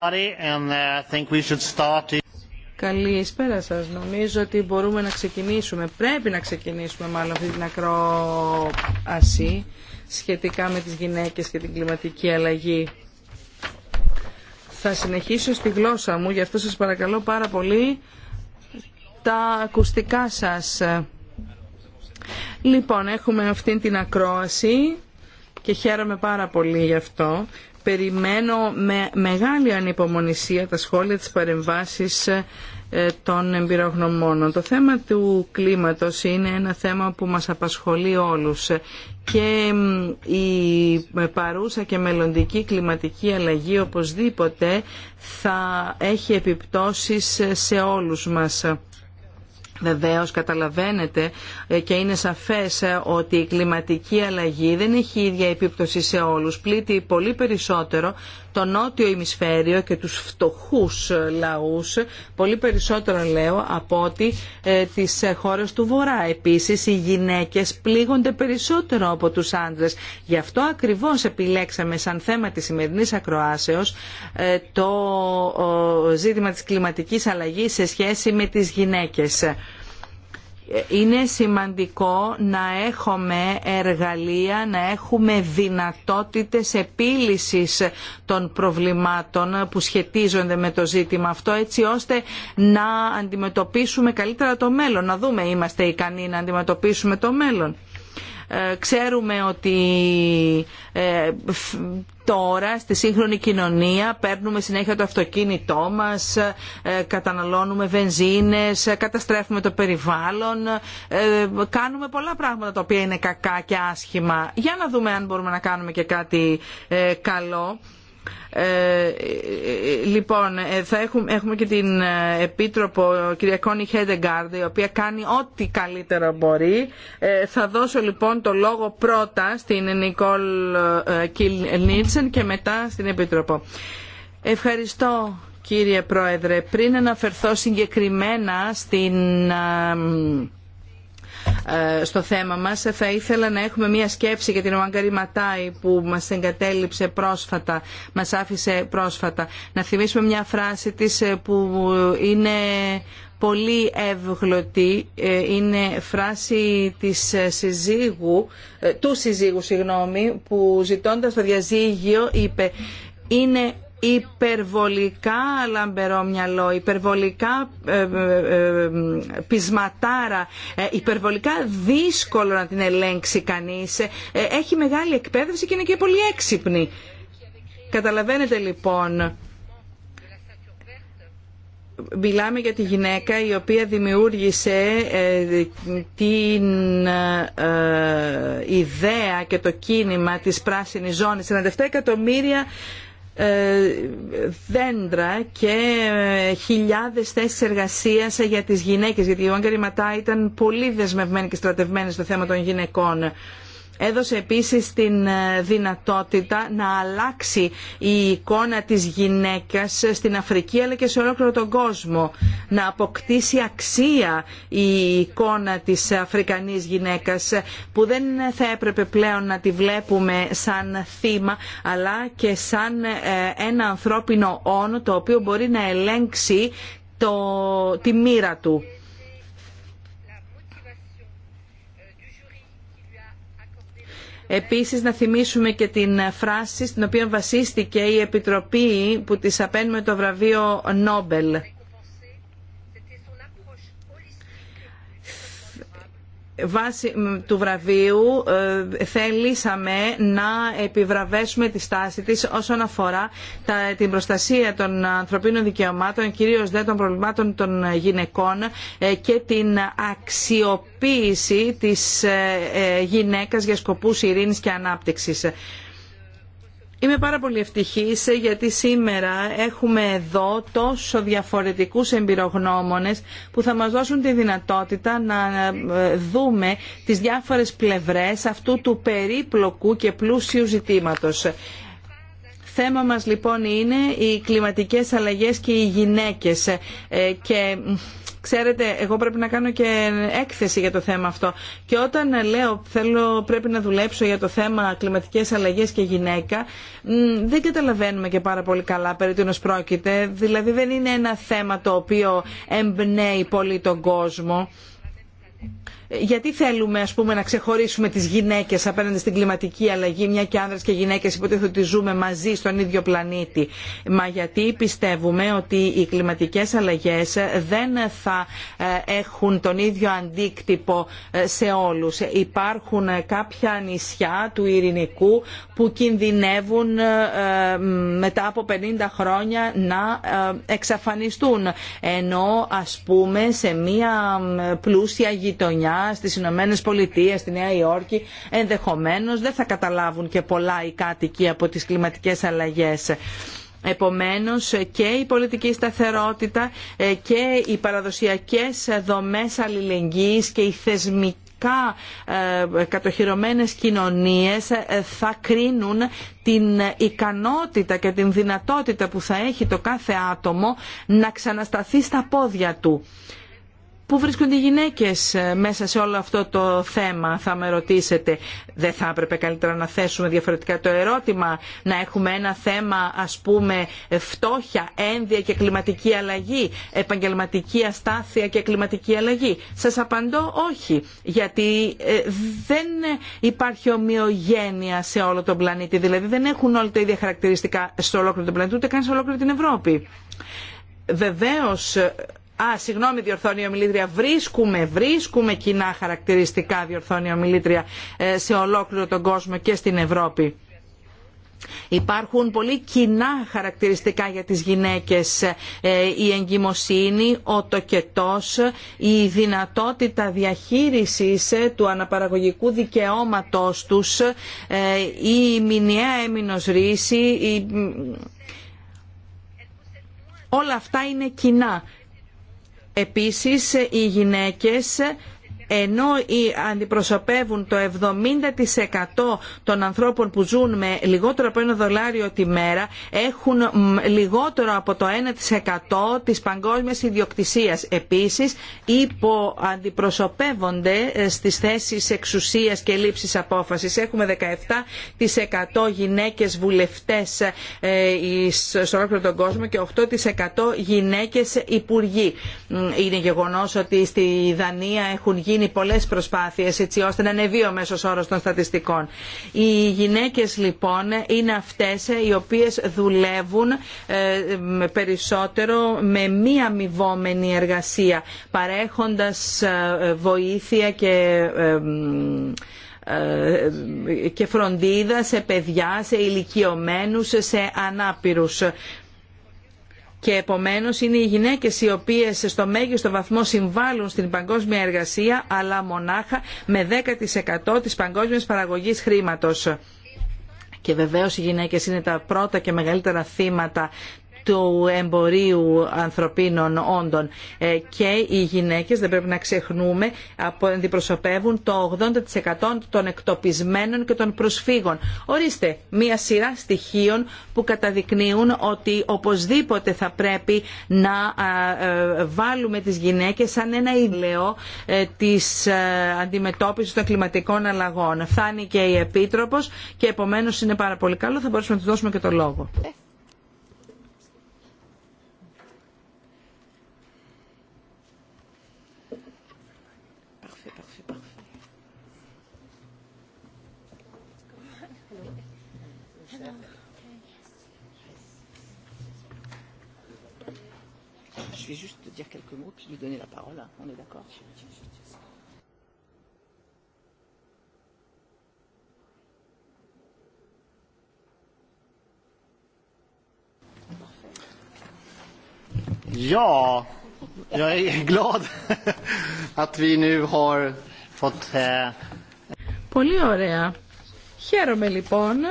Uh, Καλησπέρα σας. Νομίζω ότι μπορούμε να ξεκινήσουμε. Πρέπει να ξεκινήσουμε μάλλον αυτή την ακρόαση σχετικά με τις γυναίκες και την κλιματική αλλαγή. Θα συνεχίσω στη γλώσσα μου, γι' αυτό σας παρακαλώ πάρα πολύ τα ακουστικά σας. Λοιπόν, έχουμε αυτή την ακρόαση και χαίρομαι πάρα πολύ γι' αυτό περιμένω με μεγάλη ανυπομονησία τα σχόλια της παρεμβάσης ε, των εμπειρογνωμόνων. Το θέμα του κλίματος είναι ένα θέμα που μας απασχολεί όλους και η παρούσα και μελλοντική κλιματική αλλαγή οπωσδήποτε θα έχει επιπτώσεις σε όλους μας. Βεβαίω, καταλαβαίνετε ε, και είναι σαφές ε, ότι η κλιματική αλλαγή δεν έχει ίδια επίπτωση σε όλους. Πλήττει πολύ περισσότερο το νότιο ημισφαίριο και τους φτωχούς ε, λαούς, πολύ περισσότερο λέω από ότι ε, τις χώρες του Βορρά. Επίσης οι γυναίκες πλήγονται περισσότερο από τους άντρες. Γι' αυτό ακριβώς επιλέξαμε σαν θέμα της σημερινής ακροάσεως ε, το ζήτημα της κλιματικής αλλαγής σε σχέση με τις γυναίκες είναι σημαντικό να έχουμε εργαλεία, να έχουμε δυνατότητες επίλυσης των προβλημάτων που σχετίζονται με το ζήτημα αυτό έτσι ώστε να αντιμετωπίσουμε καλύτερα το μέλλον, να δούμε είμαστε ικανοί να αντιμετωπίσουμε το μέλλον. Ε, ξέρουμε ότι ε, τώρα στη σύγχρονη κοινωνία παίρνουμε συνέχεια το αυτοκίνητό μας, ε, καταναλώνουμε βενζίνες, καταστρέφουμε το περιβάλλον, κάνουμε πολλά πράγματα τα οποία είναι κακά και άσχημα. Για να δούμε αν μπορούμε να κάνουμε και κάτι καλό ε, λοιπόν, ε, θα έχουμε, έχουμε και την ε, Επίτροπο κυρία Κόνι Χέντεγκάρντ, η οποία κάνει ό,τι καλύτερο μπορεί. θα δώσω λοιπόν το λόγο πρώτα στην Νικόλ Κιλ και μετά στην Επίτροπο. Ευχαριστώ κύριε Πρόεδρε. Πριν αναφερθώ συγκεκριμένα στην ε, στο θέμα μας. Θα ήθελα να έχουμε μία σκέψη για την Ουάγκαρη Ματάη που μας εγκατέλειψε πρόσφατα, μας άφησε πρόσφατα. Να θυμίσουμε μια φράση της ε, που είναι πολύ εύγλωτη ε, είναι φράση της συζύγου, του συζύγου συγγνώμη, που ζητώντας το διαζύγιο είπε είναι υπερβολικά λαμπερό μυαλό, υπερβολικά ε, ε, ε πισματάρα, ε, υπερβολικά δύσκολο να την ελέγξει κανείς. Έχει μεγάλη εκπαίδευση και είναι και πολύ έξυπνη. Καταλαβαίνετε λοιπόν μιλάμε για τη γυναίκα η οποία δημιούργησε την ιδέα και το κίνημα της πράσινης ζώνης. 47 εκατομμύρια ε, δέντρα και ε, χιλιάδες θέσεις εργασίας για τις γυναίκες γιατί η Όγκαρη ήταν πολύ δεσμευμένη και στρατευμένη στο θέμα των γυναικών έδωσε επίσης την ε, δυνατότητα να αλλάξει η εικόνα της γυναίκας στην Αφρική αλλά και σε ολόκληρο τον κόσμο. Να αποκτήσει αξία η εικόνα της Αφρικανής γυναίκας που δεν θα έπρεπε πλέον να τη βλέπουμε σαν θύμα αλλά και σαν ε, ένα ανθρώπινο όνο το οποίο μπορεί να ελέγξει το, τη μοίρα του. Επίσης να θυμίσουμε και την φράση στην οποία βασίστηκε η Επιτροπή που της απένουμε το βραβείο Νόμπελ βάσει του βραβείου ε, θελήσαμε να επιβραβέσουμε τη στάση της όσον αφορά την προστασία των ανθρωπίνων δικαιωμάτων, κυρίως δε των προβλημάτων των γυναικών ε, και την αξιοποίηση της ε, γυναίκας για σκοπούς ειρήνης και ανάπτυξης. Είμαι πάρα πολύ ευτυχής ε, γιατί σήμερα έχουμε εδώ τόσο διαφορετικούς εμπειρογνώμονες που θα μας δώσουν τη δυνατότητα να ε, δούμε τις διάφορες πλευρές αυτού του περίπλοκου και πλούσιου ζητήματος. Θέμα μας λοιπόν είναι οι κλιματικές αλλαγές και οι γυναίκες. Ε, και ξέρετε, εγώ πρέπει να κάνω και έκθεση για το θέμα αυτό. Και όταν λέω θέλω, πρέπει να δουλέψω για το θέμα κλιματικές αλλαγές και γυναίκα, δεν καταλαβαίνουμε και πάρα πολύ καλά περί τίνο πρόκειται. Δηλαδή δεν είναι ένα θέμα το οποίο εμπνέει πολύ τον κόσμο γιατί θέλουμε ας πούμε, να ξεχωρίσουμε τις γυναίκες απέναντι στην κλιματική αλλαγή, μια και άνδρες και γυναίκες υποτίθεται ότι ζούμε μαζί στον ίδιο πλανήτη. Μα γιατί πιστεύουμε ότι οι κλιματικές αλλαγές δεν θα ε, έχουν τον ίδιο αντίκτυπο ε, σε όλους. Υπάρχουν ε, κάποια νησιά του Ειρηνικού που κινδυνεύουν μετά από 50 χρόνια να εξαφανιστούν. Ενώ ας πούμε σε μια πλούσια γειτονιά Στι στις Ηνωμένε Πολιτείε, στη Νέα Υόρκη, ενδεχομένως δεν θα καταλάβουν και πολλά οι κάτοικοι από τις κλιματικές αλλαγές. Επομένως και η πολιτική σταθερότητα ε, και οι παραδοσιακές δομές αλληλεγγύης και οι θεσμικά ε, κατοχυρωμένες κοινωνίες ε, θα κρίνουν την ικανότητα και την δυνατότητα που θα έχει το κάθε άτομο να ξανασταθεί στα πόδια του. Πού βρίσκονται οι γυναίκες ε, μέσα σε όλο αυτό το θέμα, θα με ρωτήσετε. Δεν θα έπρεπε καλύτερα να θέσουμε διαφορετικά το ερώτημα, να έχουμε ένα θέμα ας πούμε φτώχεια, ένδια και κλιματική αλλαγή, επαγγελματική αστάθεια και κλιματική αλλαγή. Σας απαντώ όχι, γιατί ε, δεν υπάρχει ομοιογένεια σε όλο τον πλανήτη, δηλαδή δεν έχουν όλα τα ίδια χαρακτηριστικά σε ολόκληρο τον πλανήτη, ούτε καν σε ολόκληρη την Ευρώπη. Βεβαίως Α, συγγνώμη, διορθώνει η ομιλήτρια. Βρίσκουμε, βρίσκουμε κοινά χαρακτηριστικά, διορθώνει η ομιλήτρια, ε, σε ολόκληρο τον κόσμο και στην Ευρώπη. Υπάρχουν πολύ κοινά χαρακτηριστικά για τις γυναίκες ε, η εγκυμοσύνη, ο τοκετός, η δυνατότητα διαχείρισης ε, του αναπαραγωγικού δικαιώματός τους, η μηνιαία έμεινος ρίση, όλα αυτά είναι κοινά Επίσης, οι γυναίκες ενώ οι αντιπροσωπεύουν το 70% των ανθρώπων που ζουν με λιγότερο από ένα δολάριο τη μέρα έχουν λιγότερο από το 1% της παγκόσμιας ιδιοκτησίας. Επίσης αντιπροσωπεύονται ε, στις θέσεις εξουσίας και λήψης απόφασης. Έχουμε 17% γυναίκες βουλευτές ε, στον όλο τον κόσμο και 8% γυναίκες υπουργοί. Είναι γεγονός ότι στη Δανία έχουν γίνει γίνει πολλές προσπάθειες έτσι ώστε να ανεβεί ο μέσος όρος των στατιστικών. Οι γυναίκες λοιπόν είναι αυτές οι οποίες δουλεύουν ε, περισσότερο με μη αμοιβόμενη εργασία παρέχοντας ε, βοήθεια και ε, και φροντίδα σε παιδιά, σε ηλικιωμένους, σε ανάπηρους και επομένως είναι οι γυναίκες οι οποίες στο μέγιστο βαθμό συμβάλλουν στην παγκόσμια εργασία αλλά μονάχα με 10% της παγκόσμιας παραγωγής χρήματος και βεβαίως οι γυναίκες είναι τα πρώτα και μεγαλύτερα θύματα του εμπορίου ανθρωπίνων όντων ε, και οι γυναίκες, δεν πρέπει να ξεχνούμε, αντιπροσωπεύουν το 80% των εκτοπισμένων και των προσφύγων. Ορίστε, μία σειρά στοιχείων που καταδεικνύουν ότι οπωσδήποτε θα πρέπει να ε, βάλουμε τις γυναίκες σαν ένα ηλαιό ε, της αντιμετώπισης των κλιματικών αλλαγών. Φτάνει και η Επίτροπος και επομένως είναι πάρα πολύ καλό, θα μπορούσαμε να του δώσουμε και το λόγο. lui donner la parole, on est d'accord. Ja, jag är glad att vi nu har fått... Πολύ ωραία. Χαίρομαι λοιπόν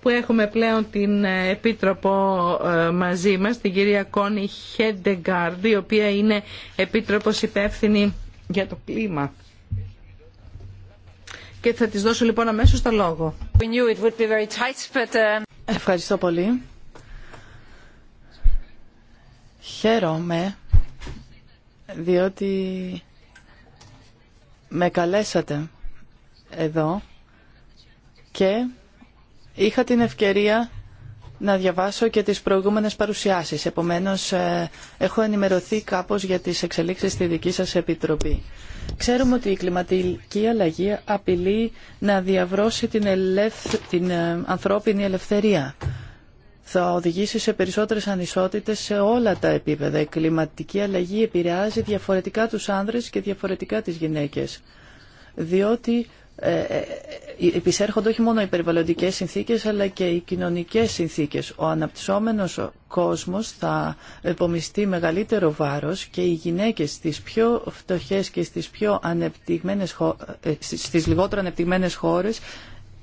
που έχουμε πλέον την ε, Επίτροπο ε, μαζί μας, την κυρία Κόνη Χέντεγκαρντ, η οποία είναι Επίτροπος υπεύθυνη για το κλίμα. Και θα της δώσω λοιπόν αμέσως το λόγο. Uh, Ευχαριστώ πολύ. Χαίρομαι διότι με καλέσατε εδώ και Είχα την ευκαιρία να διαβάσω και τις προηγούμενες παρουσιάσεις. Επομένως, ε, έχω ενημερωθεί κάπως για τις εξελίξεις στη δική σας Επιτροπή. Ξέρουμε ότι η κλιματική αλλαγή απειλεί να διαβρώσει την, την ε, ανθρώπινη ελευθερία. Θα οδηγήσει σε περισσότερες ανισότητες σε όλα τα επίπεδα. Η κλιματική αλλαγή επηρεάζει διαφορετικά τους άνδρες και διαφορετικά τις γυναίκες. Διότι ε, ε, ε, επισέρχονται όχι μόνο οι περιβαλλοντικές συνθήκες αλλά και οι κοινωνικές συνθήκες. Ο αναπτυσσόμενος κόσμος θα επομιστεί μεγαλύτερο βάρος και οι γυναίκες στις πιο φτωχές και στις, πιο στις λιγότερο ανεπτυγμένες χώρες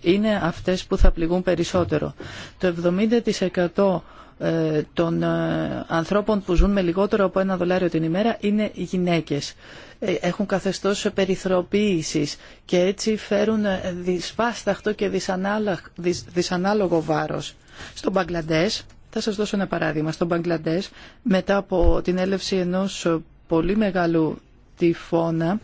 είναι αυτές που θα πληγούν περισσότερο. Το 70% ε, των ε, ανθρώπων που ζουν με λιγότερο από ένα δολάριο την ημέρα είναι γυναίκες. Ε, έχουν καθεστώς περιθροποίησης και έτσι φέρουν δυσβάσταχτο και δυσανάλογο βάρος. Στον Μπαγκλαντές, θα σας δώσω ένα παράδειγμα, στον Μπαγκλαντές μετά από την έλευση ενός πολύ μεγάλου τυφώνα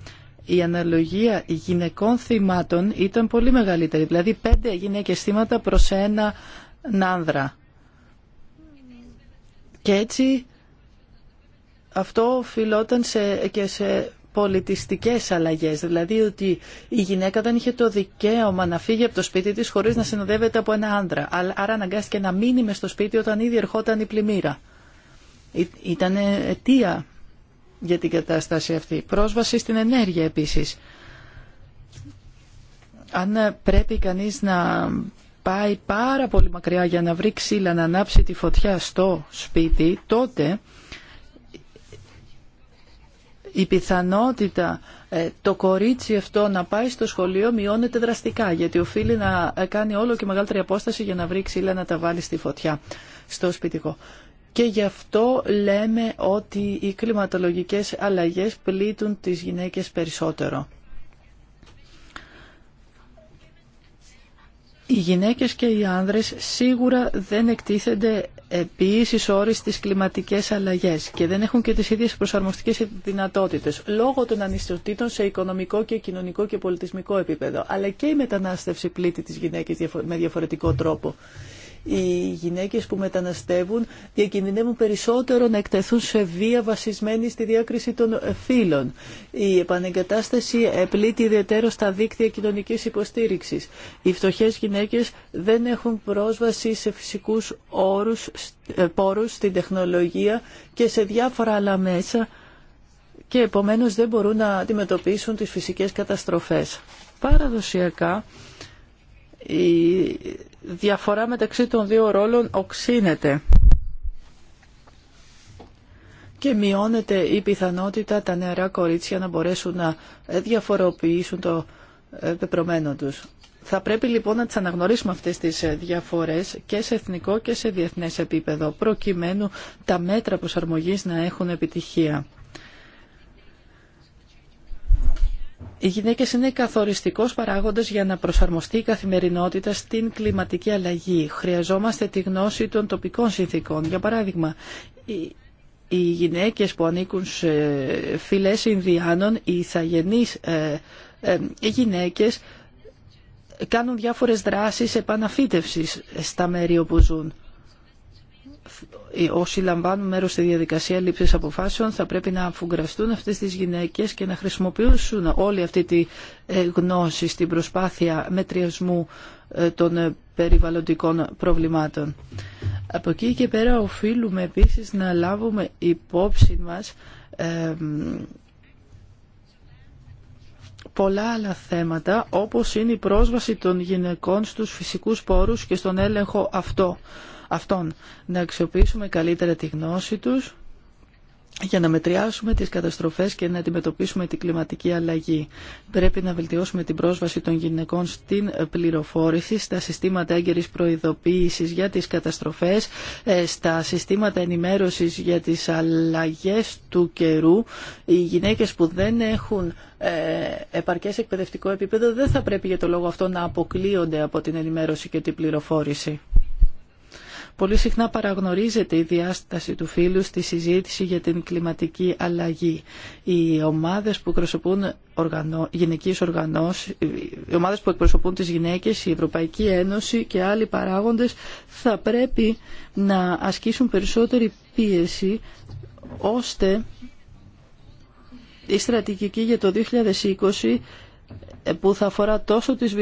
η αναλογία γυναικών θυμάτων ήταν πολύ μεγαλύτερη. Δηλαδή πέντε γυναίκες θύματα προς ένα άνδρα. Και έτσι αυτό οφειλόταν σε, και σε πολιτιστικές αλλαγές. Δηλαδή ότι η γυναίκα δεν είχε το δικαίωμα να φύγει από το σπίτι της χωρίς να συνοδεύεται από ένα άνδρα. Άρα αναγκάστηκε να μείνει με στο σπίτι όταν ήδη ερχόταν η πλημμύρα. Ήταν αιτία για την κατάσταση αυτή. Πρόσβαση στην ενέργεια επίσης. Αν ε, πρέπει κανείς να πάει πάρα πολύ μακριά για να βρει ξύλα να ανάψει τη φωτιά στο σπίτι, τότε η πιθανότητα ε, το κορίτσι αυτό να πάει στο σχολείο μειώνεται δραστικά γιατί οφείλει να ε, κάνει όλο και μεγαλύτερη απόσταση για να βρει ξύλα να τα βάλει στη φωτιά στο σπιτικό και γι' αυτό λέμε ότι οι κλιματολογικές αλλαγές πλήττουν τις γυναίκες περισσότερο. Οι γυναίκες και οι άνδρες σίγουρα δεν εκτίθενται επίσης όρις στις κλιματικές αλλαγές και δεν έχουν και τις ίδιες προσαρμοστικές δυνατότητες λόγω των ανισοτήτων σε οικονομικό και κοινωνικό και πολιτισμικό επίπεδο. Αλλά και η μετανάστευση πλήττει τις γυναίκες με διαφορετικό τρόπο οι γυναίκες που μεταναστεύουν διακινδυνεύουν περισσότερο να εκτεθούν σε βία βασισμένη στη διάκριση των φύλων. Η επανεγκατάσταση επλήττει ιδιαίτερο στα δίκτυα κοινωνικής υποστήριξης. Οι φτωχές γυναίκες δεν έχουν πρόσβαση σε φυσικούς όρους, ε, πόρους, στην τεχνολογία και σε διάφορα άλλα μέσα και επομένως δεν μπορούν να αντιμετωπίσουν τις φυσικές καταστροφές. Παραδοσιακά οι διαφορά μεταξύ των δύο ρόλων οξύνεται και μειώνεται η πιθανότητα τα νεαρά κορίτσια να μπορέσουν να διαφοροποιήσουν το ε, πεπρωμένο τους. Θα πρέπει λοιπόν να τις αναγνωρίσουμε αυτές τις ε, διαφορές και σε εθνικό και σε διεθνές επίπεδο, προκειμένου τα μέτρα προσαρμογής να έχουν επιτυχία. Οι γυναίκε είναι καθοριστικός παράγοντας για να προσαρμοστεί η καθημερινότητα στην κλιματική αλλαγή. Χρειαζόμαστε τη γνώση των τοπικών συνθήκων. Για παράδειγμα, οι γυναίκες που ανήκουν σε φυλές Ινδιάνων, οι θαγενεί ε, ε, κάνουν διάφορες δράσει επαναφύτευση στα μέρη όπου ζουν όσοι λαμβάνουν μέρο στη διαδικασία λήψη αποφάσεων θα πρέπει να αφουγκραστούν αυτές τις γυναίκε και να χρησιμοποιήσουν όλη αυτή τη ε, γνώση στην προσπάθεια μετριασμού ε, των ε, περιβαλλοντικών προβλημάτων. Από εκεί και πέρα οφείλουμε επίσης να λάβουμε υπόψη μας πολλά άλλα θέματα όπως είναι η πρόσβαση των γυναικών στους φυσικούς πόρους και στον έλεγχο αυτό αυτών. Να αξιοποιήσουμε καλύτερα τη γνώση τους για να μετριάσουμε τις καταστροφές και να αντιμετωπίσουμε την κλιματική αλλαγή. Πρέπει να βελτιώσουμε την πρόσβαση των γυναικών στην πληροφόρηση, στα συστήματα έγκαιρης προειδοποίησης για τις καταστροφές, ε, στα συστήματα ενημέρωσης για τις αλλαγές του καιρού. Οι γυναίκες που δεν έχουν ε, επαρκές εκπαιδευτικό επίπεδο δεν θα πρέπει για το λόγο αυτό να αποκλείονται από την ενημέρωση και την πληροφόρηση. Πολύ συχνά παραγνωρίζεται η διάσταση του φύλου στη συζήτηση για την κλιματική αλλαγή. Οι ομάδες που εκπροσωπούν οργανώ, γυναικείς οργανώσεις, οι ομάδες που εκπροσωπούν τις γυναίκες, η Ευρωπαϊκή Ένωση και άλλοι παράγοντες θα πρέπει να ασκήσουν περισσότερη πίεση ώστε η στρατηγική για το 2020 που θα αφορά τόσο τις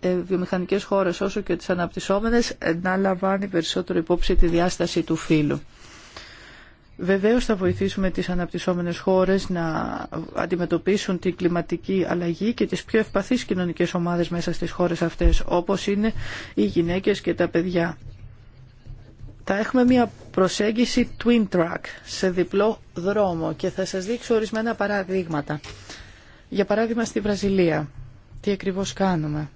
ε, βιομηχανικές χώρες όσο και τις αναπτυσσόμενες να λαμβάνει περισσότερο υπόψη τη διάσταση του φύλου. Βεβαίως θα βοηθήσουμε τις αναπτυσσόμενες χώρες να αντιμετωπίσουν την κλιματική αλλαγή και τις πιο ευπαθείς κοινωνικές ομάδες μέσα στις χώρες αυτές, όπως είναι οι γυναίκες και τα παιδιά. Θα έχουμε μια προσέγγιση twin track σε διπλό δρόμο και θα σας δείξω ορισμένα παραδείγματα. Για παράδειγμα στη Βραζιλία, τι ακριβώς κάνουμε.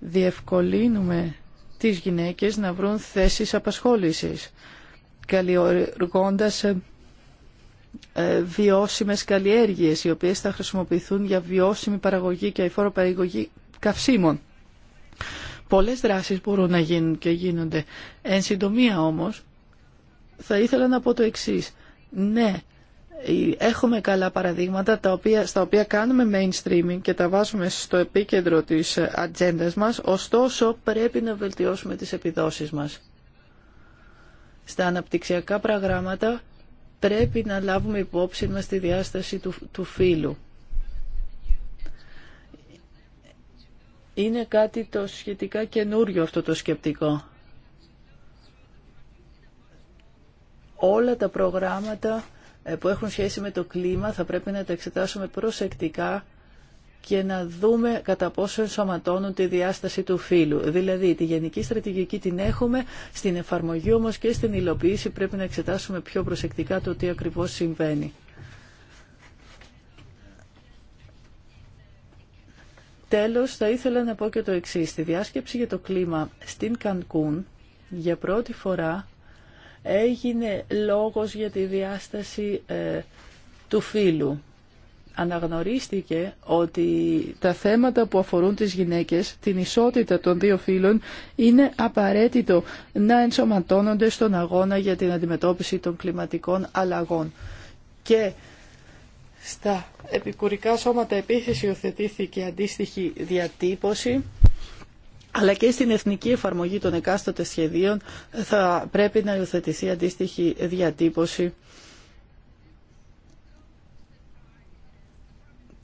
Διευκολύνουμε τις γυναίκες να βρουν θέσεις απασχόλησης, καλλιεργώντας ε, ε, βιώσιμες καλλιέργειες, οι οποίες θα χρησιμοποιηθούν για βιώσιμη παραγωγή και αηφόρο παραγωγή καυσίμων. Πολλές δράσεις μπορούν να γίνουν και γίνονται. Εν συντομία όμως, θα ήθελα να πω το εξής. Ναι, ε, έχουμε καλά παραδείγματα τα οποία, στα οποία κάνουμε mainstreaming και τα βάζουμε στο επίκεντρο της ε, ατζέντα μας, ωστόσο πρέπει να βελτιώσουμε τις επιδόσεις μας. Στα αναπτυξιακά προγράμματα πρέπει να λάβουμε υπόψη μας τη διάσταση του, του φύλου. Είναι κάτι το σχετικά καινούριο αυτό το σκεπτικό. Όλα τα προγράμματα ε, που έχουν σχέση με το κλίμα θα πρέπει να τα εξετάσουμε προσεκτικά και να δούμε κατά πόσο ενσωματώνουν τη διάσταση του φύλου. Δηλαδή, τη γενική στρατηγική την έχουμε, στην εφαρμογή όμως και στην υλοποίηση πρέπει να εξετάσουμε πιο προσεκτικά το τι ακριβώς συμβαίνει. Τέλος, θα ήθελα να πω και το εξής. Στη διάσκεψη για το κλίμα στην Κανκούν, για πρώτη φορά έγινε λόγος για τη διάσταση ε, του φύλου. Αναγνωρίστηκε ότι τα θέματα που αφορούν τις γυναίκες, την ισότητα των δύο φύλων, είναι απαραίτητο να ενσωματώνονται στον αγώνα για την αντιμετώπιση των κλιματικών αλλαγών. Και στα επικουρικά σώματα επίσης υιοθετήθηκε αντίστοιχη διατύπωση αλλά και στην εθνική εφαρμογή των εκάστοτε σχεδίων ε, θα πρέπει να υιοθετηθεί αντίστοιχη διατύπωση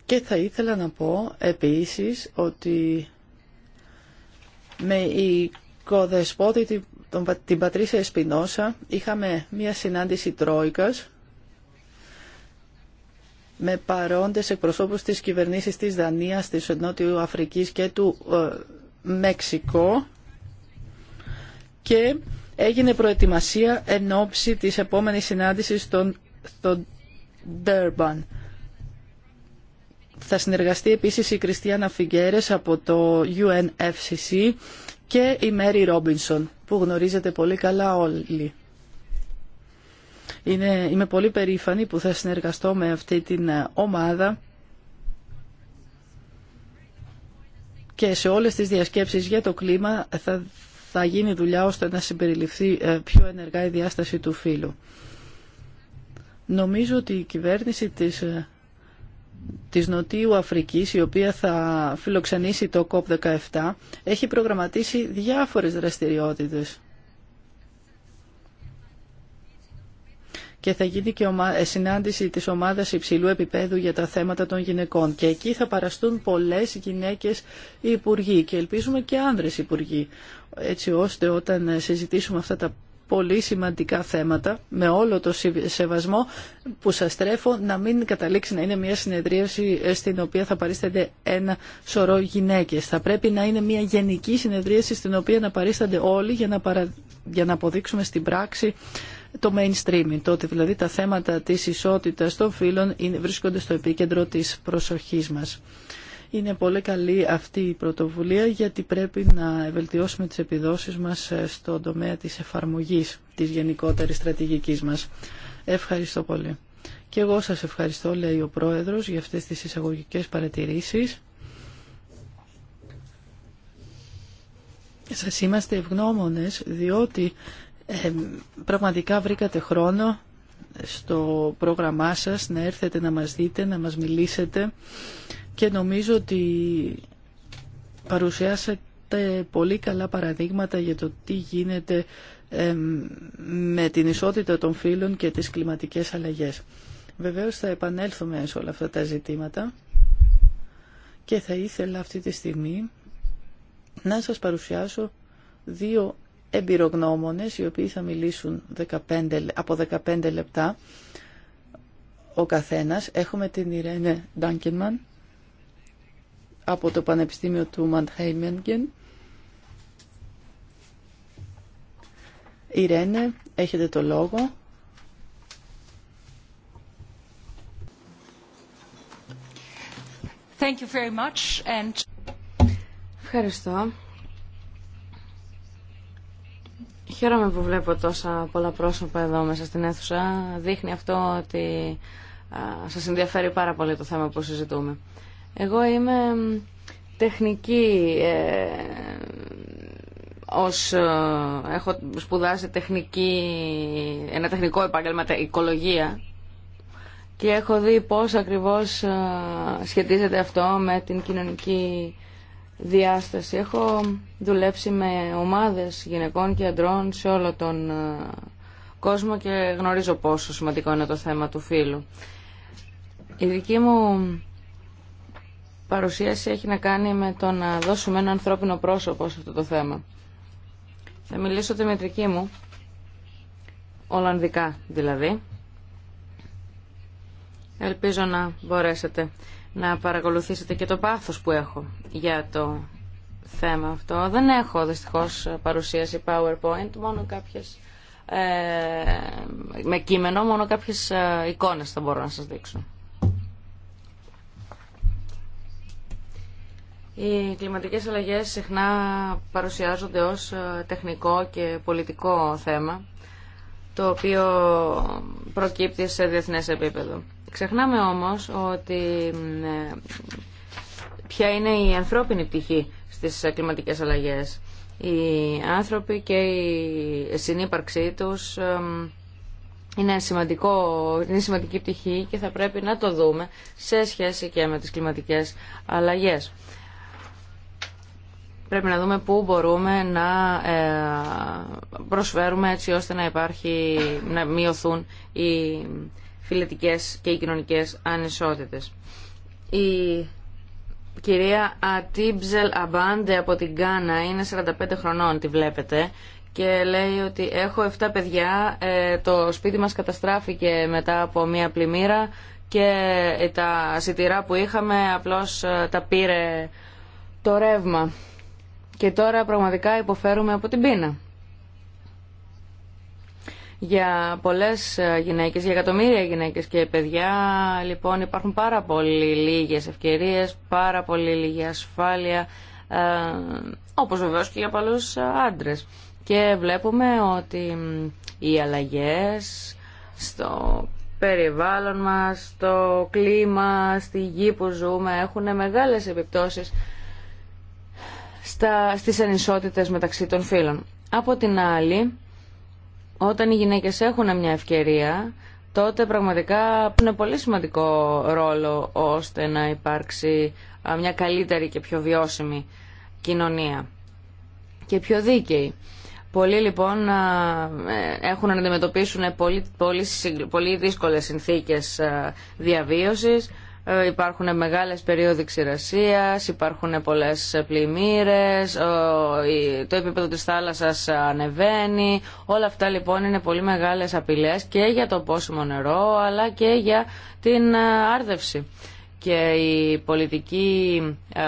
Και θα ήθελα να πω επίσης ότι με η κοδεσπότη την Πατρίσια Εσπινόσα είχαμε μια συνάντηση Τρόικας με παρόντες εκπροσώπους της κυβερνήσης της Δανίας, της Νότιου Αφρικής και του ε, Μεξικό και έγινε προετοιμασία εν ώψη της επόμενης συνάντησης στον, Durban. Θα συνεργαστεί επίσης η Κριστιάνα Φιγκέρες από το UNFCC και η Μέρι Ρόμπινσον που γνωρίζετε πολύ καλά όλοι. Είναι, είμαι πολύ περήφανη που θα συνεργαστώ με αυτή την ε, ομάδα και σε όλες τις διασκέψεις για το κλίμα θα, θα γίνει δουλειά ώστε να συμπεριληφθεί ε, πιο ενεργά η διάσταση του φύλου. Νομίζω ότι η κυβέρνηση της ε, της Νοτιού Αφρικής, η οποία θα φιλοξενήσει το COP17, έχει προγραμματίσει διάφορες δραστηριότητες. και θα γίνει και ε, συνάντηση της ομάδας υψηλού επίπεδου για τα θέματα των γυναικών. Και εκεί θα παραστούν πολλές γυναίκες υπουργοί και ελπίζουμε και άνδρες υπουργοί, έτσι ώστε όταν ε, συζητήσουμε αυτά τα πολύ σημαντικά θέματα, με όλο το σεβασμό που σας τρέφω, να μην καταλήξει να είναι μια συνεδρίαση ε, στην οποία θα παρίστανται ένα σωρό γυναίκες. Θα πρέπει να είναι μια γενική συνεδρίαση στην οποία να παρίστανται όλοι για να, για να αποδείξουμε στην πράξη το mainstreaming, το ότι δηλαδή τα θέματα της ισότητας των φύλων βρίσκονται στο επίκεντρο της προσοχής μας. Είναι πολύ καλή αυτή η πρωτοβουλία γιατί πρέπει να βελτιώσουμε τις επιδόσεις μας ε, στον τομέα της εφαρμογής της γενικότερης στρατηγικής μας. Ευχαριστώ πολύ. Και εγώ σας ευχαριστώ, λέει ο Πρόεδρος, για αυτές τις εισαγωγικές παρατηρήσεις. Σας είμαστε ευγνώμονες διότι πραγματικά βρήκατε χρόνο στο πρόγραμμά σας να έρθετε να μας δείτε, να μας μιλήσετε και νομίζω ότι παρουσιάσατε πολύ καλά παραδείγματα για το τι γίνεται με την ισότητα των φύλων και τις κλιματικές αλλαγές. Βεβαίως θα επανέλθουμε σε όλα αυτά τα ζητήματα και θα ήθελα αυτή τη στιγμή να σας παρουσιάσω δύο εμπειρογνώμονες οι οποίοι θα μιλήσουν 15, από 15 λεπτά ο καθένας. Έχουμε την Ιρένε Ντάνκενμαν από το Πανεπιστήμιο του Μαντχέιμενγκεν. Ιρένε, έχετε το λόγο. Thank you very much and... Ευχαριστώ. Χαίρομαι που βλέπω τόσα πολλά πρόσωπα εδώ μέσα στην αίθουσα. Δείχνει αυτό ότι σας ενδιαφέρει πάρα πολύ το θέμα που συζητούμε. Εγώ είμαι τεχνική ε, ως, ε, έχω σπουδάσει τεχνική, ένα τεχνικό επάγγελμα, οικολογία και έχω δει πώς ακριβώς ε, σχετίζεται αυτό με την κοινωνική διάσταση. Έχω δουλέψει με ομάδες γυναικών και αντρών σε όλο τον ε, κόσμο και γνωρίζω πόσο σημαντικό είναι το θέμα του φύλου. Η δική μου παρουσίαση έχει να κάνει με το να δώσουμε ένα ανθρώπινο πρόσωπο σε αυτό το θέμα. Θα μιλήσω τη μετρική μου, Ολλανδικά δηλαδή. Ελπίζω να μπορέσετε να παρακολουθήσετε και το πάθος που έχω για το θέμα αυτό. Δεν έχω δυστυχώς παρουσίαση PowerPoint, μόνο κάποιες, ε, με κείμενο, μόνο κάποιες ε, εικόνες θα μπορώ να σας δείξω. Οι κλιματικές αλλαγές συχνά παρουσιάζονται ως ε, τεχνικό και πολιτικό θέμα, το οποίο προκύπτει σε διεθνές επίπεδο. Ξεχνάμε όμως ότι ε, ποια είναι η ανθρώπινη πτυχή στις κλιματικές αλλαγές. Οι άνθρωποι και η συνύπαρξή τους είναι, σημαντικό, είναι σημαντική πτυχή και θα πρέπει να το δούμε σε σχέση και με τις κλιματικές αλλαγές. Πρέπει να δούμε πού μπορούμε να ε, προσφέρουμε έτσι ώστε να, υπάρχει, να μειωθούν οι φιλετικές και οι κοινωνικές ανισότητες. Η κυρία Ατίμψελ Αμπάντε από την Κάνα είναι 45 χρονών, τη βλέπετε, και λέει ότι έχω 7 παιδιά, ε, το σπίτι μας καταστράφηκε μετά από μία πλημμύρα και ε, τα σιτηρά που είχαμε απλώς ε, τα πήρε το ρεύμα. Και τώρα πραγματικά υποφέρουμε από την πείνα για πολλές ε, γυναίκες, για εκατομμύρια γυναίκες και παιδιά. Λοιπόν υπάρχουν πάρα πολύ λίγες ευκαιρίες, πάρα πολύ λίγη ασφάλεια, ε, όπως βεβαίως και για πολλούς ε, άντρες. Και βλέπουμε ότι οι αλλαγές στο περιβάλλον μας, στο κλίμα, στη γη που ζούμε έχουν μεγάλες επιπτώσεις στα, στις ανισότητες μεταξύ των φύλων. Από την άλλη, όταν οι γυναίκες έχουν μια ευκαιρία, τότε πραγματικά είναι πολύ σημαντικό ρόλο ώστε να υπάρξει μια καλύτερη και πιο βιώσιμη κοινωνία και πιο δίκαιη. Πολλοί λοιπόν ε, έχουν να αντιμετωπίσουν πολύ, πολύ, πολύ δύσκολες συνθήκες διαβίωσης, ε, υπάρχουν μεγάλες περίοδοι ξηρασίας, υπάρχουν πολλές πλημμύρες, το επίπεδο της θάλασσας ανεβαίνει. Όλα αυτά λοιπόν είναι πολύ μεγάλες απειλές και για το πόσιμο νερό αλλά και για την ε, άρδευση. Και η πολιτική ε,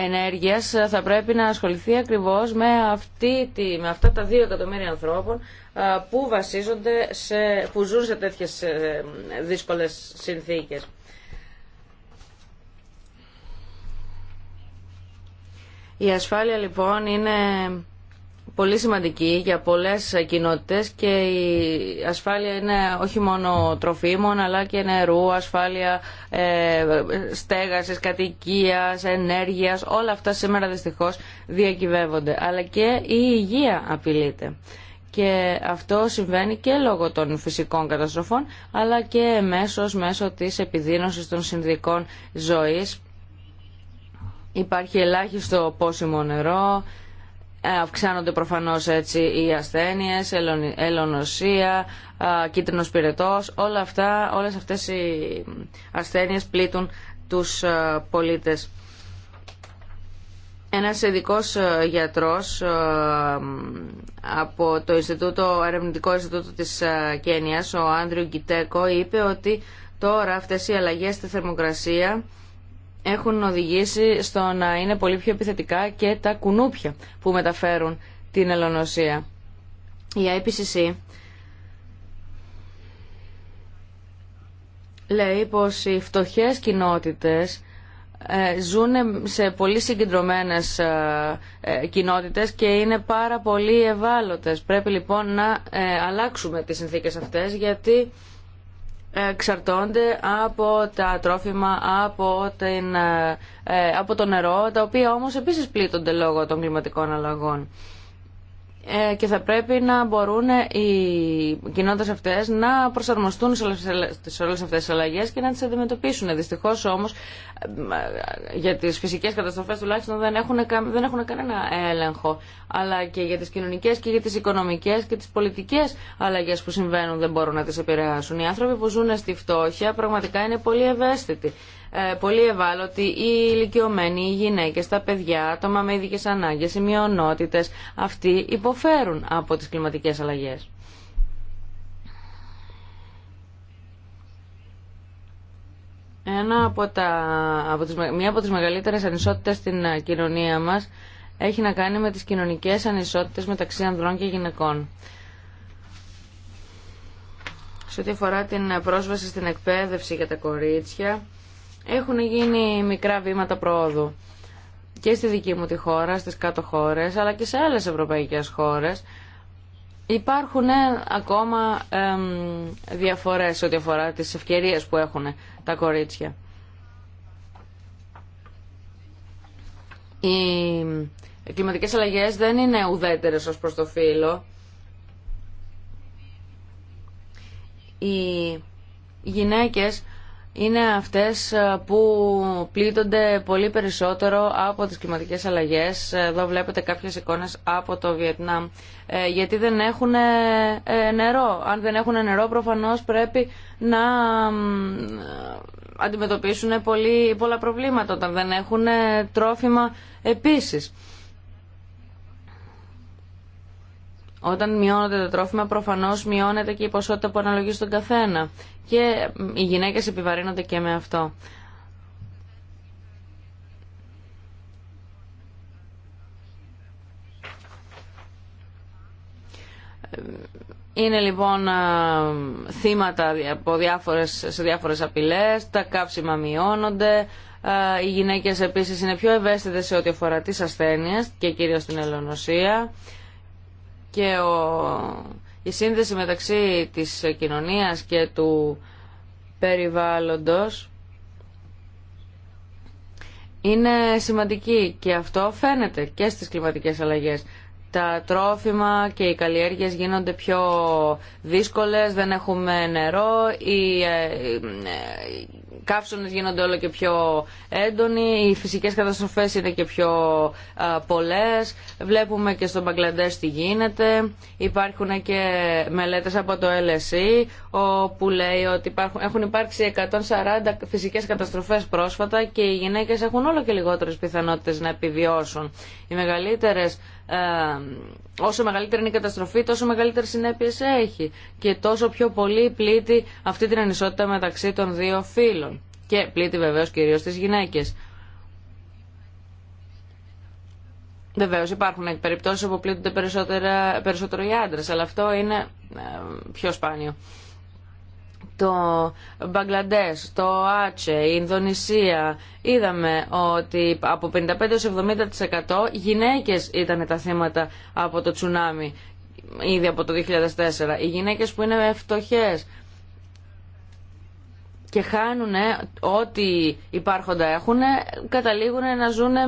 ενέργειας θα πρέπει να ασχοληθεί ακριβώς με, αυτή, με αυτά τα δύο εκατομμύρια ανθρώπων που βασίζονται σε, που ζουν σε τέτοιες ε, δύσκολες συνθήκες. Η ασφάλεια λοιπόν είναι πολύ σημαντική για πολλές κοινότητες και η ασφάλεια είναι όχι μόνο τροφίμων αλλά και νερού, ασφάλεια ε, στέγασης, κατοικίας, ενέργειας. Όλα αυτά σήμερα δυστυχώς διακυβεύονται. Αλλά και η υγεία απειλείται και αυτό συμβαίνει και λόγω των φυσικών καταστροφών αλλά και μέσως, μέσω της επιδείνωσης των συνδικών ζωής. Υπάρχει ελάχιστο πόσιμο νερό, ε, αυξάνονται προφανώς έτσι οι ασθένειες, ελονοσία, κίτρινος πυρετός, όλα αυτά, όλες αυτές οι ασθένειες πλήττουν τους πολίτες ένας ειδικός ε, γιατρός ε, από το Ινστιτούτο, Ερευνητικό Ινστιτούτο της ε, Κένιας, ο Άνδριου Γκιτέκο, είπε ότι τώρα αυτές οι αλλαγές στη θερμοκρασία έχουν οδηγήσει στο να είναι πολύ πιο επιθετικά και τα κουνούπια που μεταφέρουν την ελονοσία. Η IPCC λέει πως οι φτωχές κοινότητες ε, ζούνε σε πολύ συγκεντρωμένες ε, ε, κοινότητες και είναι πάρα πολύ ευάλωτες. Πρέπει λοιπόν να αλλάξουμε τις συνθήκες αυτές γιατί εξαρτώνται από τα τρόφιμα, από, την, από το νερό, τα οποία όμως επίσης πλήττονται λόγω των κλιματικών αλλαγών. Ε, και θα πρέπει να μπορούν οι κοινότητες αυτές να προσαρμοστούν σε όλε αυτέ τι αλλαγέ και να τι αντιμετωπίσουν. Δυστυχώς όμως ε, για τι φυσικέ καταστροφέ τουλάχιστον δεν έχουν, δεν έχουν κανένα έλεγχο αλλά και για τι κοινωνικέ και για τι οικονομικέ και τι πολιτικέ αλλαγές που συμβαίνουν δεν μπορούν να τι επηρεάσουν. Οι άνθρωποι που ζουν στη φτώχεια πραγματικά είναι πολύ ευαίσθητοι. Ε, πολύ ευάλωτοι οι ηλικιωμένοι, οι γυναίκε, τα παιδιά, άτομα με ειδικέ ανάγκε, οι μειονότητε, Αυτοί υποφέρουν από τις κλιματικές αλλαγέ. Ένα από τα, από τις, μία από τις μεγαλύτερες ανισότητες στην ε, κοινωνία μας έχει να κάνει με τις κοινωνικές ανισότητες μεταξύ ανδρών και γυναικών. Σε ό,τι αφορά την πρόσβαση στην εκπαίδευση για τα κορίτσια, έχουν γίνει μικρά βήματα προόδου και στη δική μου τη χώρα, στις κάτω χώρες, αλλά και σε άλλες ευρωπαϊκές χώρες. Υπάρχουν ε, ακόμα ε, διαφορές ό,τι αφορά τις ευκαιρίες που έχουν τα κορίτσια. Οι κλιματικές αλλαγές δεν είναι ουδέτερες ως προς το φύλλο. Οι γυναίκες είναι αυτές ε, που πλήττονται πολύ περισσότερο από τις κλιματικές αλλαγές. Εδώ βλέπετε κάποιες εικόνες από το Βιετνάμ, ε, γιατί δεν έχουν ε, νερό. Αν δεν έχουν νερό προφανώς πρέπει να αντιμετωπίσουν πολύ, πολλά προβλήματα όταν δεν έχουν τρόφιμα επίσης. Όταν μειώνονται τα τρόφιμα, προφανώ μειώνεται και η ποσότητα που αναλογεί στον καθένα. Και οι γυναίκε επιβαρύνονται και με αυτό. Είναι λοιπόν θύματα από διάφορες, σε διάφορες απειλές, τα κάψιμα μειώνονται, οι γυναίκες επίσης είναι πιο ευαίσθητες σε ό,τι αφορά τις ασθένειες και κυρίως την ελονοσία και ο, η σύνδεση μεταξύ της κοινωνίας και του περιβάλλοντος είναι σημαντική και αυτό φαίνεται και στις κλιματικές αλλαγές τα τρόφιμα και οι καλλιέργειες γίνονται πιο δύσκολες, δεν έχουμε νερό, ε, οι καύσονες γίνονται όλο και πιο έντονοι, οι φυσικές καταστροφές είναι και πιο πολλές, βλέπουμε και στο Μπαγκλαντές τι γίνεται, υπάρχουν και μελέτες από το LSE όπου λέει ότι υπάρχουν, έχουν υπάρξει 140 φυσικές καταστροφές πρόσφατα και οι γυναίκες έχουν όλο και λιγότερες πιθανότητες να επιβιώσουν. Οι μεγαλύτερες όσο μεγαλύτερη είναι η καταστροφή, τόσο μεγαλύτερη συνέπειε έχει και τόσο πιο πολύ πλήττει αυτή την ανισότητα μεταξύ των δύο φύλων. Και πλήττει βεβαίω κυρίω τι γυναίκε. Βεβαίω υπάρχουν περιπτώσει όπου πλήττονται περισσότερο οι άντρε, αλλά αυτό είναι πιο σπάνιο το Μπαγκλαντές, το Άτσε, η Ινδονησία, είδαμε ότι από 55% 70% γυναίκες ήταν τα θύματα από το τσουνάμι ήδη από το 2004. Οι γυναίκες που είναι φτωχές και χάνουν ό,τι υπάρχοντα έχουν, καταλήγουν να ζουν με,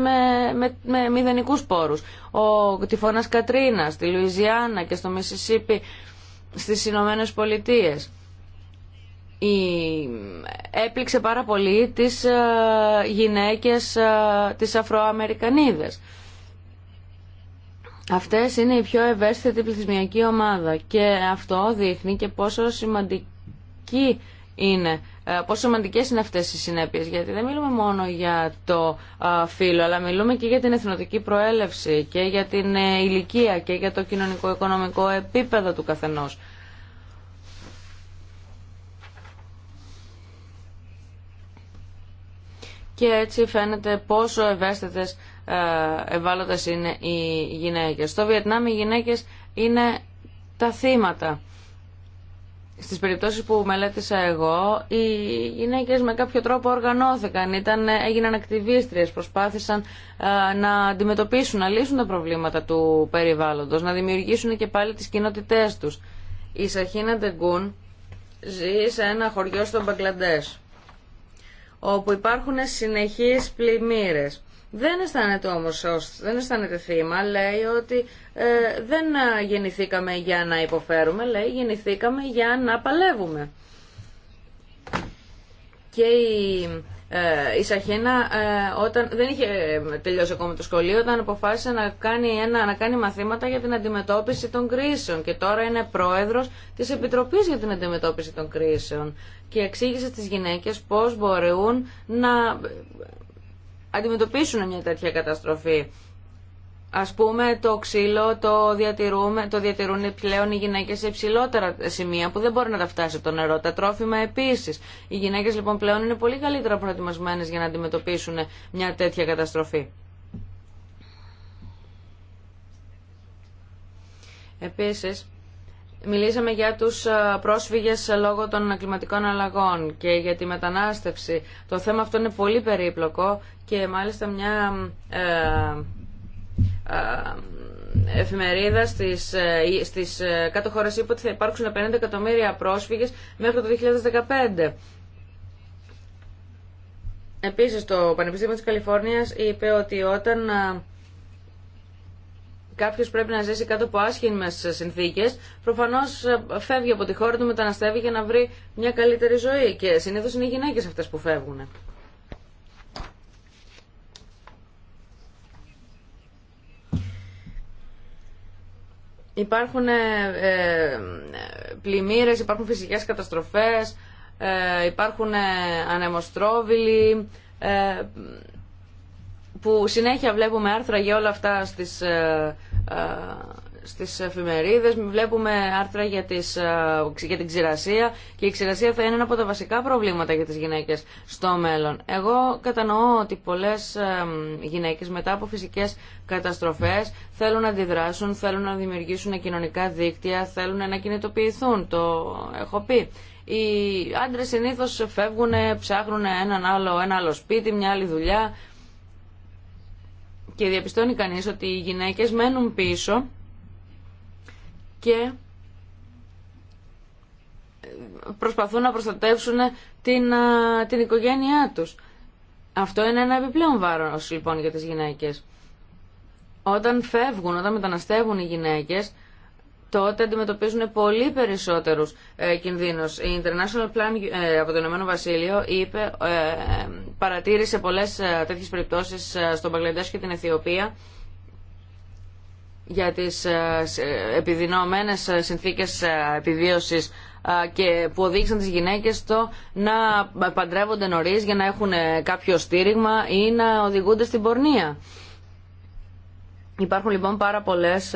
με, με μηδενικούς πόρους. Ο τυφώνας Κατρίνα, στη Λουιζιάννα και στο Μισισίπι, στις Ηνωμένε Πολιτείες έπληξε πάρα πολύ τις ε, γυναίκες ε, τις Αφροαμερικανίδες. Αυτές είναι η πιο ευαίσθητη πληθυσμιακή ομάδα και αυτό δείχνει και πόσο σημαντική είναι ε, πόσο σημαντικές είναι αυτές οι συνέπειες. Γιατί δεν μιλούμε μόνο για το φύλλο, αλλά μιλούμε και για την εθνοτική προέλευση και για την ηλικία και για το κοινωνικό-οικονομικό επίπεδο του καθενό. και έτσι φαίνεται πόσο ευαίσθητες ε, ευάλωτες είναι οι γυναίκες. Στο Βιετνάμ οι γυναίκες είναι τα θύματα. Στις περιπτώσεις που μελέτησα εγώ, οι γυναίκες με κάποιο τρόπο οργανώθηκαν, ήταν, έγιναν ακτιβίστριες, προσπάθησαν ε, να αντιμετωπίσουν, να λύσουν τα προβλήματα του περιβάλλοντος, να δημιουργήσουν και πάλι τις κοινότητές τους. Η Σαχίνα Ντεγκούν ζει σε ένα χωριό στο Μπαγκλαντές όπου υπάρχουν συνεχείς πλημμύρες. Δεν αισθάνεται όμως, δεν αισθάνεται θύμα, λέει ότι ε, δεν ε, γεννηθήκαμε για να υποφέρουμε, λέει γεννηθήκαμε για να παλεύουμε. Και η η ε, Σαχένα ε, όταν δεν είχε ε, τελειώσει ακόμα το σχολείο όταν αποφάσισε να κάνει, ένα, να κάνει μαθήματα για την αντιμετώπιση των κρίσεων και τώρα είναι πρόεδρος της Επιτροπής για την αντιμετώπιση των κρίσεων και εξήγησε στις γυναίκες πώς μπορούν να αντιμετωπίσουν μια τέτοια καταστροφή. Ας πούμε το ξύλο το, διατηρούμε, το διατηρούν πλέον οι γυναίκες σε υψηλότερα σημεία που δεν μπορεί να τα φτάσει το νερό. Τα τρόφιμα επίσης. Οι γυναίκες λοιπόν πλέον είναι πολύ καλύτερα προετοιμασμένες για να αντιμετωπίσουν μια τέτοια καταστροφή. Επίσης, μιλήσαμε για τους ε, πρόσφυγες λόγω των κλιματικών αλλαγών και για τη μετανάστευση. Το θέμα αυτό είναι πολύ περίπλοκο και μάλιστα μια... Ε, ε, εφημερίδα ε, στις, στις ε, κάτω χώρες είπε ότι θα υπάρξουν 50 εκατομμύρια πρόσφυγες μέχρι το 2015. Επίσης το Πανεπιστήμιο της Καλιφόρνιας είπε ότι όταν κάποιος πρέπει να ζήσει κάτω από άσχημες συνθήκες, προφανώς φεύγει από τη χώρα του, μεταναστεύει για να βρει μια καλύτερη ζωή και συνήθως είναι οι γυναίκες αυτές που φεύγουν. Υπάρχουν ε, ε, πλημμύρες, υπάρχουν φυσικές καταστροφές, ε, υπάρχουν ανεμοστρόβιλοι που συνέχεια βλέπουμε άρθρα για όλα αυτά στις στις εφημερίδες, βλέπουμε άρθρα για, τις, για την ξηρασία και η ξηρασία θα είναι ένα από τα βασικά προβλήματα για τις γυναίκες στο μέλλον. Εγώ κατανοώ ότι πολλές γυναίκες μετά από φυσικές καταστροφές θέλουν να αντιδράσουν, θέλουν να δημιουργήσουν κοινωνικά δίκτυα, θέλουν να κινητοποιηθούν, το έχω πει. Οι άντρες συνήθως φεύγουν, ψάχνουν έναν άλλο, ένα άλλο σπίτι, μια άλλη δουλειά και διαπιστώνει κανείς ότι οι γυναίκες μένουν πίσω και προσπαθούν να προστατεύσουν την, την οικογένειά τους. Αυτό είναι ένα επιπλέον βάρος λοιπόν για τις γυναίκες. Όταν φεύγουν, όταν μεταναστεύουν οι γυναίκες, τότε αντιμετωπίζουν πολύ περισσότερους ε, κινδύνους. Η International Plan ε, από το Ηνωμένο Βασίλειο είπε, ε, παρατήρησε πολλές ε, τέτοιες περιπτώσεις στον Παγκλαντές και την Αιθιοπία για τις ε, ε, επιδεινωμένες ε, συνθήκες επιβίωσης και που οδήγησαν τις γυναίκες στο να παντρεύονται νωρίς για να έχουν κάποιο στήριγμα ή να οδηγούνται στην πορνεία. Υπάρχουν λοιπόν πάρα, πολλές,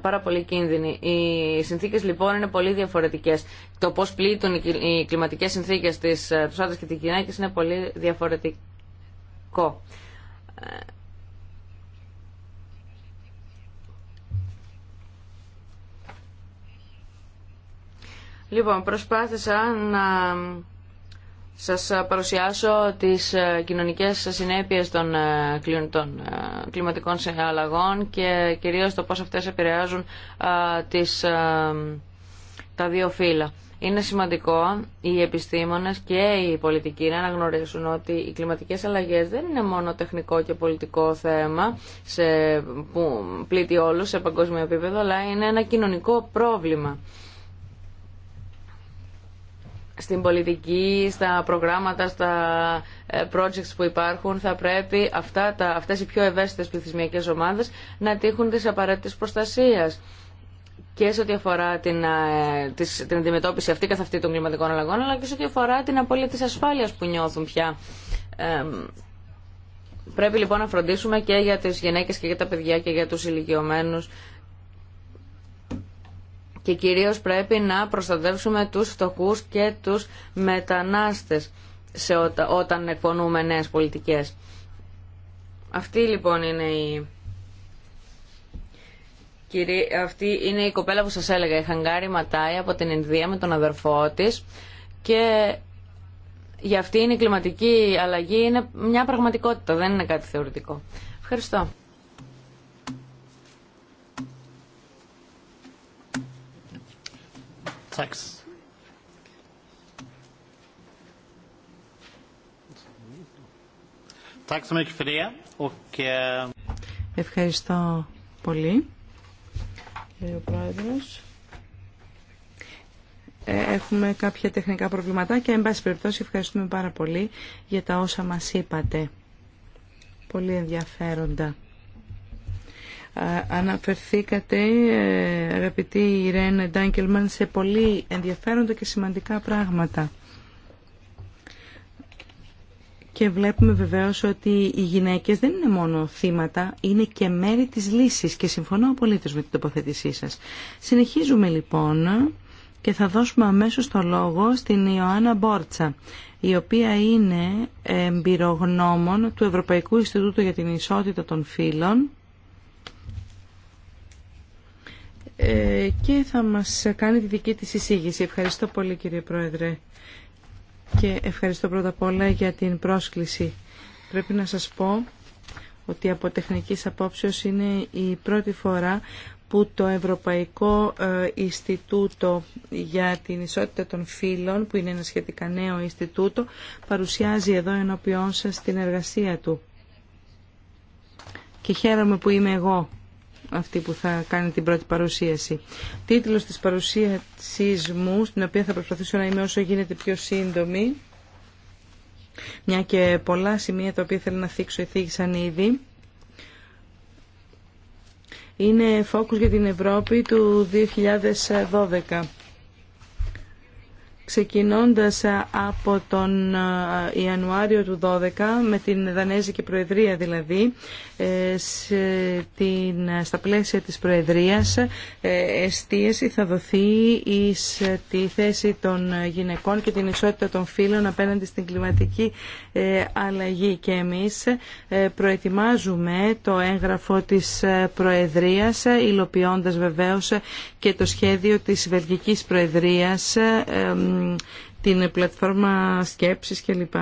πάρα πολλοί κίνδυνοι. Οι συνθήκες λοιπόν είναι πολύ διαφορετικές. Το πώς πλήττουν οι κλιματικές συνθήκες της, τους άντρες και τις γυναίκες είναι πολύ διαφορετικό. Λοιπόν, προσπάθησα να σας παρουσιάσω τις ε, κοινωνικές συνέπειες των ε, ε, κλιματικών αλλαγών και κυρίως το πώς αυτές επηρεάζουν τις, τα δύο φύλλα. Είναι σημαντικό οι επιστήμονες και οι πολιτικοί να αναγνωρίσουν ότι οι κλιματικές αλλαγές δεν είναι μόνο τεχνικό και πολιτικό θέμα σε, που πλήττει όλους σε παγκόσμιο επίπεδο, αλλά είναι ένα κοινωνικό πρόβλημα στην πολιτική, στα προγράμματα, στα ε, projects που υπάρχουν, θα πρέπει αυτά τα, αυτές οι πιο ευαίσθητες πληθυσμιακές ομάδες να τύχουν της απαραίτητης προστασίας και σε ό,τι αφορά την, ε, την αντιμετώπιση αυτή καθ' αυτή των κλιματικών αλλαγών, αλλά και σε ό,τι αφορά την απώλεια της ασφάλειας που νιώθουν πια. πρέπει λοιπόν να φροντίσουμε και για τις γυναίκες και για τα παιδιά και για τους ηλικιωμένους και κυρίως πρέπει να προστατεύσουμε τους φτωχούς και τους μετανάστες σε όταν εκπονούμε νέες πολιτικές. Αυτή λοιπόν είναι η... Αυτή είναι η κοπέλα που σας έλεγα, η Χαγκάρη Ματάη από την Ινδία με τον αδερφό της και για αυτή είναι η κλιματική αλλαγή είναι μια πραγματικότητα, δεν είναι κάτι θεωρητικό. Ευχαριστώ. Eh, Ευχαριστώ πολύ, κύριε ο ε, Έχουμε κάποια τεχνικά προβληματάκια. Εν πάση περιπτώσει, ευχαριστούμε πάρα πολύ για τα όσα μας είπατε. Πολύ ενδιαφέροντα. Αναφερθήκατε, ε, αγαπητή Ρέν Ντάγκελμαν, σε πολύ ενδιαφέροντα και σημαντικά πράγματα. Και βλέπουμε βεβαίως ότι οι γυναίκες δεν είναι μόνο θύματα, είναι και μέρη της λύσης και συμφωνώ απολύτως με την τοποθέτησή σας. Συνεχίζουμε λοιπόν και θα δώσουμε αμέσως το λόγο στην Ιωάννα Μπόρτσα, η οποία είναι εμπειρογνώμων του Ευρωπαϊκού Ινστιτούτου για την Ισότητα των Φύλων Ε, και θα μας κάνει τη δική της εισήγηση. Ευχαριστώ πολύ κύριε Πρόεδρε και ευχαριστώ πρώτα απ' όλα για την πρόσκληση. Πρέπει να σας πω ότι από τεχνικής απόψεως είναι η πρώτη φορά που το Ευρωπαϊκό ε, Ιστιτούτο για την Ισότητα των Φύλων, που είναι ένα σχετικά νέο Ινστιτούτο, παρουσιάζει εδώ ενώπιόν σας την εργασία του. Και χαίρομαι που είμαι εγώ αυτή που θα κάνει την πρώτη παρουσίαση. Τίτλος της παρουσίασής μου, στην οποία θα προσπαθήσω να είμαι όσο γίνεται πιο σύντομη, μια και πολλά σημεία τα οποία θέλω να θίξω θίγησαν ήδη, είναι φόκους για την Ευρώπη του 2012 ξεκινώντας από τον ε, Ιανουάριο του 12 με την Δανέζικη Προεδρία δηλαδή ε, στα πλαίσια της Προεδρίας ε, εστίαση θα δοθεί εις τη θέση των γυναικών και την ισότητα των φύλων απέναντι στην κλιματική αλλαγή και εμείς προετοιμάζουμε το έγγραφο της Προεδρίας υλοποιώντας βεβαίως και το σχέδιο της Βελγικής Προεδρίας την πλατφόρμα σκέψης κλπ.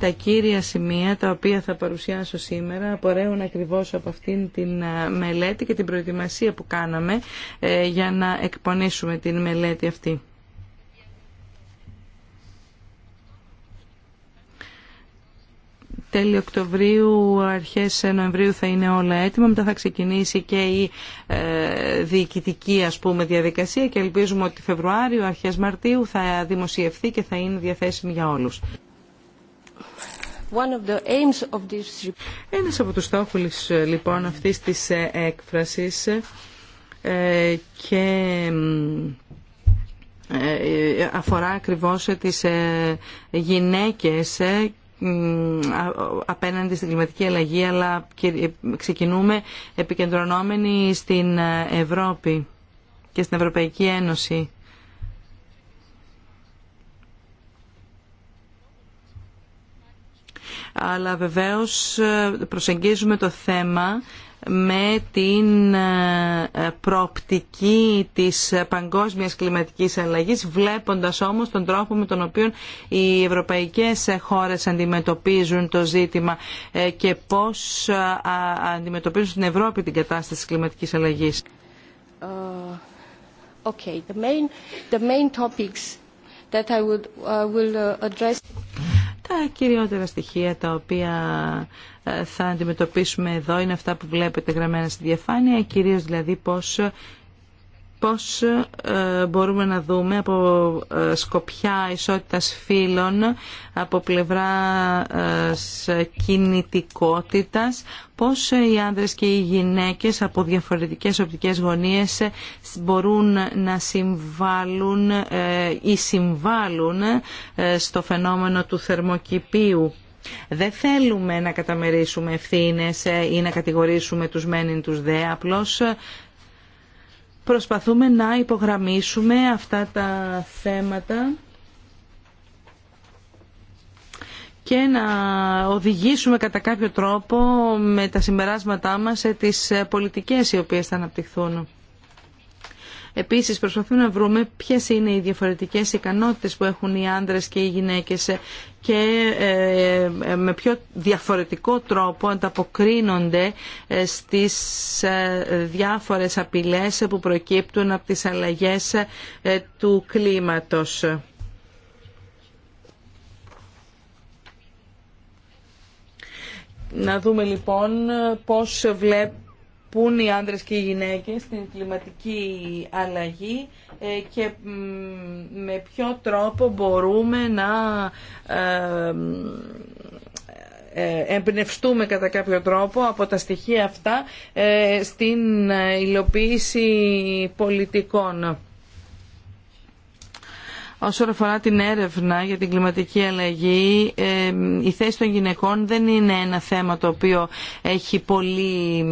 Τα κύρια σημεία τα οποία θα παρουσιάσω σήμερα απορρέουν ακριβώς από αυτήν την ε, μελέτη και την προετοιμασία που κάναμε ε, για να εκπονήσουμε την μελέτη αυτή. τέλη Οκτωβρίου, αρχές Νοεμβρίου θα είναι όλα έτοιμα. Μετά θα ξεκινήσει και η ε, διοικητική ας πούμε, διαδικασία και ελπίζουμε ότι Φεβρουάριο, αρχές Μαρτίου θα δημοσιευθεί και θα είναι διαθέσιμη για όλους. One of the aims of this... Ένας από τους στόχους λοιπόν αυτής της ε, έκφρασης ε, και αφορά ακριβώς τις γυναίκες απέναντι στην κλιματική αλλαγή, αλλά ε, ξεκινούμε επικεντρωνόμενοι στην ε, Ευρώπη και στην Ευρωπαϊκή Ένωση. αλλά βεβαίως ε, προσεγγίζουμε το θέμα με την ε, προοπτική της παγκόσμιας κλιματικής αλλαγής, βλέποντας όμως τον τρόπο με τον οποίο οι ευρωπαϊκές χώρες αντιμετωπίζουν το ζήτημα ε, και πώς ε, αντιμετωπίζουν στην Ευρώπη την κατάσταση της κλιματικής αλλαγής. Okay, the main, the main topics that I would, will address. Τα κυριότερα στοιχεία τα οποία ε, θα αντιμετωπίσουμε εδώ είναι αυτά που βλέπετε γραμμένα στη διαφάνεια, κυρίως δηλαδή πώς πώς ε, μπορούμε να δούμε από ε, σκοπιά ισότητας φύλων, από πλευρά ε, κινητικότητας, πώς οι άνδρες και οι γυναίκες από διαφορετικές οπτικές γωνίες μπορούν να συμβάλλουν ή συμβάλλουν στο φαινόμενο του θερμοκηπίου. Δεν θέλουμε να καταμερίσουμε ευθύνε ή να κατηγορήσουμε τους μένιν τους δε, προσπαθούμε να υπογραμμίσουμε αυτά τα θέματα και να οδηγήσουμε κατά κάποιο τρόπο με τα συμπεράσματά μας σε τις πολιτικές οι οποίες θα αναπτυχθούν. Επίσης προσπαθούμε να βρούμε ποιε είναι οι διαφορετικές ικανότητε που έχουν οι άντρε και οι γυναίκες και ε, ε, με πιο διαφορετικό τρόπο ανταποκρίνονται ε, στις διάφορες απειλές που προκύπτουν από τις αλλαγές του κλίματος. Να δούμε λοιπόν πώς βλέπει είναι οι άνδρες και οι γυναίκες στην κλιματική αλλαγή ε, και με ποιο τρόπο μπορούμε να ε, ε, εμπνευστούμε κατά κάποιο τρόπο από τα στοιχεία αυτά στην υλοποίηση πολιτικών. Όσον αφορά την έρευνα για την κλιματική αλλαγή, ε, η θέση των γυναικών δεν είναι ένα θέμα το οποίο έχει πολύ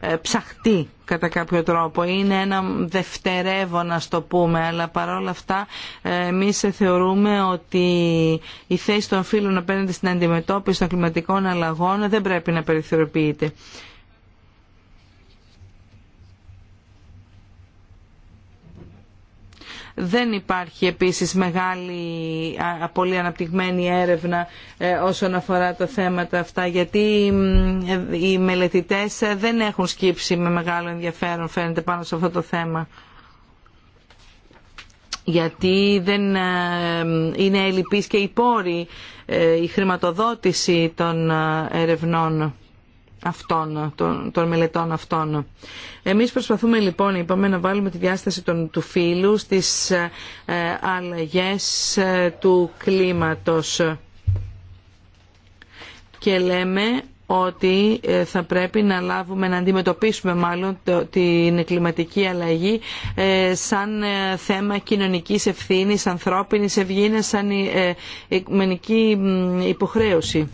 ε, ψαχτεί κατά κάποιο τρόπο. Είναι ένα δευτερεύον, να το πούμε, αλλά παρόλα αυτά ε, εμεί θεωρούμε ότι η θέση των φίλων απέναντι στην αντιμετώπιση των κλιματικών αλλαγών δεν πρέπει να περιθωριοποιείται. Δεν υπάρχει επίσης μεγάλη πολύ αναπτυγμένη έρευνα ε, όσον αφορά τα θέματα αυτά γιατί ε, οι μελετητές ε, δεν έχουν σκύψει με μεγάλο ενδιαφέρον φαίνεται πάνω σε αυτό το θέμα γιατί δεν είναι ελλειπής και η πόρη η χρηματοδότηση των ερευνών αυτών, των, των μελετών αυτών. Εμείς προσπαθούμε λοιπόν είπαμε, να βάλουμε τη διάσταση των, του φύλου στις ε, ε του κλίματος και λέμε ότι ε, θα πρέπει να λάβουμε, να αντιμετωπίσουμε μάλλον την κλιματική αλλαγή ε, σαν θέμα κοινωνικής ευθύνης, ανθρώπινης ευγένεια, σαν οικουμενική υποχρέωση.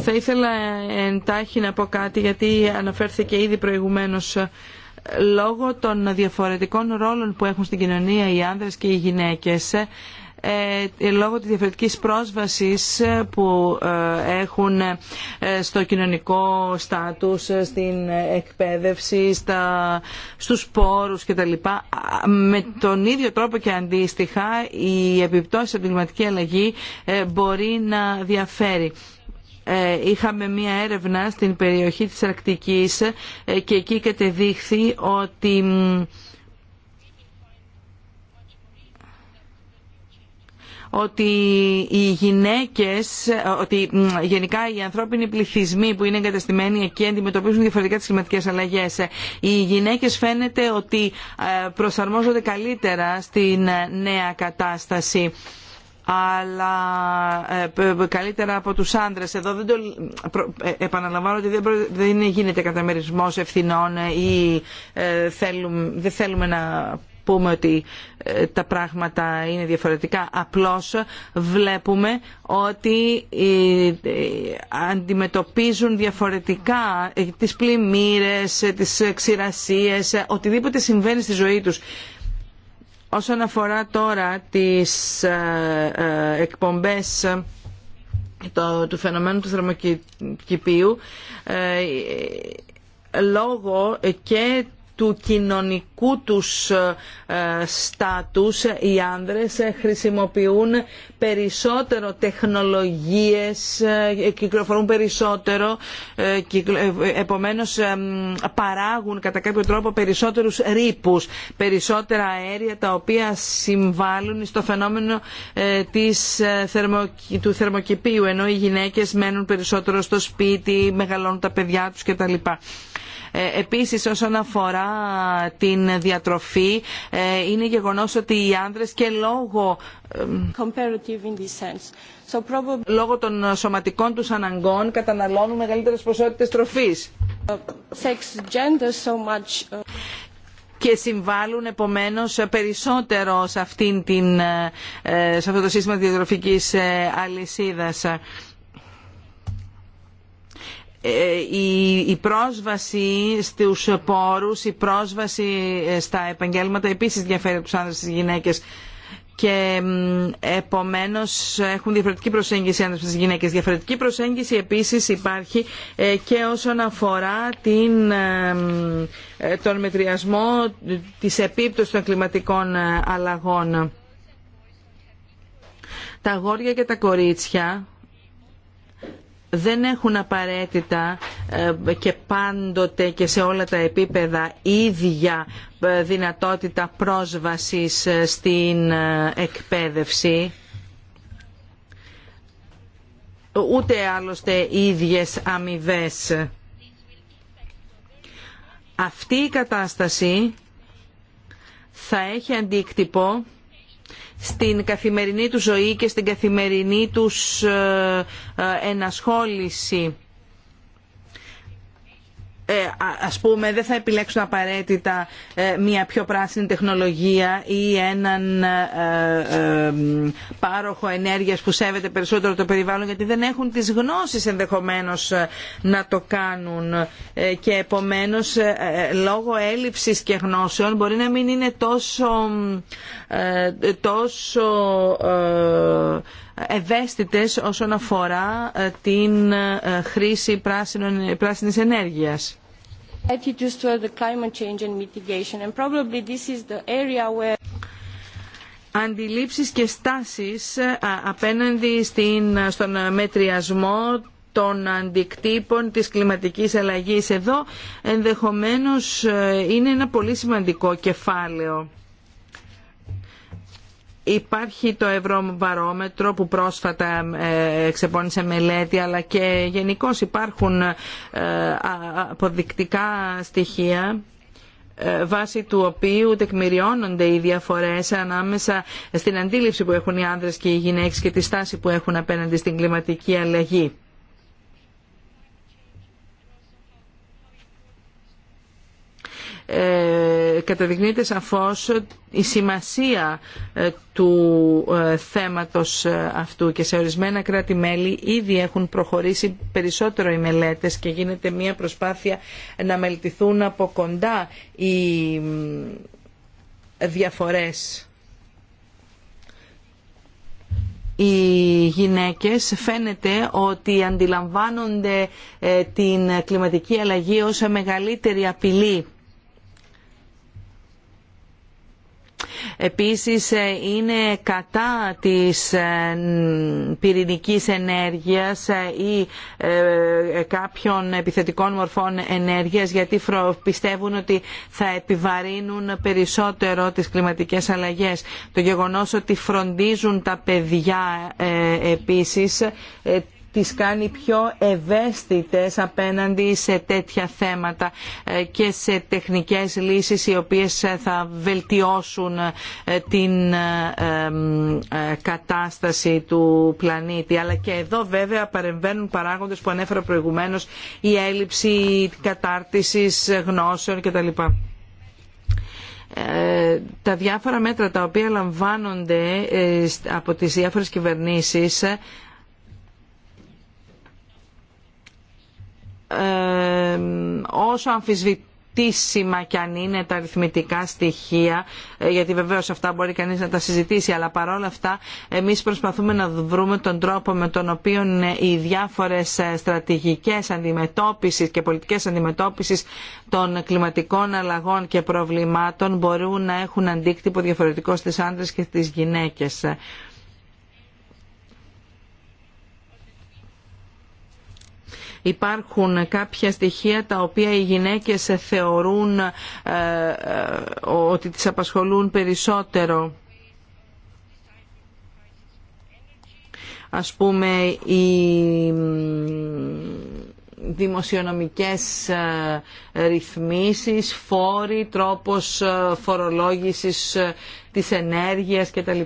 Θα ήθελα ε, εντάχει να πω κάτι γιατί αναφέρθηκε ήδη προηγουμένως ε, λόγω των διαφορετικών ρόλων που έχουν στην κοινωνία οι άνδρες και οι γυναίκες ε, ε, λόγω της διαφορετικής πρόσβασης ε, που ε, έχουν στο κοινωνικό στάτους, στην εκπαίδευση, στα, στους πόρους κτλ. Με τον ίδιο τρόπο και αντίστοιχα η επιπτώση από την αλλαγή μπορεί να διαφέρει είχαμε μία έρευνα στην περιοχή της Αρκτικής και εκεί κατεδείχθη ότι ότι οι γυναίκες, ότι γενικά οι ανθρώπινοι πληθυσμοί που είναι εγκαταστημένοι εκεί αντιμετωπίζουν διαφορετικά τις κλιματικές αλλαγές. Οι γυναίκες φαίνεται ότι ε, προσαρμόζονται καλύτερα στην ε, νέα κατάσταση αλλά ε, καλύτερα από τους άντρες. Εδώ δεν επαναλαμβάνω ότι δεν, δεν γίνεται καταμερισμός ευθυνών ή θέλουμε, δεν θέλουμε να πούμε ότι ε, τα πράγματα είναι διαφορετικά. Απλώς βλέπουμε ότι ε, ε, αντιμετωπίζουν διαφορετικά τις πλημμύρες, τις ξηρασίες, οτιδήποτε συμβαίνει στη ζωή τους. Όσον αφορά τώρα τις εκπομπές το, του φαινομένου του θερμοκηπίου, λόγω και του κοινωνικού τους ε, στάτους οι άνδρες ε, χρησιμοποιούν περισσότερο τεχνολογίες, ε, κυκλοφορούν περισσότερο, επομένως παράγουν κατά κάποιο τρόπο περισσότερους ρήπους, περισσότερα αέρια τα οποία συμβάλλουν στο φαινόμενο της, του θερμοκηπίου, ενώ οι γυναίκες μένουν περισσότερο στο σπίτι, μεγαλώνουν τα παιδιά τους κτλ. Ε, επίσης όσον αφορά την διατροφή ε, είναι γεγονός ότι οι άνδρες και λόγω Comparative in λόγω των σωματικών τους αναγκών καταναλώνουν μεγαλύτερες ποσότητες τροφής. Uh, sex, gender, uh, και συμβάλλουν επομένως περισσότερο σε, αυτήν την, ε, σε αυτό το σύστημα διατροφικής αλυσίδας. Ε, η πρόσβαση στους πόρους, η πρόσβαση ε, στα επαγγέλματα επίσης διαφέρει από τους άνδρες και γυναίκες και επομένως έχουν διαφορετική προσέγγιση άνδρες στις γυναίκες. Διαφορετική προσέγγιση επίσης υπάρχει ε, και όσον αφορά την, τον μετριασμό της επίπτωσης των κλιματικών αλλαγών. Τα αγόρια και τα κορίτσια δεν έχουν απαραίτητα ε, και πάντοτε και σε όλα τα επίπεδα ίδια ε, δυνατότητα πρόσβασης ε, στην εκπαίδευση ούτε άλλωστε ίδιες αμοιβέ. Αυτή η κατάσταση θα έχει αντίκτυπο στην καθημερινή του ζωή και στην καθημερινή τους ε, ε, ενασχόληση. Ε, ας πούμε δεν θα επιλέξουν απαραίτητα ε, μια πιο πράσινη τεχνολογία ή έναν ε, πάροχο ενέργειας που σέβεται περισσότερο το περιβάλλον γιατί δεν έχουν τις γνώσεις ενδεχομένως να το κάνουν και επομένως λόγω έλλειψης και γνώσεων μπορεί να μην είναι τόσο τόσο ευαίσθητες όσον αφορά ε, την ε, χρήση πράσινων, πράσινης ενέργειας. αντιλήψεις και στάσεις ε, απέναντι στην, στον μετριασμό των αντικτύπων της κλιματικής αλλαγής. Εδώ ενδεχομένως είναι ένα πολύ σημαντικό κεφάλαιο. Υπάρχει το Ευρωβαρόμετρο που πρόσφατα ε, εξεπώνησε μελέτη αλλά και γενικώ υπάρχουν ε, αποδεικτικά στοιχεία ε, βάσει του οποίου τεκμηριώνονται οι διαφορές ανάμεσα στην αντίληψη που έχουν οι άνδρες και οι γυναίκες και τη στάση που έχουν απέναντι στην κλιματική αλλαγή. Ε, καταδεικνύεται σαφώς η σημασία ε, του ε, θέματος αυτού και σε ορισμένα κράτη-μέλη ήδη έχουν προχωρήσει περισσότερο οι μελέτες και γίνεται μια προσπάθεια να μελετηθούν από κοντά οι διαφορές. Οι γυναίκες φαίνεται ότι αντιλαμβάνονται την κλιματική αλλαγή ως μεγαλύτερη απειλή Επίσης ε, είναι κατά της ε, πυρηνικής ενέργειας ε, ή κάποιων επιθετικών μορφών ενέργειας γιατί πιστεύουν ότι θα επιβαρύνουν περισσότερο τις κλιματικές αλλαγές. Το γεγονός ότι φροντίζουν τα παιδιά επίσης τις κάνει πιο ευαίσθητες απέναντι σε τέτοια θέματα ε, και σε τεχνικές λύσεις οι οποίες ε, θα βελτιώσουν ε, την κατάσταση του πλανήτη. Αλλά και εδώ βέβαια παρεμβαίνουν παράγοντες που ανέφερα προηγουμένως η έλλειψη κατάρτισης γνώσεων κτλ τα διάφορα μέτρα τα οποία λαμβάνονται από τις διάφορες κυβερνήσεις όσο αμφισβητήσιμα και κι αν είναι τα αριθμητικά στοιχεία, ε, γιατί βεβαίω αυτά μπορεί κανεί να τα συζητήσει, αλλά παρόλα αυτά εμεί προσπαθούμε να βρούμε τον τρόπο με τον οποίο ε, οι διάφορε στρατηγικέ αντιμετώπιση και πολιτικές αντιμετώπιση των κλιματικών αλλαγών και προβλημάτων μπορούν να έχουν αντίκτυπο διαφορετικό στι άντρε και στι γυναίκε. υπάρχουν κάποια στοιχεία τα οποία οι γυναίκες θεωρούν ε, ε, ότι τις απασχολούν περισσότερο. Ας πούμε, οι δημοσιονομικές ε, ρυθμίσεις, φόροι, τρόπος φορολόγησης της ενέργειας κτλ.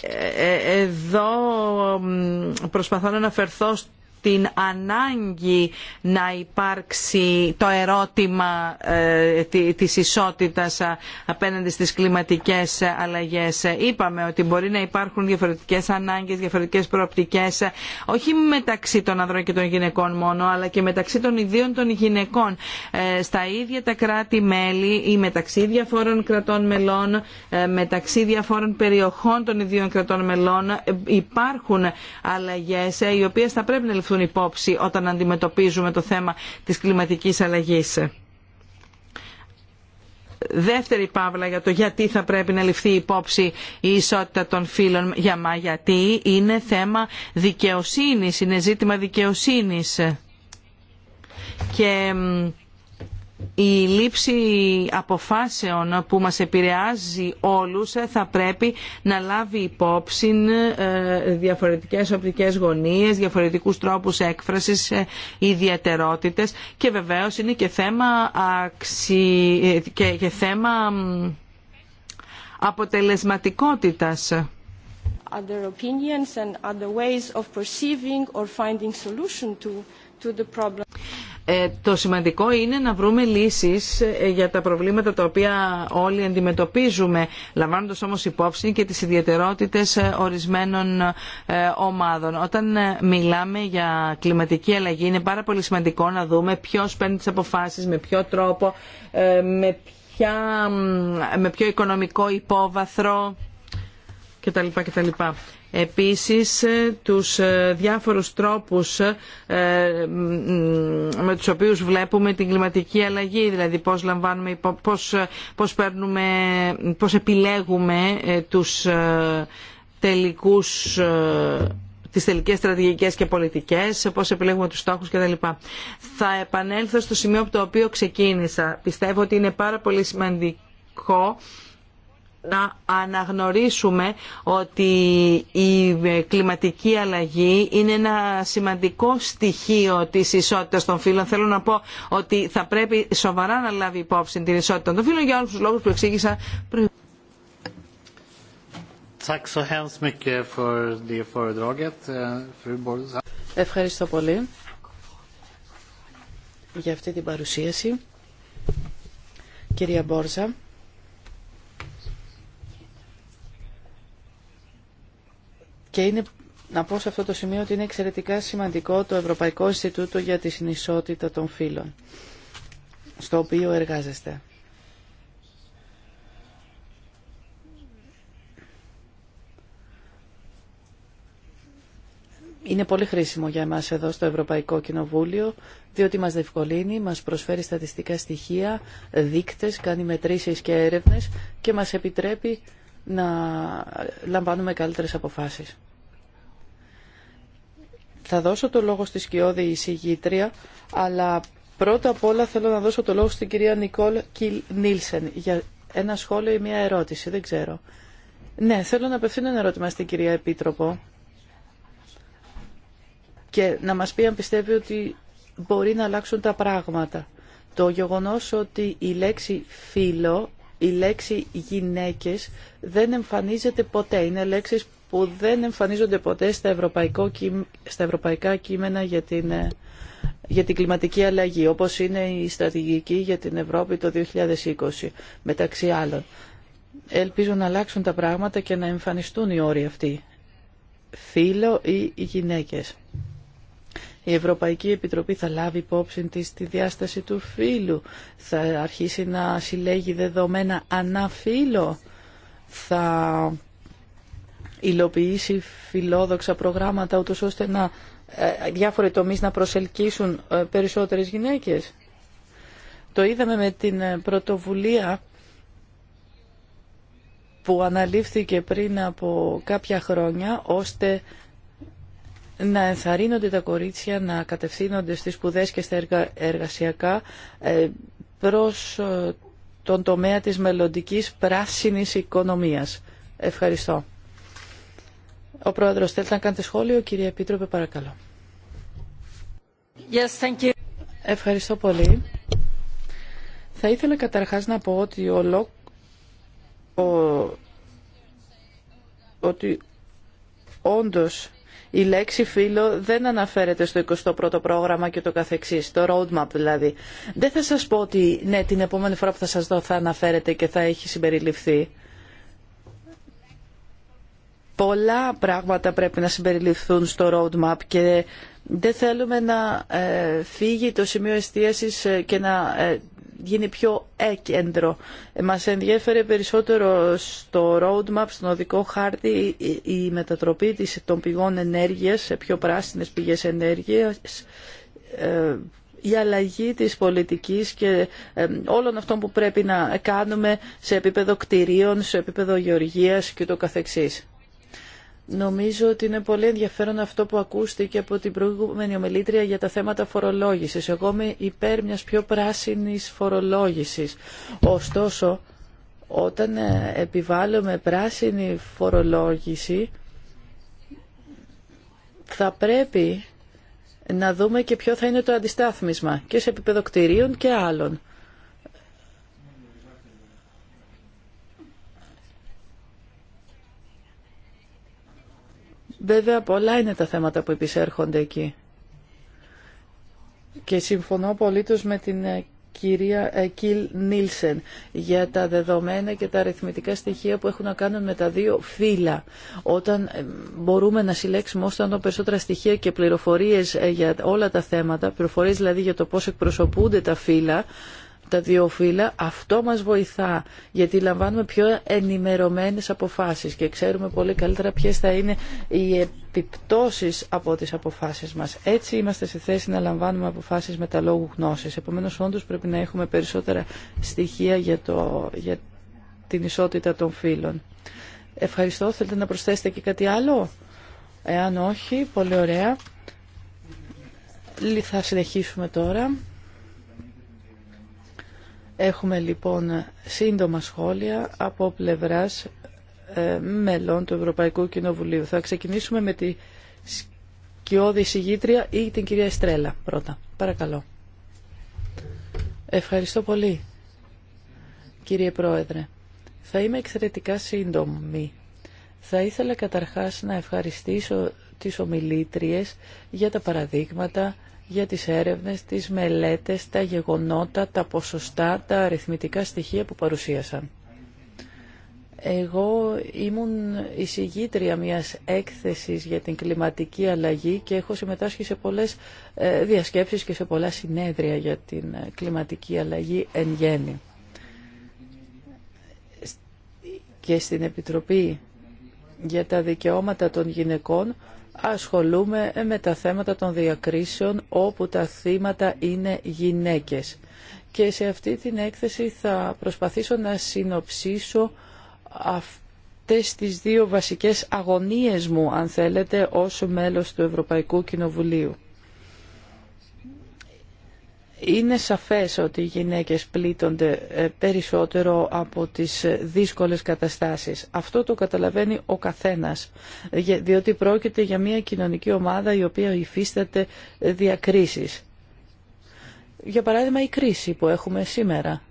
Ε, ε, εδώ προσπαθώ να αναφερθώ την ανάγκη να υπάρξει το ερώτημα ε, της ισότητας ε, απέναντι στις κλιματικές αλλαγές. Είπαμε ότι μπορεί να υπάρχουν διαφορετικές ανάγκες, διαφορετικές προοπτικές, ε, όχι μεταξύ των ανδρών και των γυναικών μόνο, αλλά και μεταξύ των ιδίων των γυναικών. Στα ίδια τα κράτη-μέλη ή μεταξύ διαφόρων κρατών μελών, μεταξύ διαφόρων περιοχών των ιδίων κρατών μελών υπάρχουν αλλαγές οι οποίες θα πρέπει να ληφθούν υπόψη όταν αντιμετωπίζουμε το θέμα της κλιματικής αλλαγής. Δεύτερη παύλα για το γιατί θα πρέπει να ληφθεί υπόψη η ισότητα των φίλων για μα γιατί είναι θέμα δικαιοσύνης, είναι ζήτημα δικαιοσύνης. Και η λήψη αποφάσεων που μας επηρεάζει όλους θα πρέπει να λάβει υπόψη ε, διαφορετικές οπτικές γωνίες, διαφορετικούς τρόπους έκφρασης, ε, ιδιαιτερότητες και βεβαίως είναι και θέμα, αξι... Ε, και, θέμα αποτελεσματικότητας. Ε, το σημαντικό είναι να βρούμε λύσεις ε, για τα προβλήματα τα οποία όλοι αντιμετωπίζουμε, λαμβάνοντας όμως υπόψη και τις ιδιαιτερότητες ε, ορισμένων ομάδων. Όταν μιλάμε για κλιματική αλλαγή είναι πάρα πολύ σημαντικό να δούμε ποιος παίρνει τις αποφάσεις, με ποιο τρόπο, με, ποια, με ποιο οικονομικό υπόβαθρο κτλ. κτλ επίσης τους ε, διάφορους τρόπους ε, με τους οποίους βλέπουμε την κλιματική αλλαγή, δηλαδή πώς λαμβάνουμε, πώς, ε, πώς, παίρνουμε, πώς επιλέγουμε τους τελικούς τις τελικές στρατηγικές και πολιτικές, πώς επιλέγουμε τους στόχους κτλ. Θα επανέλθω στο σημείο από το οποίο ξεκίνησα. Πιστεύω ότι είναι πάρα πολύ σημαντικό να αναγνωρίσουμε ότι η κλιματική αλλαγή είναι ένα σημαντικό στοιχείο της ισότητας των φύλων. Θέλω να πω ότι θα πρέπει σοβαρά να λάβει υπόψη την ισότητα των φύλων για όλους τους λόγους που εξήγησα πριν. Eh, Ευχαριστώ πολύ για αυτή την παρουσίαση. Κυρία Μπόρζα. Και είναι να πω σε αυτό το σημείο ότι είναι εξαιρετικά σημαντικό το Ευρωπαϊκό Ινστιτούτο για τη Συνισότητα των Φύλων, στο οποίο εργάζεστε. Είναι πολύ χρήσιμο για εμάς εδώ στο Ευρωπαϊκό Κοινοβούλιο, διότι μας διευκολύνει, μας προσφέρει στατιστικά στοιχεία, δείκτες, κάνει μετρήσεις και έρευνες και μας επιτρέπει να λαμβάνουμε καλύτερες αποφάσεις. Θα δώσω το λόγο στη Σκιώδη συγγήτρια, αλλά πρώτα απ' όλα θέλω να δώσω το λόγο στην κυρία Νικόλ Κιλ Νίλσεν για ένα σχόλιο ή μια ερώτηση, δεν ξέρω. Ναι, θέλω να απευθύνω ένα ερώτημα στην κυρία Επίτροπο και να μας πει αν πιστεύει ότι μπορεί να αλλάξουν τα πράγματα. Το γεγονός ότι η λέξη «φίλο» η λέξη γυναίκες δεν εμφανίζεται ποτέ. Είναι λέξεις που δεν εμφανίζονται ποτέ στα, ευρωπαϊκό, στα ευρωπαϊκά κείμενα για την, ε, για την κλιματική αλλαγή, όπως είναι η στρατηγική για την Ευρώπη το 2020, μεταξύ άλλων. Ελπίζω να αλλάξουν τα πράγματα και να εμφανιστούν οι όροι αυτοί, φίλο ή οι γυναίκες. Η Ευρωπαϊκή Επιτροπή θα λάβει υπόψη της τη διάσταση του φύλου, θα αρχίσει να συλλέγει δεδομένα φύλο. θα υλοποιήσει φιλόδοξα προγράμματα ούτως ώστε να ε, διάφοροι τομείς να προσελκύσουν ε, περισσότερες γυναίκες. Το είδαμε με την ε, πρωτοβουλία που αναλήφθηκε πριν από κάποια χρόνια ώστε να ενθαρρύνονται τα κορίτσια να κατευθύνονται στις σπουδές και στα εργασιακά ε, προς ε, τον τομέα της μελλοντική πράσινης οικονομίας. Ευχαριστώ. Ο Πρόεδρος θέλει να κάνετε σχόλιο. Κύριε Επίτροπε, παρακαλώ. Yes, thank you. Ευχαριστώ πολύ. Θα ήθελα καταρχάς να πω ότι ο, ο... ότι όντως η λέξη φύλλο δεν αναφέρεται στο 21ο πρόγραμμα και το καθεξής, το roadmap δηλαδή. Δεν θα σας πω ότι ναι, την επόμενη φορά που θα σας δω θα αναφέρεται και θα έχει συμπεριληφθεί. Πολλά πράγματα πρέπει να συμπεριληφθούν στο roadmap και δεν θέλουμε να ε, φύγει το σημείο εστίασης ε, και να ε, γίνει πιο έκεντρο. Μας ενδιέφερε περισσότερο στο roadmap, στον οδικό χάρτη, η μετατροπή των πηγών ενέργειας σε πιο πράσινες πηγές ενέργειας, ε, η αλλαγή της πολιτικής και ε, όλων αυτών που πρέπει να κάνουμε σε επίπεδο κτηρίων, σε επίπεδο γεωργίας και το καθεξής. Νομίζω ότι είναι πολύ ενδιαφέρον αυτό που ακούστηκε από την προηγούμενη ομιλήτρια για τα θέματα φορολόγησης. Εγώ είμαι υπέρ μιας πιο πράσινης φορολόγησης. Ωστόσο, όταν ε, επιβάλλουμε πράσινη φορολόγηση, θα πρέπει να δούμε και ποιο θα είναι το αντιστάθμισμα και σε επίπεδο κτηρίων και άλλων. Βέβαια πολλά είναι τα θέματα που επισέρχονται εκεί. Και συμφωνώ απολύτως με την ε, κυρία ε, Κιλ Νίλσεν για τα δεδομένα και τα αριθμητικά στοιχεία που έχουν να κάνουν με τα δύο φύλλα. Όταν ε, μπορούμε να συλλέξουμε όσο τα περισσότερα στοιχεία και πληροφορίες για όλα τα θέματα, πληροφορίες δηλαδή για το πώς εκπροσωπούνται τα φύλλα, τα δύο φύλλα, αυτό μας βοηθά γιατί λαμβάνουμε πιο ενημερωμένες αποφάσεις και ξέρουμε πολύ καλύτερα ποιες θα είναι οι επιπτώσεις από τις αποφάσεις μας. Έτσι είμαστε σε θέση να λαμβάνουμε αποφάσεις με τα λόγου γνώσης. Επομένως όντως πρέπει να έχουμε περισσότερα στοιχεία για, το, για την ισότητα των φύλων. Ευχαριστώ. Θέλετε να προσθέσετε και κάτι άλλο. Εάν όχι, πολύ ωραία. Θα συνεχίσουμε τώρα. Έχουμε λοιπόν σύντομα σχόλια από πλευράς ε, μελών του Ευρωπαϊκού Κοινοβουλίου. Θα ξεκινήσουμε με τη σκιώδη συγγήτρια ή την κυρία Στρέλα πρώτα. Παρακαλώ. Ευχαριστώ πολύ, κύριε Πρόεδρε. Θα είμαι εξαιρετικά σύντομη. Θα ήθελα καταρχάς να ευχαριστήσω τις ομιλήτριες για τα παραδείγματα για τις έρευνες, τις μελέτες, τα γεγονότα, τα ποσοστά, τα αριθμητικά στοιχεία που παρουσίασαν. Εγώ ήμουν εισηγήτρια μιας έκθεσης για την κλιματική αλλαγή και έχω συμμετάσχει σε πολλές ε, διασκέψεις και σε πολλά συνέδρια για την ε, κλιματική αλλαγή εν γέννη. Και στην Επιτροπή για τα Δικαιώματα των Γυναικών ασχολούμαι με τα θέματα των διακρίσεων όπου τα θύματα είναι γυναίκες. Και σε αυτή την έκθεση θα προσπαθήσω να συνοψίσω αυτές τις δύο βασικές αγωνίες μου, αν θέλετε, ως μέλος του Ευρωπαϊκού Κοινοβουλίου. Είναι σαφές ότι οι γυναίκες πλήττονται ε, περισσότερο από τις δύσκολες καταστάσεις. Αυτό το καταλαβαίνει ο καθένας, διότι πρόκειται για μια κοινωνική ομάδα η οποία υφίσταται ε, διακρίσεις. Για παράδειγμα η κρίση που έχουμε σήμερα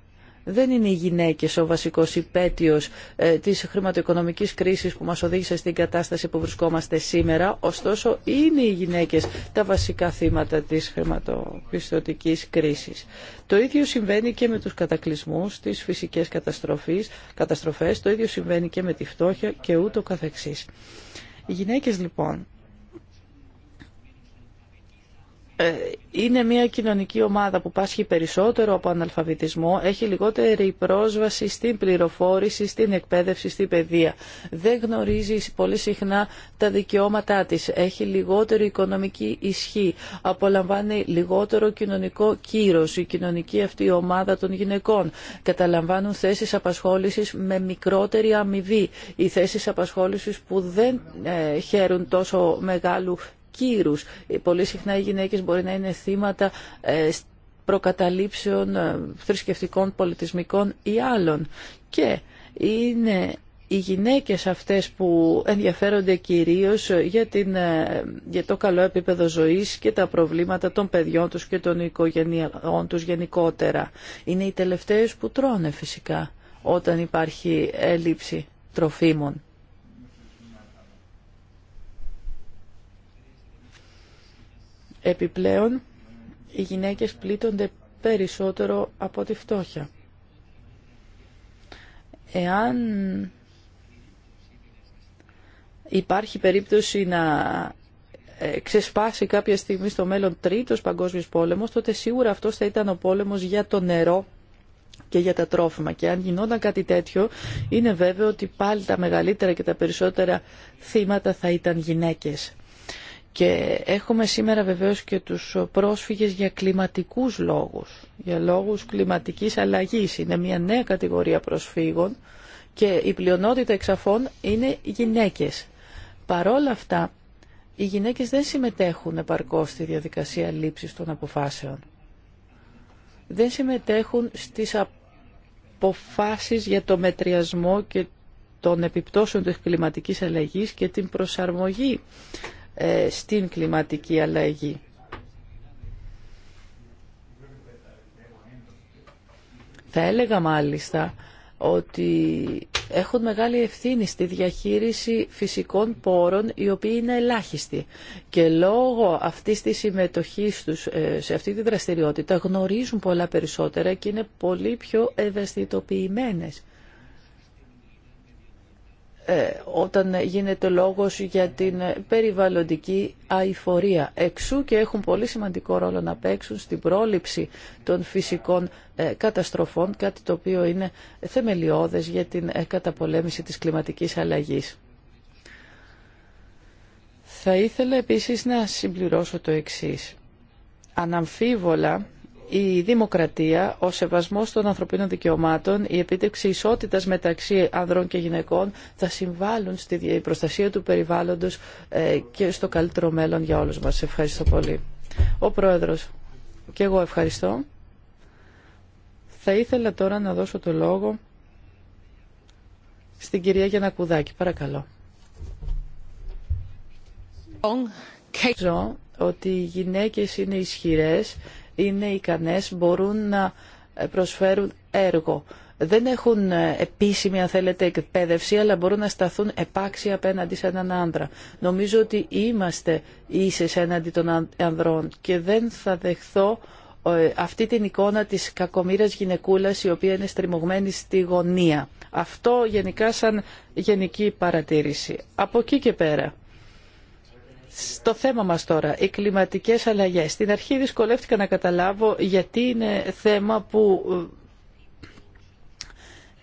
δεν είναι οι γυναίκες ο βασικός υπέτειος ε, της χρηματοοικονομικής κρίσης που μας οδήγησε στην κατάσταση που βρισκόμαστε σήμερα. Ωστόσο, είναι οι γυναίκες τα βασικά θύματα της χρηματοπιστωτικής κρίσης. Το ίδιο συμβαίνει και με τους κατακλυσμούς, τις φυσικές καταστροφές, καταστροφές το ίδιο συμβαίνει και με τη φτώχεια και ούτω καθεξής. Οι γυναίκε, λοιπόν Ε, είναι μια κοινωνική ομάδα που πάσχει περισσότερο από αναλφαβητισμό, έχει λιγότερη πρόσβαση στην πληροφόρηση, στην εκπαίδευση, στην παιδεία. Δεν γνωρίζει πολύ συχνά τα δικαιώματά της, έχει λιγότερη οικονομική ισχύ, απολαμβάνει λιγότερο κοινωνικό κύρος, η κοινωνική αυτή ομάδα των γυναικών. Καταλαμβάνουν θέσεις απασχόλησης με μικρότερη αμοιβή, οι θέσεις απασχόλησης που δεν ε, χαίρουν τόσο μεγάλου κύρους. Ε, Πολύ συχνά οι γυναίκες μπορεί να είναι θύματα ε, προκαταλήψεων ε, θρησκευτικών, πολιτισμικών ή άλλων. Και είναι οι γυναίκες αυτές που ενδιαφέρονται κυρίως για, την, για το καλό επίπεδο ζωής και τα προβλήματα των παιδιών τους και των οικογενειών τους γενικότερα. Είναι οι τελευταίες που τρώνε φυσικά όταν υπάρχει έλλειψη τροφίμων. Επιπλέον, οι γυναίκες πλήττονται περισσότερο από τη φτώχεια. Εάν υπάρχει περίπτωση να ε, ξεσπάσει κάποια στιγμή στο μέλλον τρίτος παγκόσμιος πόλεμος, τότε σίγουρα αυτός θα ήταν ο πόλεμος για το νερό και για τα τρόφιμα. Και αν γινόταν κάτι τέτοιο, είναι βέβαιο ότι πάλι τα μεγαλύτερα και τα περισσότερα θύματα θα ήταν γυναίκες. Και έχουμε σήμερα βεβαίως και τους πρόσφυγες για κλιματικούς λόγους, για λόγους κλιματικής αλλαγής. Είναι μια νέα κατηγορία προσφύγων και η πλειονότητα εξαφών είναι γυναίκες. Παρόλα αυτά, οι γυναίκες δεν συμμετέχουν επαρκώς στη διαδικασία λήψης των αποφάσεων. Δεν συμμετέχουν στις αποφάσεις για το μετριασμό και των επιπτώσεων της κλιματικής αλλαγής και την προσαρμογή ε, στην κλιματική αλλαγή. Θα έλεγα μάλιστα ότι έχουν μεγάλη ευθύνη στη διαχείριση φυσικών πόρων οι οποίοι είναι ελάχιστοι και λόγω αυτής της συμμετοχής τους ε, σε αυτή τη δραστηριότητα γνωρίζουν πολλά περισσότερα και είναι πολύ πιο ευαισθητοποιημένες. Ε, όταν γίνεται λόγος για την περιβαλλοντική αηφορία. Εξού και έχουν πολύ σημαντικό ρόλο να παίξουν στην πρόληψη των φυσικών ε, καταστροφών, κάτι το οποίο είναι θεμελιώδες για την ε, καταπολέμηση της κλιματικής αλλαγής. Θα ήθελα επίσης να συμπληρώσω το εξής. Αναμφίβολα, η δημοκρατία, ο σεβασμός των ανθρωπίνων δικαιωμάτων, η επίτευξη ισότητας μεταξύ ανδρών και γυναικών θα συμβάλλουν στη προστασία του περιβάλλοντος ε, και στο καλύτερο μέλλον για όλους μας. Ευχαριστώ πολύ. Ο Πρόεδρος, και εγώ ευχαριστώ. Θα ήθελα τώρα να δώσω το λόγο στην κυρία Γιανακουδάκη. Παρακαλώ. Ζω ότι οι γυναίκες είναι ισχυρές είναι ικανές, μπορούν να προσφέρουν έργο. Δεν έχουν επίσημη, αν θέλετε, εκπαίδευση, αλλά μπορούν να σταθούν επάξια απέναντι σε έναν άντρα. Νομίζω ότι είμαστε ίσες έναντι των ανδρών και δεν θα δεχθώ ε, αυτή την εικόνα της κακομήρας γυναικούλας η οποία είναι στριμωγμένη στη γωνία. Αυτό γενικά σαν γενική παρατήρηση. Από εκεί και πέρα. Στο θέμα μας τώρα, οι κλιματικές αλλαγές. Στην αρχή δυσκολεύτηκα να καταλάβω γιατί είναι θέμα που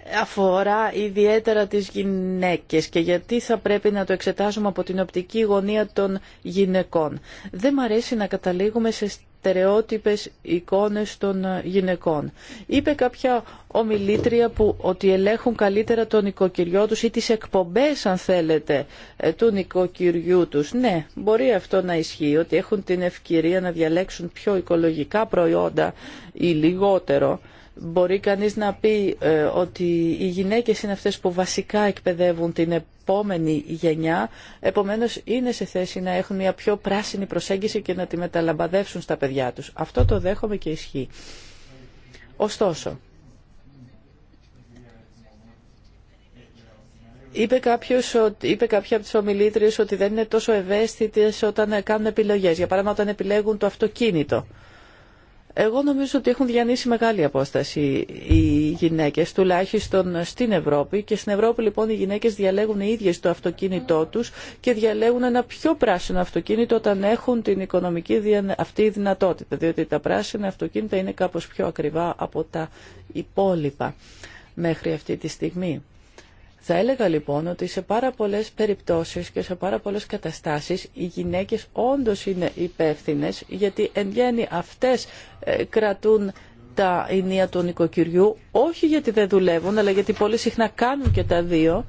ε, αφορά ιδιαίτερα τις γυναίκες και γιατί θα πρέπει να το εξετάζουμε από την οπτική γωνία των γυναικών. Δεν μ' αρέσει να καταλήγουμε σε στερεότυπες εικόνες των ε, γυναικών. Είπε κάποια ομιλήτρια που ότι ελέγχουν καλύτερα τον οικοκυριό τους ή τις εκπομπές αν θέλετε ε, του οικοκυριού τους. Ναι, μπορεί αυτό να ισχύει ότι έχουν την ευκαιρία να διαλέξουν πιο οικολογικά προϊόντα ή λιγότερο. Μπορεί κανείς να πει ε, ότι οι γυναίκες είναι αυτές που βασικά εκπαιδεύουν την επόμενη γενιά, επομένως είναι σε θέση να έχουν μια πιο πράσινη προσέγγιση και να τη μεταλαμπαδεύσουν στα παιδιά τους. Αυτό το δέχομαι και ισχύει. Ωστόσο, Είπε, κάποιος, είπε κάποια από τις ομιλήτριες ότι δεν είναι τόσο ευαίσθητες όταν κάνουν επιλογές. Για παράδειγμα, όταν επιλέγουν το αυτοκίνητο. Εγώ νομίζω ότι έχουν διανύσει μεγάλη απόσταση οι γυναίκες, τουλάχιστον στην Ευρώπη. Και στην Ευρώπη λοιπόν οι γυναίκες διαλέγουν οι ίδιες το αυτοκίνητό τους και διαλέγουν ένα πιο πράσινο αυτοκίνητο όταν έχουν την οικονομική αυτή δυνατότητα. Διότι τα πράσινα αυτοκίνητα είναι κάπως πιο ακριβά από τα υπόλοιπα μέχρι αυτή τη στιγμή. Θα έλεγα λοιπόν ότι σε πάρα πολλές περιπτώσεις και σε πάρα πολλές καταστάσεις οι γυναίκες όντως είναι υπεύθυνε γιατί εν γέννη αυτές ε, κρατούν τα ενία του νοικοκυριού όχι γιατί δεν δουλεύουν αλλά γιατί πολύ συχνά κάνουν και τα δύο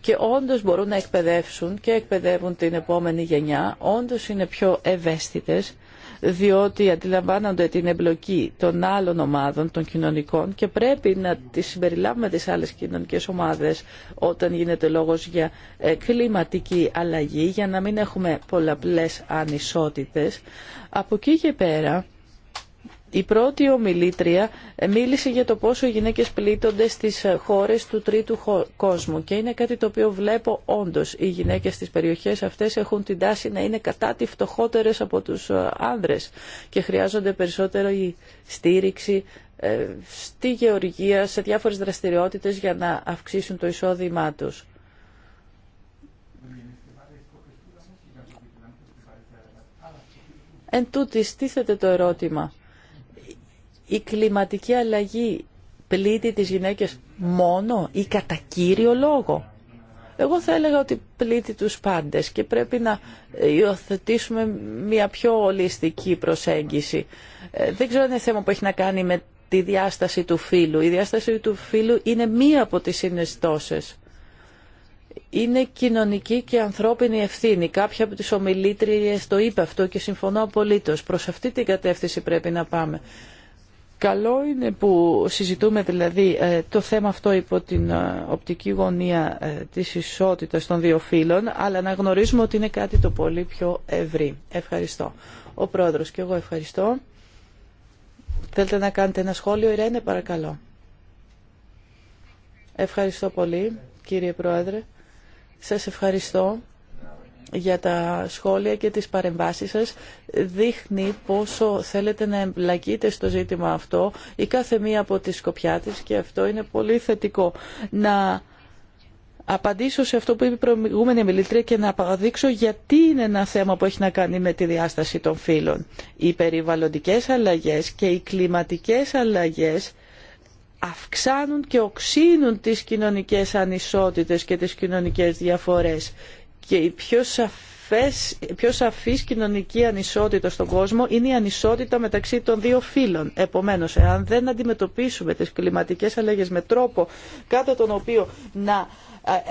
και όντως μπορούν να εκπαιδεύσουν και εκπαιδεύουν την επόμενη γενιά, όντως είναι πιο ευαίσθητες διότι αντιλαμβάνονται την εμπλοκή των άλλων ομάδων, των κοινωνικών και πρέπει να τις συμπεριλάβουμε τις άλλες κοινωνικές ομάδες όταν γίνεται λόγος για ε, κλιματική αλλαγή για να μην έχουμε πολλαπλές ανισότητες. Από εκεί και πέρα η πρώτη ομιλήτρια μίλησε για το πόσο οι γυναίκες πλήττονται στις χώρες του τρίτου κόσμου και είναι κάτι το οποίο βλέπω όντως. Οι γυναίκες στις περιοχές αυτές έχουν την τάση να είναι κατά τη φτωχότερες από τους ε, άνδρες και χρειάζονται περισσότερο η στήριξη ε, στη γεωργία, σε διάφορες δραστηριότητες για να αυξήσουν το εισόδημά τους. Εν τούτης, το ερώτημα η κλιματική αλλαγή πλήττει τις γυναίκες μόνο ή κατά κύριο λόγο. Εγώ θα έλεγα ότι πλήττει τους πάντες και πρέπει να υιοθετήσουμε μια πιο ολιστική προσέγγιση. Ε, δεν ξέρω αν είναι θέμα που έχει να κάνει με τη διάσταση του φύλου. Η διάσταση του φύλου είναι μία από τις συναισθώσεις. Είναι κοινωνική και ανθρώπινη ευθύνη. Κάποια από τις ομιλήτριες το είπε αυτό και συμφωνώ απολύτως. Προς αυτή την κατεύθυνση πρέπει να πάμε. Καλό είναι που συζητούμε δηλαδή ε, το θέμα αυτό υπό την ε, οπτική γωνία ε, της ισότητας των δύο φύλων, αλλά να γνωρίζουμε ότι είναι κάτι το πολύ πιο ευρύ. Ευχαριστώ. Ο Πρόεδρος και εγώ ευχαριστώ. Θέλετε να κάνετε ένα σχόλιο, Ιρένε, παρακαλώ. Ευχαριστώ πολύ, κύριε Πρόεδρε. Σας ευχαριστώ για τα σχόλια και τις παρεμβάσεις σας δείχνει πόσο θέλετε να εμπλακείτε στο ζήτημα αυτό η κάθε μία από τις σκοπιά της και αυτό είναι πολύ θετικό. Να απαντήσω σε αυτό που είπε η προηγούμενη μιλήτρια και να αποδείξω γιατί είναι ένα θέμα που έχει να κάνει με τη διάσταση των φύλων. Οι περιβαλλοντικές αλλαγές και οι κλιματικές αλλαγές αυξάνουν και οξύνουν τις κοινωνικές ανισότητες και τις κοινωνικές διαφορές και η πιο σαφή σαφής κοινωνική ανισότητα στον κόσμο είναι η ανισότητα μεταξύ των δύο φύλων. Επομένως, εάν δεν αντιμετωπίσουμε τις κλιματικές αλλαγές με τρόπο κάτω τον οποίο να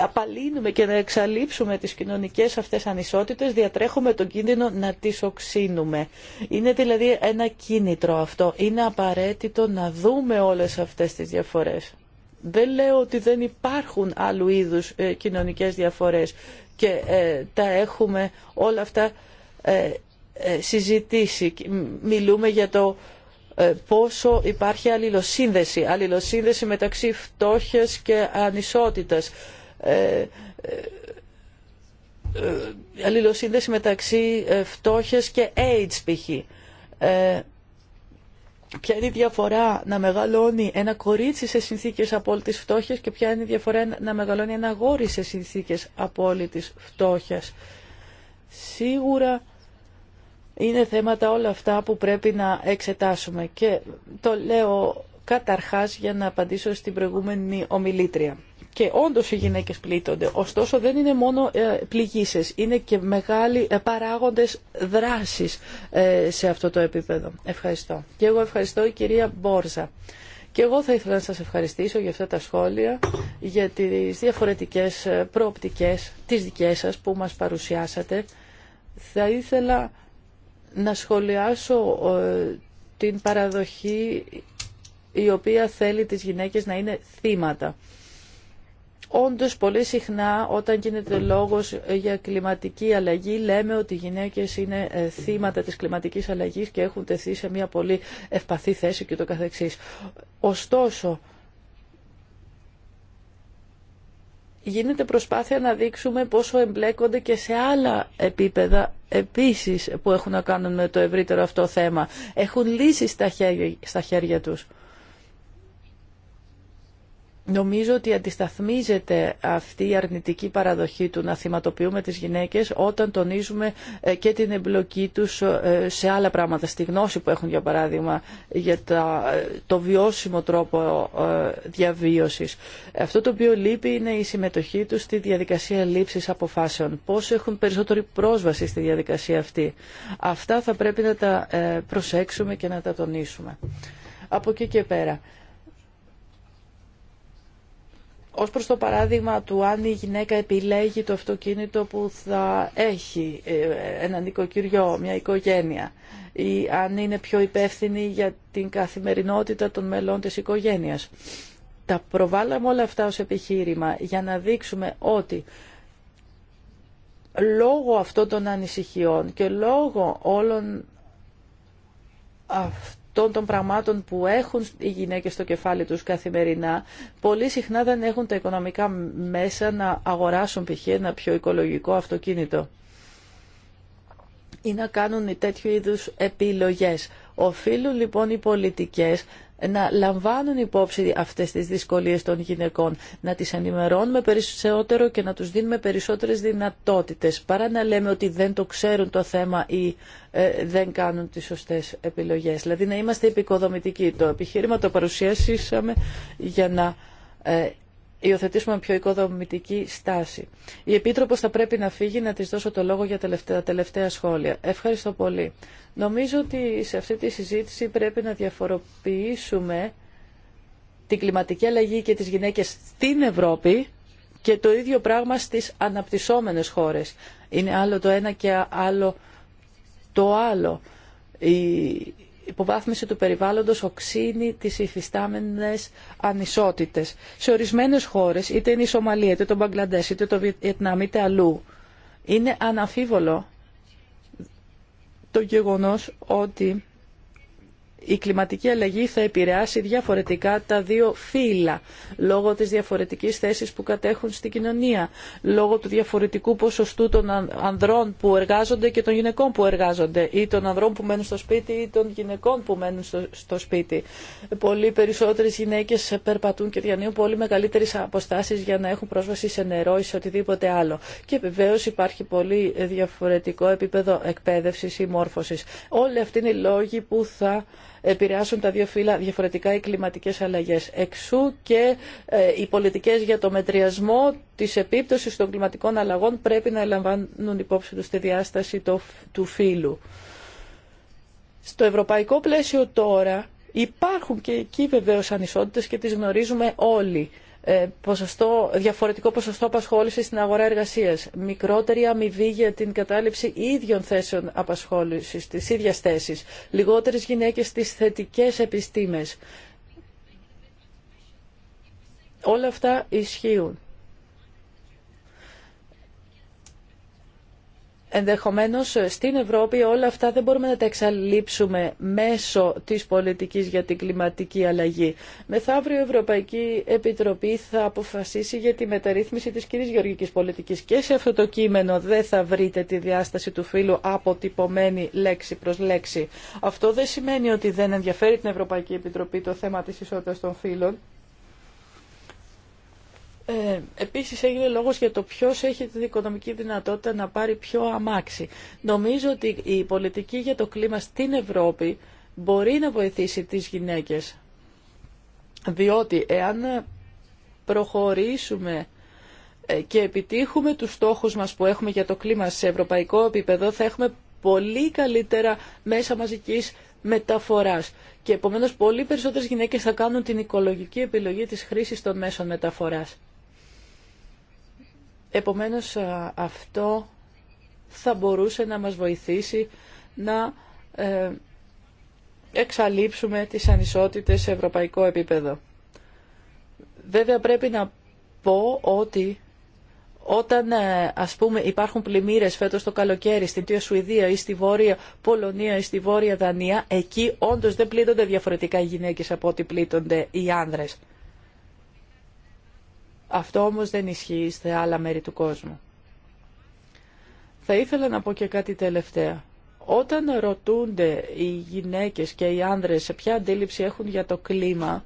απαλύνουμε και να εξαλείψουμε τις κοινωνικές αυτές ανισότητες, διατρέχουμε τον κίνδυνο να τις οξύνουμε. Είναι δηλαδή ένα κίνητρο αυτό. Είναι απαραίτητο να δούμε όλες αυτές τις διαφορές. Δεν λέω ότι δεν υπάρχουν άλλου είδους ε, κοινωνικές διαφορές και ε, τα έχουμε όλα αυτά ε, ε, συζητήσει. Μιλούμε για το πόσο υπάρχει αλληλοσύνδεση, αλληλοσύνδεση μεταξύ φτώχειας και ανισότητας, αλληλοσύνδεση μεταξύ φτώχειας και AIDS π.χ. Ποια είναι η διαφορά να μεγαλώνει ένα κορίτσι σε συνθήκες απόλυτης φτώχειας και ποια είναι η διαφορά να μεγαλώνει ένα αγόρι σε συνθήκες απόλυτης φτώχειας. Σίγουρα είναι θέματα όλα αυτά που πρέπει να εξετάσουμε και το λέω καταρχάς για να απαντήσω στην προηγούμενη ομιλήτρια και όντω οι γυναίκες πλήττονται. Ωστόσο δεν είναι μόνο ε, πληγήσει, είναι και μεγάλοι ε, παράγοντες δράσης ε, σε αυτό το επίπεδο. Ευχαριστώ. Και εγώ ευχαριστώ η κυρία Μπόρζα. Και εγώ θα ήθελα να σας ευχαριστήσω για αυτά τα σχόλια, για τις διαφορετικές προοπτικές, τις δικές σας που μας παρουσιάσατε. Θα ήθελα να σχολιάσω την παραδοχή η οποία θέλει τις γυναίκες να είναι θύματα. Όντως πολύ συχνά όταν γίνεται λόγος για κλιματική αλλαγή λέμε ότι οι γυναίκες είναι ε, θύματα της κλιματικής αλλαγής και έχουν τεθεί σε μια πολύ ευπαθή θέση και το καθεξής. Ωστόσο, γίνεται προσπάθεια να δείξουμε πόσο εμπλέκονται και σε άλλα επίπεδα επίσης που έχουν να κάνουν με το ευρύτερο αυτό θέμα. Έχουν λύσει στα χέρια, στα χέρια τους. Νομίζω ότι αντισταθμίζεται αυτή η αρνητική παραδοχή του να θυματοποιούμε τις γυναίκες όταν τονίζουμε ε, και την εμπλοκή τους ε, σε άλλα πράγματα, στη γνώση που έχουν για παράδειγμα για ε, το βιώσιμο τρόπο διαβίωσης. Αυτό το οποίο λείπει είναι η συμμετοχή τους στη διαδικασία λήψης αποφάσεων. Πώς έχουν περισσότερη πρόσβαση στη διαδικασία αυτή. Αυτά θα πρέπει να τα προσέξουμε και να τα τονίσουμε. Από εκεί και πέρα ως προς το παράδειγμα του αν η γυναίκα επιλέγει το αυτοκίνητο που θα έχει ε, ένα νοικοκυριό, μια οικογένεια ή αν είναι πιο υπεύθυνη για την καθημερινότητα των μελών της οικογένειας. Τα προβάλαμε όλα αυτά ως επιχείρημα για να δείξουμε ότι λόγω αυτών των ανησυχιών και λόγω όλων αυτών αυτών των πραγμάτων που έχουν οι γυναίκες στο κεφάλι τους καθημερινά, πολύ συχνά δεν έχουν τα οικονομικά μέσα να αγοράσουν π.χ. ένα πιο οικολογικό αυτοκίνητο ή να κάνουν τέτοιου είδους επιλογές. Οφείλουν λοιπόν οι πολιτικές να λαμβάνουν υπόψη αυτές τις δυσκολίες των γυναικών, να τις ενημερώνουμε περισσότερο και να τους δίνουμε περισσότερες δυνατότητες, παρά να λέμε ότι δεν το ξέρουν το θέμα ή ε, δεν κάνουν τις σωστές επιλογές. Δηλαδή να είμαστε επικοδομητικοί. Το επιχείρημα το παρουσιάσαμε για να ε, υιοθετήσουμε πιο οικοδομητική στάση. Η Επίτροπος θα πρέπει να φύγει να της δώσω το λόγο για τα τελευταία σχόλια. Ευχαριστώ πολύ. Νομίζω ότι σε αυτή τη συζήτηση πρέπει να διαφοροποιήσουμε την κλιματική αλλαγή και τις γυναίκες στην Ευρώπη και το ίδιο πράγμα στις αναπτυσσόμενες χώρες. Είναι άλλο το ένα και άλλο το άλλο. Η υποβάθμιση του περιβάλλοντος οξύνει τις υφιστάμενες ανισότητες. Σε ορισμένες χώρες, είτε είναι η Σομαλία, είτε το Μπαγκλαντές, είτε το Βιετνάμ, είτε αλλού, είναι αναφίβολο το γεγονός ότι η κλιματική αλλαγή θα επηρεάσει διαφορετικά τα δύο φύλλα λόγω της διαφορετικής θέσης που κατέχουν στην κοινωνία, λόγω του διαφορετικού ποσοστού των ανδρών που εργάζονται και των γυναικών που εργάζονται ή των ανδρών που μένουν στο σπίτι ή των γυναικών που μένουν στο, σπίτι. Πολύ περισσότερες γυναίκες περπατούν και διανύουν πολύ μεγαλύτερες αποστάσεις για να έχουν πρόσβαση σε νερό ή σε οτιδήποτε άλλο. Και βεβαίω υπάρχει πολύ διαφορετικό επίπεδο εκπαίδευσης ή μόρφωσης. Όλοι αυτοί είναι οι λόγοι που θα επηρεάσουν τα δύο φύλλα διαφορετικά οι κλιματικές αλλαγές. Εξού και ε, οι πολιτικές για το μετριασμό της επίπτωσης των κλιματικών αλλαγών πρέπει να λαμβάνουν υπόψη τους τη διάσταση του φύλου. Στο ευρωπαϊκό πλαίσιο τώρα υπάρχουν και εκεί βεβαίως ανισότητες και τις γνωρίζουμε όλοι. Ε, ποσοστό, διαφορετικό ποσοστό απασχόληση στην αγορά εργασίας, μικρότερη αμοιβή για την κατάληψη ίδιων θέσεων απασχόλησης, της ίδιας θέσης, λιγότερες γυναίκες στις θετικές επιστήμες. Όλα αυτά ισχύουν. Ενδεχομένως στην Ευρώπη όλα αυτά δεν μπορούμε να τα εξαλείψουμε μέσω της πολιτικής για την κλιματική αλλαγή. Μεθαύριο η Ευρωπαϊκή Επιτροπή θα αποφασίσει για τη μεταρρύθμιση της κυρίας γεωργικής πολιτικής και σε αυτό το κείμενο δεν θα βρείτε τη διάσταση του φύλου αποτυπωμένη λέξη προς λέξη. Αυτό δεν σημαίνει ότι δεν ενδιαφέρει την Ευρωπαϊκή Επιτροπή το θέμα της ισότητας των φύλων. Ε, επίσης έγινε λόγος για το ποιος έχει την οικονομική δυνατότητα να πάρει πιο αμάξι. Νομίζω ότι η πολιτική για το κλίμα στην Ευρώπη μπορεί να βοηθήσει τις γυναίκες. Διότι εάν προχωρήσουμε ε, και επιτύχουμε τους στόχους μας που έχουμε για το κλίμα σε ευρωπαϊκό επίπεδο, θα έχουμε πολύ καλύτερα μέσα μαζικής μεταφοράς. Και επομένως πολύ περισσότερες γυναίκες θα κάνουν την οικολογική επιλογή της χρήσης των μέσων μεταφοράς. Επομένως αυτό θα μπορούσε να μας βοηθήσει να ε, εξαλείψουμε τις ανισότητες σε ευρωπαϊκό επίπεδο. Βέβαια πρέπει να πω ότι όταν ε, ας πούμε υπάρχουν πλημμύρες φέτος το καλοκαίρι στην Τία Σουηδία ή στη Βόρεια Πολωνία ή στη Βόρεια Δανία εκεί όντως δεν πλήττονται διαφορετικά οι γυναίκες από ό,τι πλήττονται οι άνδρες. Αυτό όμως δεν ισχύει σε άλλα μέρη του κόσμου. Θα ήθελα να πω και κάτι τελευταία. Όταν ρωτούνται οι γυναίκες και οι άνδρες σε ποια αντίληψη έχουν για το κλίμα,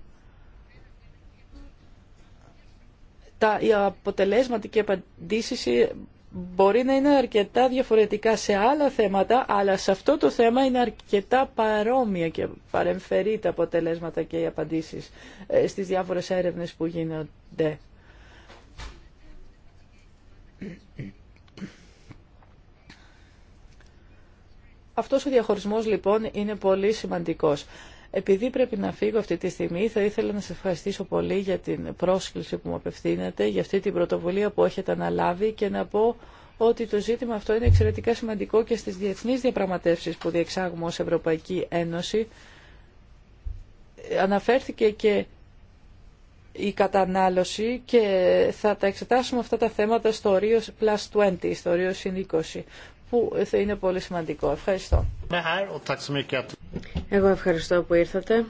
τα, οι αποτελέσματα και απαντήσει μπορεί να είναι αρκετά διαφορετικά σε άλλα θέματα, αλλά σε αυτό το θέμα είναι αρκετά παρόμοια και παρεμφερεί τα αποτελέσματα και οι απαντήσεις ε, στις διάφορες έρευνες που γίνονται. Αυτός ο διαχωρισμός λοιπόν είναι πολύ σημαντικός. Επειδή πρέπει να φύγω αυτή τη στιγμή, θα ήθελα να σας ευχαριστήσω πολύ για την πρόσκληση που μου απευθύνετε, για αυτή την πρωτοβουλία που έχετε αναλάβει και να πω ότι το ζήτημα αυτό είναι εξαιρετικά σημαντικό και στις διεθνείς διαπραγματεύσεις που διεξάγουμε ως Ευρωπαϊκή Ένωση. Αναφέρθηκε και η κατανάλωση και θα τα εξετάσουμε αυτά τα θέματα στο Ρίο Plus 20, στο Ρίο Συν 20, που θα είναι πολύ σημαντικό. Ευχαριστώ. Εγώ ευχαριστώ που ήρθατε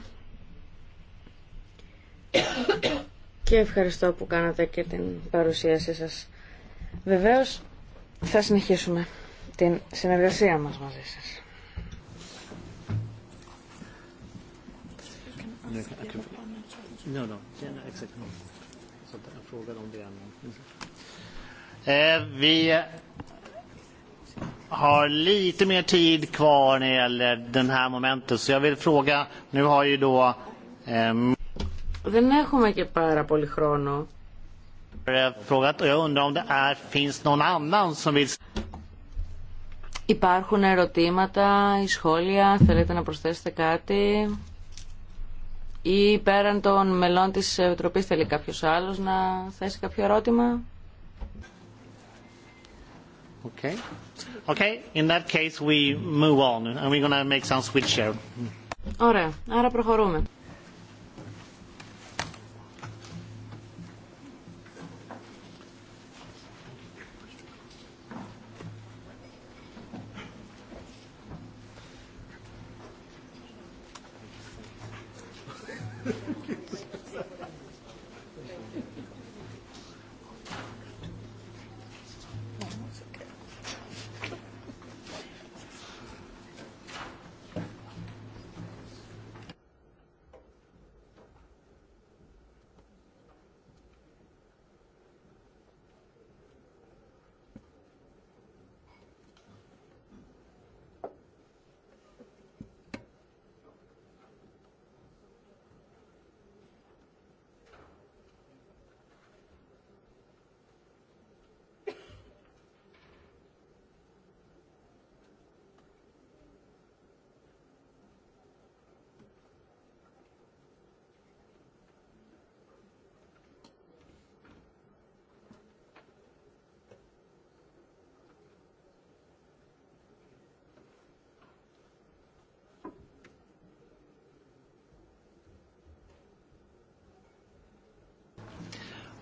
και ευχαριστώ που κάνατε και την παρουσίασή σας. Βεβαίως θα συνεχίσουμε την συνεργασία μας μαζί σας. Vi har lite mer tid kvar när det den här momentet, så jag vill fråga, nu har ju då... Δεν έχουμε και πάρα πολύ χρόνο. jag undrar om det finns Υπάρχουν ερωτήματα ή σχόλια, θέλετε να προσθέσετε κάτι ή πέραν των μελών της Επιτροπής θέλει κάποιος άλλος να θέσει κάποιο ερώτημα. Okay. Okay. In that case we move on and we're going to make some switch here. Ωραία. Άρα προχωρούμε.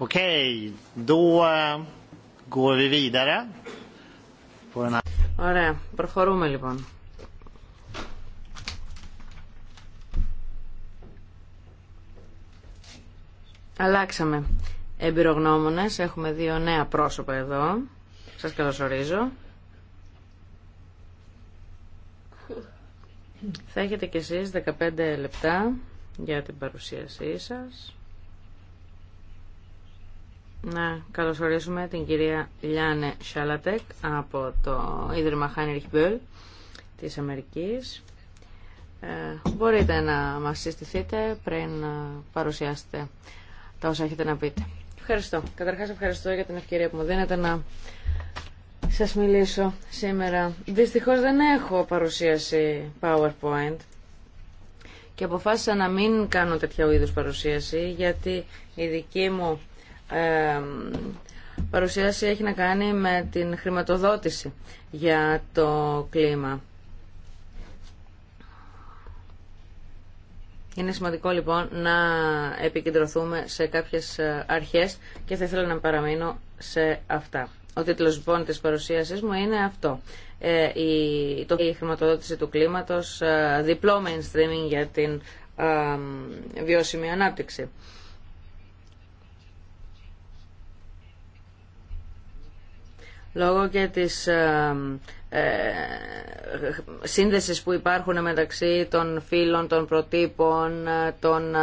Eh, Ωραία, προχωρούμε λοιπόν. Αλλάξαμε εμπειρογνώμονες, έχουμε δύο νέα πρόσωπα εδώ. Σας καλωσορίζω. Θα έχετε κι εσείς 15 λεπτά για την παρουσίασή σας. Να καλωσορίσουμε την κυρία Λιάνε Σάλατεκ από το Ίδρυμα Χάινριχ Μπελ της Αμερικής. Ε, μπορείτε να μας συστηθείτε πριν ε, παρουσιάσετε τα όσα έχετε να πείτε. Ευχαριστώ. Καταρχάς ευχαριστώ για την ευκαιρία που μου δίνετε να σας μιλήσω σήμερα. Δυστυχώς δεν έχω παρουσίαση PowerPoint και αποφάσισα να μην κάνω τέτοια είδους παρουσίαση γιατί η δική μου παρουσίαση έχει να κάνει με την χρηματοδότηση για το κλίμα. Είναι σημαντικό λοιπόν να επικεντρωθούμε σε κάποιες ε, αρχές και θα ήθελα να παραμείνω σε αυτά. Ο τίτλος λοιπόν της παρουσίασης μου είναι αυτό. Ε, η, το, η χρηματοδότηση του κλίματος, ε, διπλό mainstreaming για την βιώσιμη ανάπτυξη. λόγω και της ε, ε που υπάρχουν μεταξύ των φύλων, των προτύπων, ε, των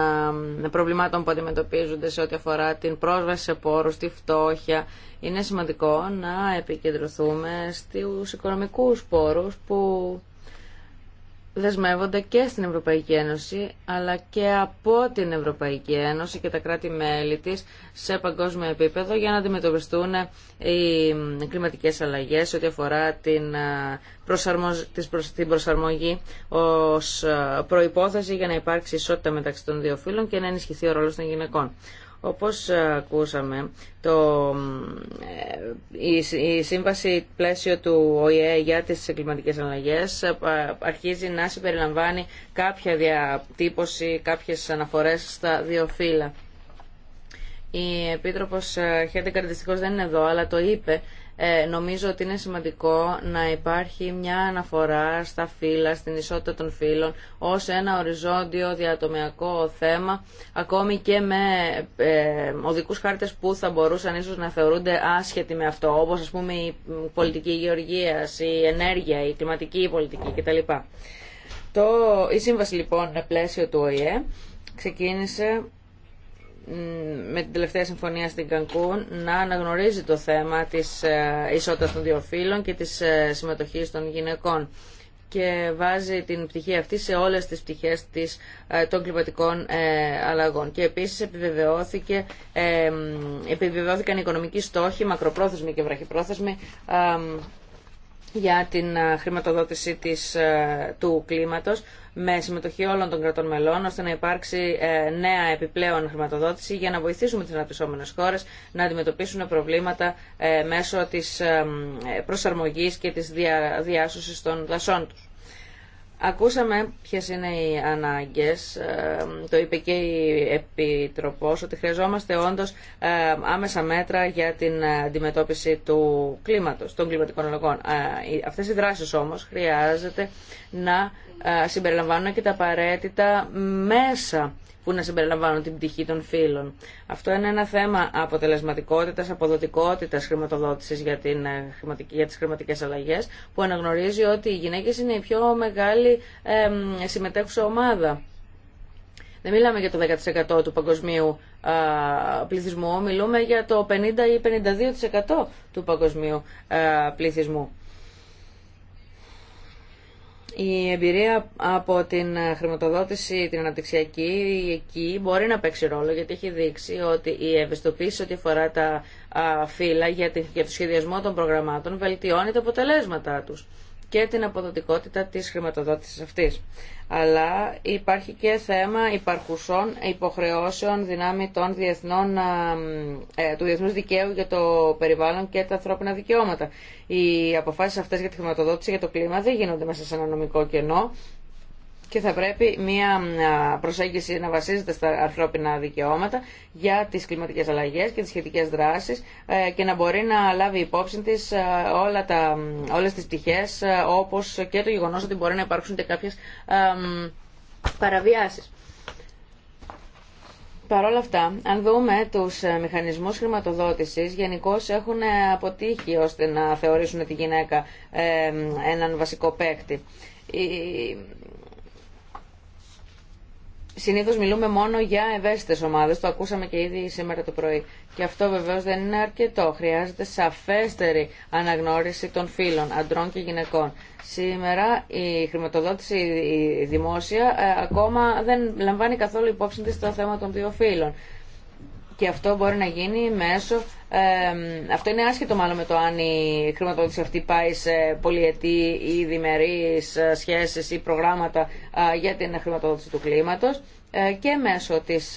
ε, προβλημάτων που αντιμετωπίζονται σε ό,τι αφορά την πρόσβαση σε πόρους, τη φτώχεια. Είναι σημαντικό να επικεντρωθούμε στους οικονομικούς πόρους που δεσμεύονται και στην Ευρωπαϊκή Ένωση αλλά και από την Ευρωπαϊκή Ένωση και τα κράτη-μέλη της σε παγκόσμιο επίπεδο για να αντιμετωπιστούν οι κλιματικές αλλαγές ό,τι αφορά την, την προσαρμογή ως προϋπόθεση για να υπάρξει ισότητα μεταξύ των δύο φύλων και να ενισχυθεί ο ρόλος των γυναικών. Όπως ακούσαμε, το, ε, η, σύμβαση πλαίσιο του ΟΗΕ για τις κλιματικές αλλαγές ε, αρχίζει να συμπεριλαμβάνει κάποια διατύπωση, κάποιες αναφορές στα δύο φύλλα. Η Επίτροπος ε, Χέντεγκαρ Καρδιστικός δεν είναι εδώ, αλλά το είπε. Ε, νομίζω ότι είναι σημαντικό να υπάρχει μια αναφορά στα φύλλα, στην ισότητα των φύλων, ως ένα οριζόντιο διατομιακό θέμα, ακόμη και με ε, οδικούς χάρτες που θα μπορούσαν ίσως να θεωρούνται άσχετοι με αυτό, όπως ας πούμε η πολιτική γεωργία, η ενέργεια, η κλιματική πολιτική κτλ. Το, η σύμβαση λοιπόν πλαίσιο του ΟΗΕ ξεκίνησε με την τελευταία συμφωνία στην Κανκούν να αναγνωρίζει το θέμα της ε, ισότητας των δύο φύλων και της ε, συμμετοχής των γυναικών και βάζει την πτυχή αυτή σε όλες τις πτυχές της, ε, των κλιματικών αλλαγών. Και επίσης επιβεβαιώθηκε, επιβεβαιώθηκαν οι οικονομικοί στόχοι, μακροπρόθεσμοι και βραχυπρόθεσμοι, για την ε, χρηματοδότηση της, ε, του κλίματος με συμμετοχή όλων των κρατών μελών ώστε να υπάρξει ε, νέα επιπλέον χρηματοδότηση για να βοηθήσουμε τις αναπτυσσόμενες χώρες να αντιμετωπίσουν προβλήματα μέσω της προσαρμογής και της διάσωσης των δασών τους. Ακούσαμε ποιες είναι οι ανάγκες, το είπε και η Επιτροπός, ότι χρειαζόμαστε όντως άμεσα μέτρα για την αντιμετώπιση του κλίματος, των κλιματικών αλλαγών. Αυτές οι δράσεις όμως χρειάζεται να ε, συμπεριλαμβάνουν και τα απαραίτητα μέσα που να συμπεριλαμβάνουν την πτυχή των φύλων. Αυτό είναι ένα θέμα αποτελεσματικότητα, αποδοτικότητα χρηματοδότηση για, ε, για τις χρηματικές αλλαγές που αναγνωρίζει ότι οι γυναίκε είναι η πιο μεγάλη ε, συμμετέχουσα ομάδα. Δεν μιλάμε για το 10% του παγκοσμίου πληθυσμού, μιλούμε για το 50 ή 52% του παγκοσμίου πληθυσμού. Η εμπειρία από την χρηματοδότηση, την αναπτυξιακή, εκεί μπορεί να παίξει ρόλο γιατί έχει δείξει ότι η ευαισθητοποίηση ό,τι αφορά τα φύλλα για, το σχεδιασμό των προγραμμάτων βελτιώνει τα αποτελέσματά τους και την αποδοτικότητα της χρηματοδότησης αυτής. Αλλά υπάρχει και θέμα υπαρχουσών υποχρεώσεων δυνάμει των διεθνών, ε, του διεθνούς δικαίου για το περιβάλλον και τα ανθρώπινα δικαιώματα. Οι αποφάσεις αυτές για τη χρηματοδότηση για το κλίμα δεν γίνονται μέσα σε ένα νομικό κενό και θα πρέπει μια προσέγγιση να βασίζεται στα ανθρώπινα δικαιώματα για τις κλιματικές αλλαγές και τις σχετικές δράσεις ε, και να μπορεί να λάβει υπόψη της ε, όλα τα, όλες τις πτυχές ε, όπως και το γεγονός ότι μπορεί να υπάρξουν και κάποιες παραβιάσεις. Παρ' όλα αυτά, αν δούμε τους μηχανισμούς χρηματοδότησης, γενικώ έχουν αποτύχει ώστε να θεωρήσουν τη γυναίκα έναν βασικό παίκτη συνήθως μιλούμε μόνο για ευαίσθητες ομάδες, το ακούσαμε και ήδη σήμερα το πρωί. Και αυτό βεβαίως δεν είναι αρκετό. Χρειάζεται σαφέστερη αναγνώριση των φύλων, αντρών και γυναικών. Σήμερα η χρηματοδότηση η δημόσια ε, ακόμα δεν λαμβάνει καθόλου υπόψη της το θέμα των δύο φύλων και αυτό μπορεί να γίνει μέσω. Ε, αυτό είναι άσχετο μάλλον με το αν η χρηματοδότηση αυτή πάει σε πολυετή ή διμερεί ε, σχέσει ή προγράμματα ε, για την χρηματοδότηση του κλίματο ε, και μέσω της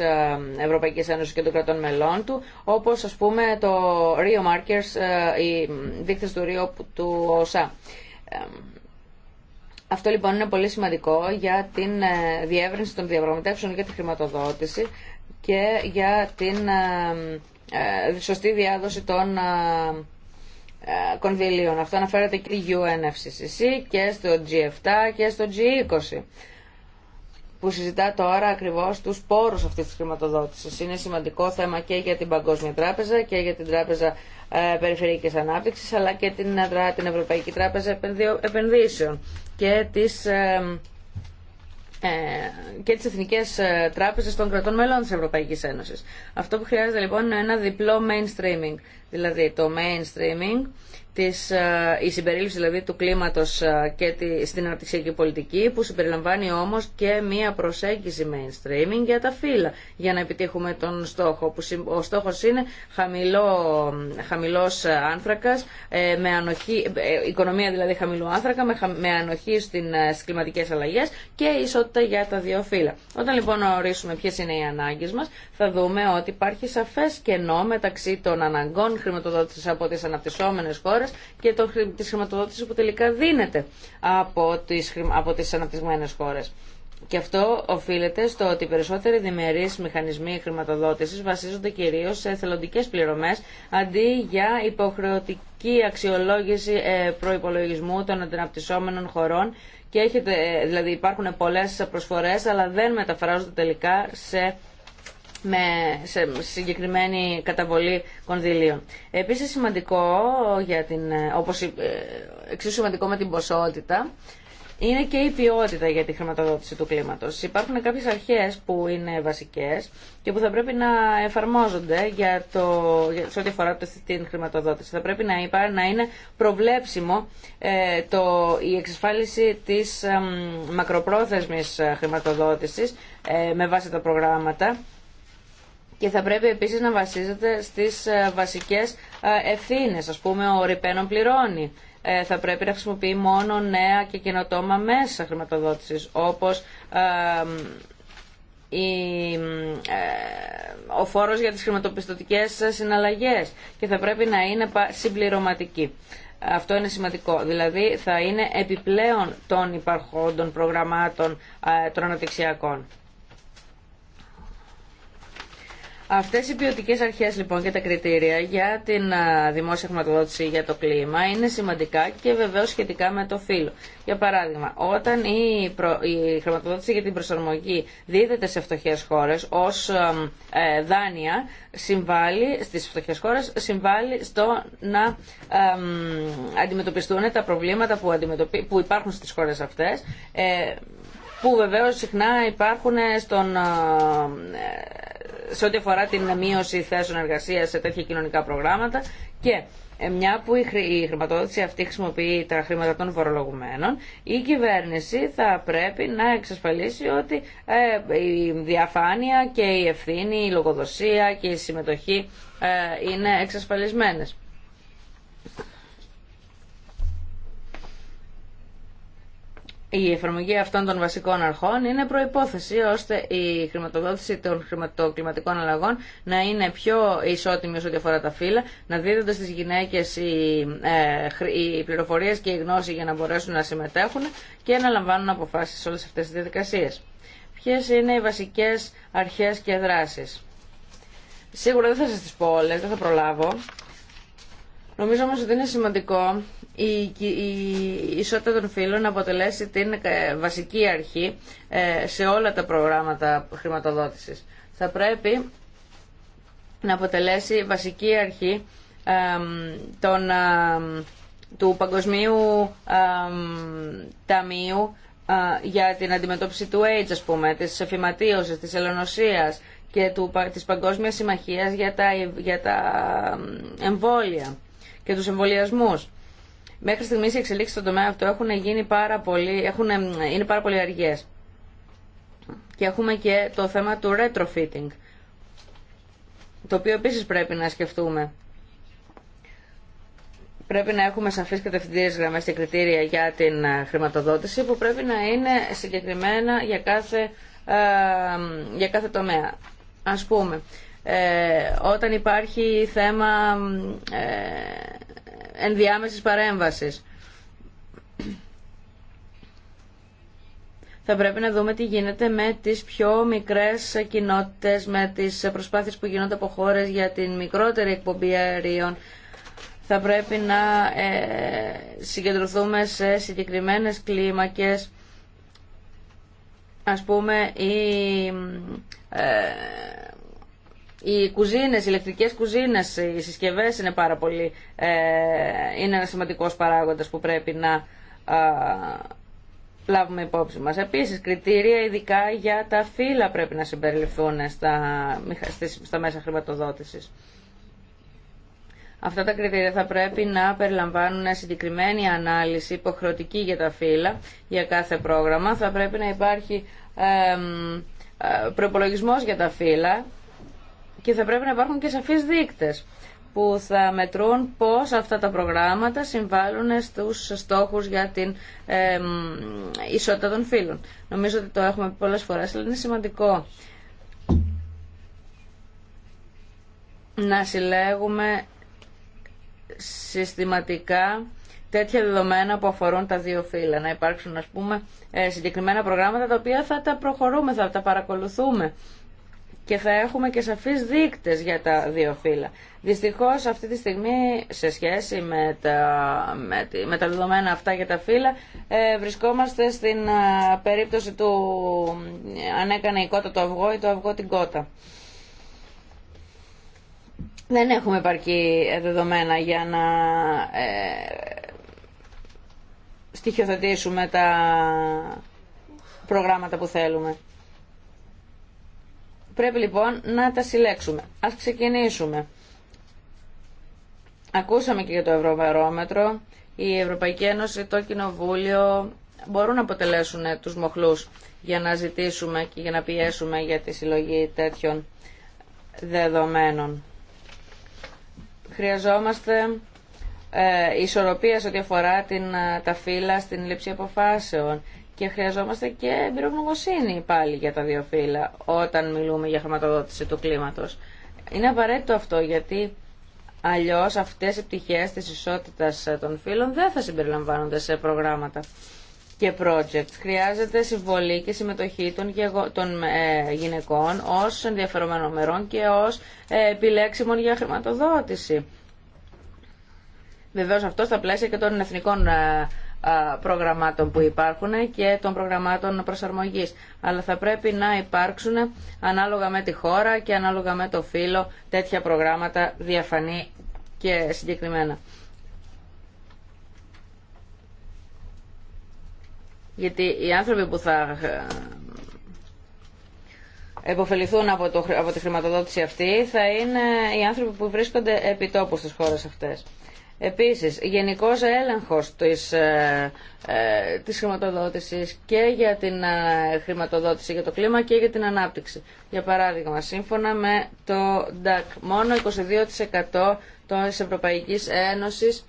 Ευρωπαϊκής Ένωσης και των κρατών μελών του, όπως ας πούμε το Rio Markers, οι δείκτες του Rio του ΩΣΑ. Αυτό λοιπόν είναι πολύ σημαντικό για την διεύρυνση των διαπραγματεύσεων για τη χρηματοδότηση και για την ε, ε, σωστή διάδοση των ε, κονδυλίων. Αυτό αναφέρεται και στη UNFCCC και στο G7 και στο G20 που συζητά τώρα ακριβώς τους πόρους αυτής της χρηματοδότησης. Είναι σημαντικό θέμα και για την Παγκόσμια Τράπεζα και για την Τράπεζα Περιφερειακής Ανάπτυξης αλλά και την, την Ευρωπαϊκή Τράπεζα Επενδύσεων και τις ε, και τις εθνικές ε, τράπεζες των κρατών μελών της Ευρωπαϊκής Ένωσης. Αυτό που χρειάζεται λοιπόν είναι ένα διπλό mainstreaming. Δηλαδή το mainstreaming της, ε, η συμπερίληψη δηλαδή του κλίματος ε, και στην αναπτυξιακή πολιτική που συμπεριλαμβάνει όμως και μία προσέγγιση mainstreaming για τα φύλλα για να επιτύχουμε τον στόχο που ο στόχος είναι χαμηλό, χαμηλός άνθρακας ε, με ανοχή, οικονομία δηλαδή χαμηλού άνθρακα με, ανοχή στην, στις κλιματικές αλλαγές και ισότητα για τα δύο φύλλα. Όταν λοιπόν ορίσουμε ποιες είναι οι ανάγκες μας θα δούμε ότι υπάρχει σαφές κενό μεταξύ των αναγκών χρηματοδότησης από τις αναπτυσσόμενες χώρε και το, της χρηματοδότησης που τελικά δίνεται από τις, από τις αναπτυσμένες χώρες. Και αυτό οφείλεται στο ότι οι περισσότεροι διμερείς μηχανισμοί χρηματοδότησης βασίζονται κυρίως σε θελοντικές πληρωμές αντί για υποχρεωτική αξιολόγηση ε, προϋπολογισμού των αντιναπτυσσόμενων χωρών και έχετε, ε, δηλαδή υπάρχουν πολλές προσφορές αλλά δεν μεταφράζονται τελικά σε με σε συγκεκριμένη καταβολή κονδυλίων. Επίσης σημαντικό, για την, όπως ε, εξίσου σημαντικό με την ποσότητα, είναι και η ποιότητα για τη χρηματοδότηση του κλίματος. Υπάρχουν κάποιες αρχές που είναι βασικές και που θα πρέπει να εφαρμόζονται για το, σε ό,τι αφορά την χρηματοδότηση. Θα πρέπει να, υπά, να είναι προβλέψιμο ε, το, η εξασφάλιση της ε, μακροπρόθεσμης χρηματοδότησης ε, με βάση τα προγράμματα και θα πρέπει επίσης να βασίζεται στις ε, βασικές ε, ευθύνες. Ας πούμε, ο ρηπαίνων πληρώνει. Ε, θα πρέπει να χρησιμοποιεί μόνο νέα και καινοτόμα μέσα χρηματοδότησης, όπως ο φόρος για τις χρηματοπιστωτικές συναλλαγές και θα πρέπει να είναι συμπληρωματική. Αυτό είναι σημαντικό. Δηλαδή θα είναι επιπλέον των υπαρχόντων προγραμμάτων των Αυτέ οι ποιοτικέ αρχές λοιπόν και τα κριτήρια για την δημόσια χρηματοδότηση για το κλίμα είναι σημαντικά και βεβαίως σχετικά με το φύλλο. Για παράδειγμα, όταν η, η χρηματοδότηση για την προσαρμογή δίδεται σε φτωχέ χώρες ω ε, δάνεια, συμβάλλει, στις φτωχές χώρες συμβάλλει στο να αντιμετωπιστούν τα προβλήματα που, που υπάρχουν στις χώρες αυτές, ε, που βεβαίως συχνά υπάρχουν στον ε, σε ό,τι αφορά την μείωση θέσεων εργασία σε τέτοια κοινωνικά προγράμματα και ε, μια που η χρηματοδότηση αυτή χρησιμοποιεί τα χρήματα των φορολογουμένων, η κυβέρνηση θα πρέπει να εξασφαλίσει ότι ε, η διαφάνεια και η ευθύνη, η λογοδοσία και η συμμετοχή ε, είναι εξασφαλισμένες. Η εφαρμογή αυτών των βασικών αρχών είναι προϋπόθεση ώστε η χρηματοδότηση των κλιματικών αλλαγών να είναι πιο ισότιμη όσο αφορά τα φύλλα, να δίδονται στις γυναίκες οι, ε, οι πληροφορίες και η γνώση για να μπορέσουν να συμμετέχουν και να λαμβάνουν αποφάσεις σε όλες αυτές τις διαδικασίες. Ποιες είναι οι βασικές αρχές και δράσεις. Σίγουρα δεν θα σας τις πω όλες, δεν θα προλάβω. Νομίζω όμως ότι είναι σημαντικό η ισότητα των φύλων αποτελέσει την ε, βασική αρχή ε, σε όλα τα προγράμματα χρηματοδότησης. Θα πρέπει να αποτελέσει βασική αρχή των, του Παγκοσμίου Ταμείου ε, για την αντιμετώπιση του AIDS, ας πούμε, της εφηματίωσης, της ελονοσίας και του, της Παγκόσμιας Συμμαχίας για τα, για τα εμβόλια και τους εμβολιασμούς. Μέχρι στιγμή οι εξελίξει στον τομέα αυτό έχουν γίνει πάρα πολύ, έχουν, είναι πάρα πολύ αργέ. Και έχουμε και το θέμα του retrofitting, το οποίο επίσης πρέπει να σκεφτούμε. Πρέπει να έχουμε σαφείς κατευθυντήριες γραμμέ και κριτήρια για την ε, χρηματοδότηση που πρέπει να είναι συγκεκριμένα για κάθε, ε, για κάθε τομέα. Ας πούμε, ε, όταν υπάρχει θέμα ε, ενδιάμεσης παρέμβασης. Θα πρέπει να δούμε τι γίνεται με τις πιο μικρές κοινότητες, με τις προσπάθειες που γίνονται από χώρες για την μικρότερη εκπομπή αερίων. Θα πρέπει να ε, συγκεντρωθούμε σε συγκεκριμένες κλίμακες. Ας πούμε, η ε, οι κουζίνες, οι ηλεκτρικές κουζίνες, οι συσκευές είναι πάρα πολύ, ε, είναι ένα σημαντικό παράγοντας που πρέπει να ε, λάβουμε υπόψη μα. Επίσης, κριτήρια ειδικά για τα φύλλα πρέπει να συμπεριληφθούν στα, στα μέσα χρηματοδότηση. Αυτά τα κριτήρια θα πρέπει να περιλαμβάνουν συγκεκριμένη ανάλυση υποχρεωτική για τα φύλλα για κάθε πρόγραμμα. Θα πρέπει να υπάρχει ε, προπολογισμό για τα φύλλα και θα πρέπει να υπάρχουν και σαφείς δείκτες που θα μετρούν πώς αυτά τα προγράμματα συμβάλλουν στους στόχους για την ισότητα των φύλων. Νομίζω ότι το έχουμε πολλές φορές, αλλά είναι σημαντικό να συλλέγουμε συστηματικά τέτοια δεδομένα που αφορούν τα δύο φύλλα. Να υπάρξουν, ας πούμε, ε, συγκεκριμένα προγράμματα τα οποία θα τα προχωρούμε, θα τα παρακολουθούμε και θα έχουμε και σαφείς δείκτες για τα δύο φύλλα. Δυστυχώς αυτή τη στιγμή σε σχέση με τα, δεδομένα αυτά για τα φύλλα ε, βρισκόμαστε στην ε, περίπτωση του ε, αν έκανε η κότα το αυγό ή το αυγό την κότα. Δεν έχουμε επαρκή ε, δεδομένα για να ε, στοιχειοθετήσουμε τα προγράμματα που θέλουμε. Πρέπει λοιπόν να τα συλλέξουμε. Ας ξεκινήσουμε. Ακούσαμε και για το Ευρωβαρόμετρο. Η Ευρωπαϊκή Ένωση, το Κοινοβούλιο μπορούν να αποτελέσουν τους μοχλούς για να ζητήσουμε και για να πιέσουμε για τη συλλογή τέτοιων δεδομένων. Χρειαζόμαστε ε, ισορροπία σε ό,τι αφορά την, ε, τα φύλλα στην λήψη αποφάσεων και χρειαζόμαστε και εμπειρογνωμοσύνη πάλι για τα δύο φύλλα όταν μιλούμε για χρηματοδότηση του κλίματος. Είναι απαραίτητο αυτό γιατί αλλιώς αυτές οι πτυχές της ισότητας των φύλων δεν θα συμπεριλαμβάνονται σε προγράμματα και projects. Χρειάζεται συμβολή και συμμετοχή των, ε, γυναικών ως ενδιαφερομένων μερών και ως ε, επιλέξιμων για χρηματοδότηση. Βεβαίως αυτό στα πλαίσια και των εθνικών ε, προγραμμάτων που υπάρχουν και των προγραμμάτων προσαρμογής. Αλλά θα πρέπει να υπάρξουν ανάλογα με τη χώρα και ανάλογα με το φύλλο τέτοια προγράμματα διαφανή και συγκεκριμένα. Γιατί οι άνθρωποι που θα ε, εποφεληθούν από, από τη χρηματοδότηση αυτή θα είναι οι άνθρωποι που βρίσκονται επιτόπου τόπου στις χώρες αυτές. Επίσης, γενικός έλεγχος της, ε, ε, της χρηματοδότησης και για την ε, χρηματοδότηση για το κλίμα και για την ανάπτυξη. Για παράδειγμα, σύμφωνα με το DAC, μόνο 22% της Ευρωπαϊκής Ένωσης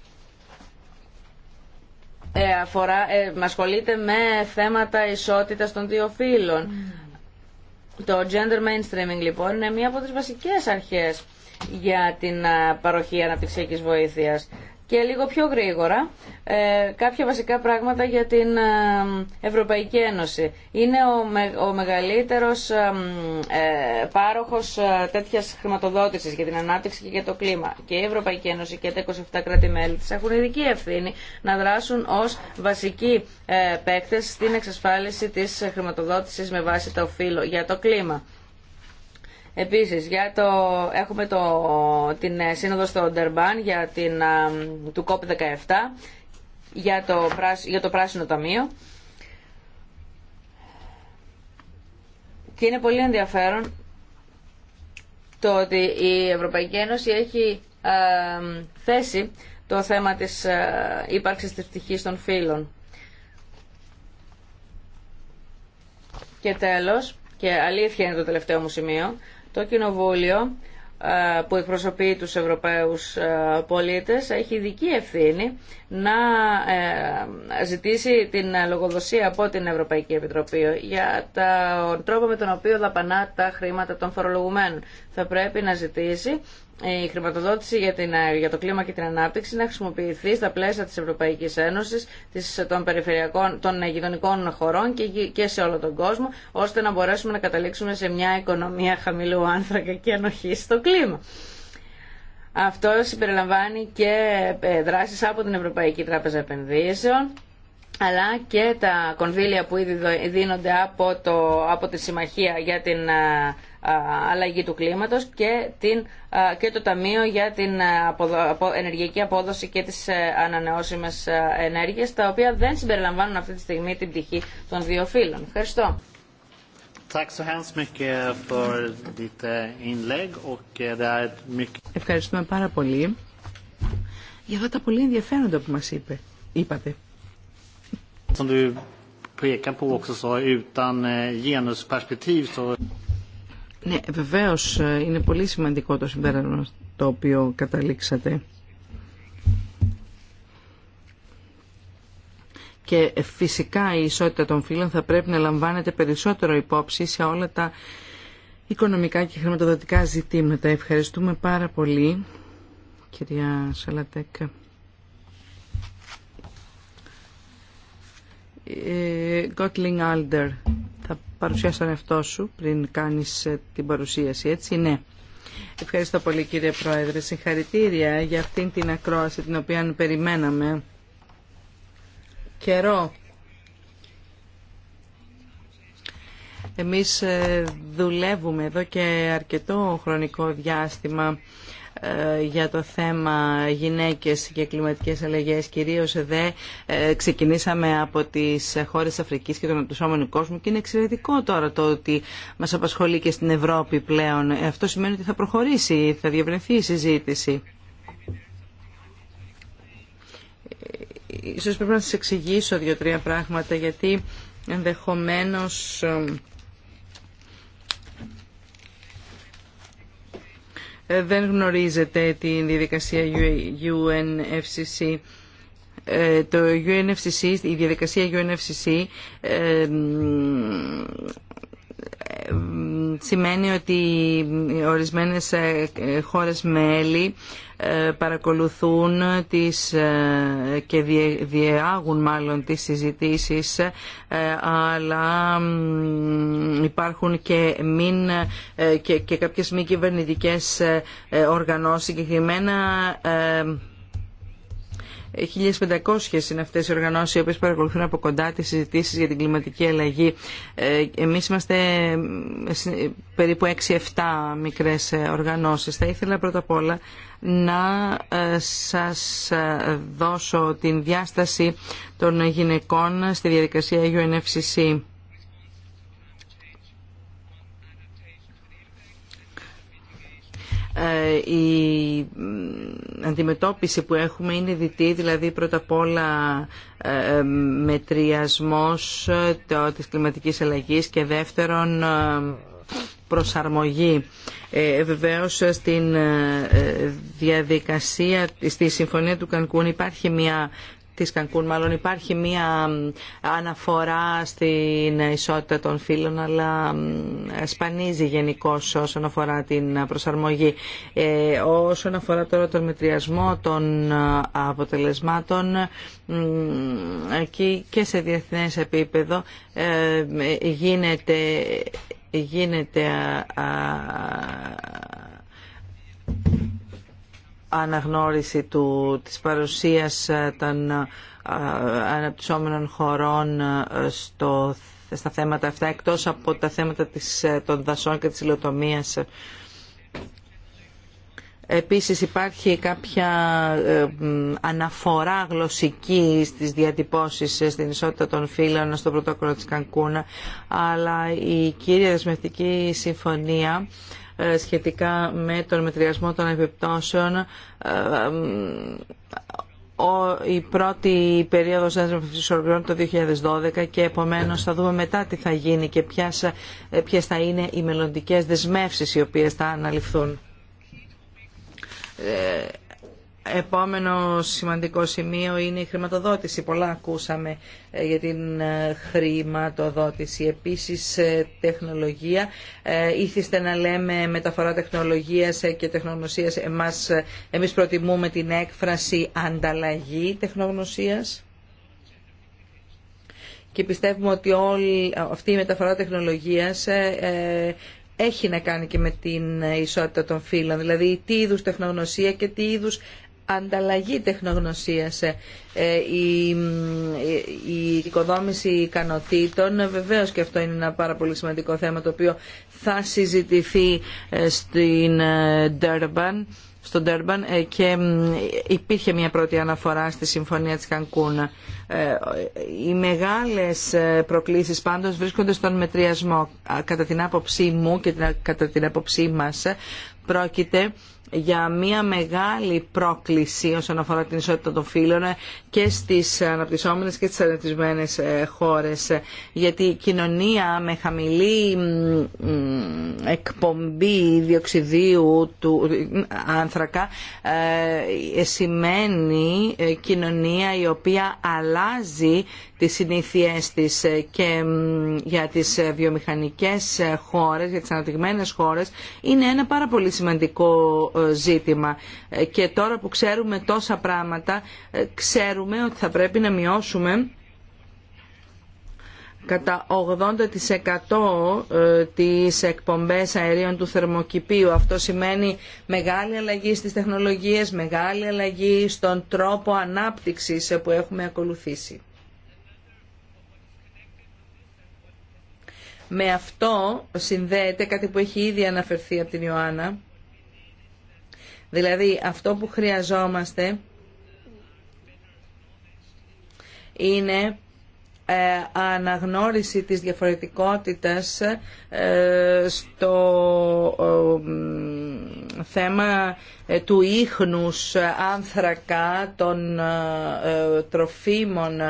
ε, αφορά, ε, ασχολείται με θέματα ισότητας των δύο φύλων. Mm. Το gender mainstreaming λοιπόν είναι μία από τις βασικές αρχές για την παροχή αναπτυξιακής βοήθειας. Και λίγο πιο γρήγορα, ε, κάποια βασικά πράγματα για την Ευρωπαϊκή Ένωση. Είναι ο μεγαλύτερος ε, πάροχος τέτοιας χρηματοδότησης για την ανάπτυξη και για το κλίμα. Και η Ευρωπαϊκή Ένωση και τα 27 κράτη-μέλη της έχουν ειδική ευθύνη να δράσουν ως βασικοί ε, παίκτες στην εξασφάλιση της χρηματοδότησης με βάση το φύλλο για το κλίμα. Επίσης, για το, έχουμε το, την ε, σύνοδο στο Ντερμπάν για την, του COP17 για το, για το Πράσινο Ταμείο. Και είναι πολύ ενδιαφέρον το ότι η Ευρωπαϊκή Ένωση έχει ε, θέσει το θέμα της ε, ύπαρξης της πτυχής των φύλων. Και τέλος, και αλήθεια είναι το τελευταίο μου σημείο, το Κοινοβούλιο ε, που εκπροσωπεί τους Ευρωπαίους ε, πολίτες έχει ειδική ευθύνη να ε, ζητήσει την λογοδοσία από την Ευρωπαϊκή Επιτροπή για τον τρόπο με τον οποίο δαπανά τα χρήματα των φορολογουμένων. Θα πρέπει να ζητήσει ε, η χρηματοδότηση για, την, ε, για το κλίμα και την ανάπτυξη να χρησιμοποιηθεί στα πλαίσια της Ευρωπαϊκής Ένωσης, της, των, περιφερειακών, των ε, γειτονικών χωρών και, και σε όλο τον κόσμο, ώστε να μπορέσουμε να καταλήξουμε σε μια οικονομία χαμηλού άνθρακα και ανοχή στο κλίμα. Αυτό συμπεριλαμβάνει και δράσεις από την Ευρωπαϊκή Τράπεζα Επενδύσεων, αλλά και τα κονδύλια που ήδη δίνονται από, το, από τη Συμμαχία για την αλλαγή του κλίματος και, την, και το Ταμείο για την ενεργειακή απόδοση και τις ε, ανανεώσιμες ε, ενέργειες, τα οποία δεν συμπεριλαμβάνουν αυτή τη στιγμή την πτυχή των δύο φύλων. Ευχαριστώ. Ε, Ευχαριστούμε πάρα πολύ για αυτά τα πολύ ενδιαφέροντα που μας είπε, είπατε. Som ναι, βεβαίως ε, είναι πολύ σημαντικό το συμπέρασμα το οποίο καταλήξατε. Και ε, φυσικά η ισότητα των φύλων θα πρέπει να λαμβάνεται περισσότερο υπόψη σε όλα τα οικονομικά και χρηματοδοτικά ζητήματα. Ευχαριστούμε πάρα πολύ, κυρία Σαλατέκ. Ε, Alder θα παρουσιάσει τον εαυτό σου πριν κάνεις ε, την παρουσίαση, έτσι, ναι. Ευχαριστώ πολύ κύριε Πρόεδρε. Συγχαρητήρια για αυτήν την ακρόαση την οποία περιμέναμε καιρό. Εμείς ε, δουλεύουμε εδώ και αρκετό χρονικό διάστημα ε, για το θέμα γυναίκες και κλιματικές αλλαγές. Κυρίως εδώ ε, ξεκινήσαμε από τις χώρες Αφρικής και τον αναπτυσσόμενο κόσμο και είναι εξαιρετικό τώρα το ότι μας απασχολεί και στην Ευρώπη πλέον. Ε, αυτό σημαίνει ότι θα προχωρήσει, θα διευρυνθεί η συζήτηση. Ίσως πρέπει να σας εξηγήσω δύο-τρία πράγματα γιατί ενδεχομένως Ε, δεν γνωρίζετε τη διαδικασία UNFCC. Ε, το UNFCC, η διαδικασία UNFCC σημαίνει ότι ορισμένες ε, χώρες μέλη ε, παρακολουθούν τις, ε, και διεάγουν μάλλον τις συζητήσεις αλλά υπάρχουν και, μην, και, και κάποιες μη κυβερνητικές οργανώσεις συγκεκριμένα 1.500 είναι αυτές οι οργανώσεις οι οποίες παρακολουθούν από κοντά τις συζητήσεις για την κλιματική αλλαγή. Ε, εμείς είμαστε ε, περίπου 6-7 μικρές ε, οργανώσεις. Θα ήθελα πρώτα απ' όλα να σας δώσω την διάσταση των γυναικών στη διαδικασία UNFCC Ε, η αντιμετώπιση που έχουμε είναι δυτή, δηλαδή πρώτα απ' όλα ε, ε, μετριασμός της κλιματικής αλλαγής και δεύτερον προσαρμογή ε, στην διαδικασία στη συμφωνία του Κανκούν υπάρχει μια της Κανκούν μάλλον υπάρχει μία αναφορά στην ισότητα των φύλων αλλά σπανίζει γενικώ όσον αφορά την προσαρμογή. Ε, όσον αφορά τώρα τον μετριασμό των ε, αποτελεσμάτων εκεί και σε διεθνές επίπεδο ε, γίνεται, γίνεται αναγνώριση του, της παρουσίας ε, των ε, αναπτυσσόμενων χωρών ε, στο, στα θέματα αυτά, εκτός από τα θέματα της, των δασών και της υλοτομίας. Επίσης υπάρχει κάποια αναφορά γλωσσική στις διατυπώσεις στην ισότητα των φύλων στο πρωτόκολλο της Κανκούνα, αλλά η κύρια δεσμευτική συμφωνία ε, σχετικά με τον μετριασμό των επιπτώσεων ε, η πρώτη περίοδος έντροφης οργανών το 2012 και επομένως θα δούμε μετά τι θα γίνει και ε, ποιε θα είναι οι μελλοντικές δεσμεύσεις οι οποίες θα αναλυφθούν Επόμενο σημαντικό σημείο είναι η χρηματοδότηση. Πολλά ακούσαμε ε, για την ε, χρηματοδότηση. Επίσης, ε, τεχνολογία. Ήθιστε να λέμε μεταφορά τεχνολογίας και τεχνογνωσίας. Εμάς, εμείς προτιμούμε την έκφραση ανταλλαγή τεχνογνωσίας. Και πιστεύουμε ότι όλη αυτή η μεταφορά τεχνολογίας έχει να κάνει και με την ισότητα των φύλων. Δηλαδή, τι είδους τεχνογνωσία και τι ανταλλαγή τεχνογνωσίας. Ε, ε, η, η οικοδόμηση ικανοτήτων, βεβαίως και αυτό είναι ένα πάρα πολύ σημαντικό θέμα το οποίο θα συζητηθεί ε, στην Durban, στο και υπήρχε μια πρώτη αναφορά στη Συμφωνία της Κανκούνα Οι μεγάλες προκλήσεις πάντως βρίσκονται στον μετριασμό. Κατά την άποψή μου και κατά την άποψή μας πρόκειται για μια μεγάλη πρόκληση όσον αφορά την ισότητα των φύλων και στις αναπτυσσόμενες και στις αναπτυσσμένες ε, χώρες. Γιατί η κοινωνία με χαμηλή εκπομπή διοξιδίου του ε, άνθρακα ε, σημαίνει κοινωνία η οποία αλλάζει τις συνήθειές της ε, και για τις ε, βιομηχανικές ε, χώρες, για τις αναπτυγμένες χώρες, είναι ένα πάρα πολύ σημαντικό ζήτημα. Και τώρα που ξέρουμε τόσα πράγματα, ξέρουμε ότι θα πρέπει να μειώσουμε κατά 80% τις εκπομπές αερίων του θερμοκηπίου. Αυτό σημαίνει μεγάλη αλλαγή στις τεχνολογίες, μεγάλη αλλαγή στον τρόπο ανάπτυξης που έχουμε ακολουθήσει. Με αυτό συνδέεται κάτι που έχει ήδη αναφερθεί από την Ιωάννα. Δηλαδή αυτό που χρειαζόμαστε είναι ε, αναγνώριση της διαφορετικότητας ε, στο θέμα ε, του ίχνους άνθρακα των τροφίμων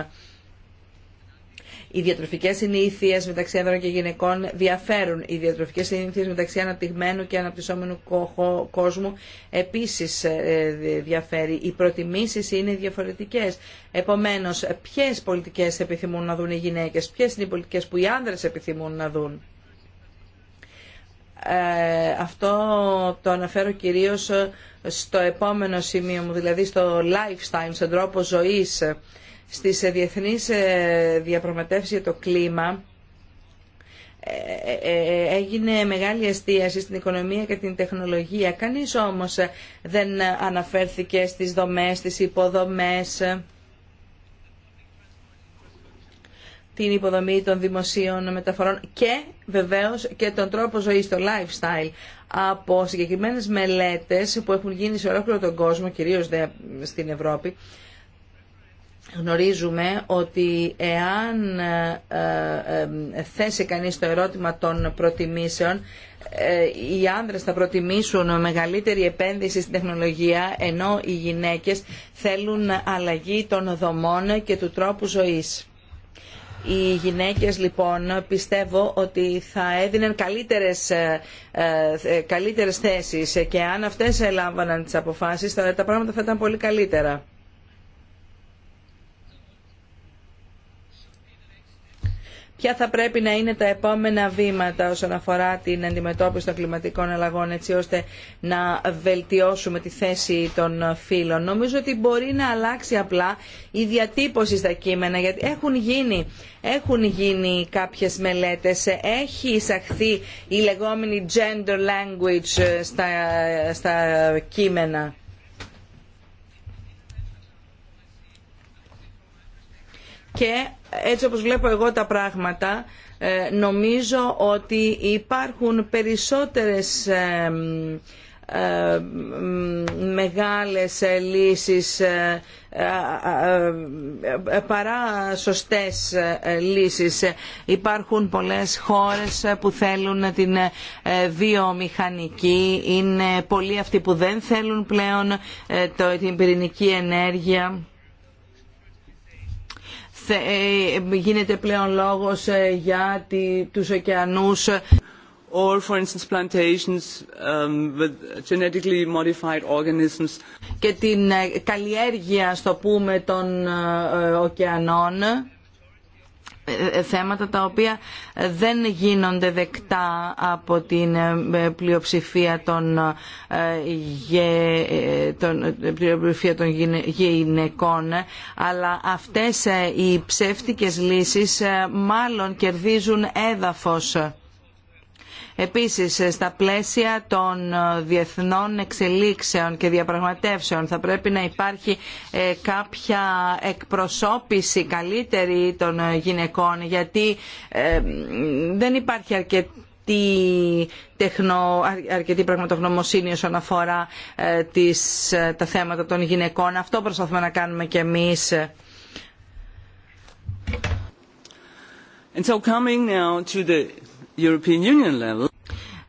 οι διατροφικές συνήθειες μεταξύ άνδρων και γυναικών διαφέρουν. Οι διατροφικές συνήθειες μεταξύ αναπτυγμένου και αναπτυσσόμενου κόσμου επίσης ε, διαφέρει. Οι προτιμήσεις είναι διαφορετικές. Επομένω, ποιες πολιτικές επιθυμούν να δουν οι γυναίκες, ποιες είναι οι πολιτικές που οι άνδρες επιθυμούν να δουν. Ε, αυτό το αναφέρω κυρίως στο επόμενο σημείο μου, δηλαδή στο lifestyle, στον τρόπο ζωής στις ε, διεθνείς ε, διαπραγματεύσεις για το κλίμα ε, έγινε μεγάλη εστίαση στην οικονομία και την τεχνολογία. Κανείς όμως δεν αναφέρθηκε στις δομές, στις υποδομές, την υποδομή των δημοσίων μεταφορών και βεβαίως και τον τρόπο ζωής, το lifestyle. Από συγκεκριμένες μελέτες που έχουν γίνει σε ολόκληρο τον κόσμο, κυρίως στην Ευρώπη, γνωρίζουμε ότι εάν ε, ε, ε, θέσει κανείς το ερώτημα των προτιμήσεων, οι άνδρες θα προτιμήσουν μεγαλύτερη επένδυση στην τεχνολογία, ενώ οι γυναίκες θέλουν αλλαγή των δομών και του τρόπου ζωής. Οι γυναίκες λοιπόν πιστεύω ότι θα έδιναν καλύτερες, καλύτερες θέσεις και αν αυτές έλαβαν τις αποφάσεις τα πράγματα θα ήταν πολύ καλύτερα. ποια θα πρέπει να είναι τα επόμενα βήματα όσον αφορά την αντιμετώπιση των κλιματικών αλλαγών έτσι ώστε να βελτιώσουμε τη θέση των φύλων. Νομίζω ότι μπορεί να αλλάξει απλά η διατύπωση στα κείμενα γιατί έχουν γίνει, έχουν γίνει κάποιες μελέτες, έχει εισαχθεί η λεγόμενη gender language ε, στα, ε, στα κείμενα. και έτσι όπως βλέπω εγώ τα πράγματα ε, νομίζω ότι υπάρχουν περισσότερες ε, ε, μεγάλες λύσεις παρά σωστές λύσεις. Υπάρχουν πολλές χώρες που θέλουν την βιομηχανική. Είναι πολλοί αυτοί που δεν θέλουν πλέον την πυρηνική ενέργεια ε, γίνεται πλέον λόγος ε, για τους ωκεανούς or for instance plantations um, with genetically modified organisms και την ε, καλλιέργεια στο πούμε των ωκεανών θέματα τα οποία δεν γίνονται δεκτά από την ε, πλειοψηφία των, ε, ε, γυναικών αλλά αυτές οι ψεύτικες λύσεις μάλλον κερδίζουν έδαφος Επίσης, στα πλαίσια των διεθνών εξελίξεων και διαπραγματεύσεων θα πρέπει να υπάρχει ε, κάποια εκπροσώπηση καλύτερη των γυναικών γιατί ε, δεν υπάρχει αρκετή τεχνο, αρκετή πραγματογνωμοσύνη όσον αφορά ε, τις, τα θέματα των γυναικών. Αυτό προσπαθούμε να κάνουμε κι εμείς.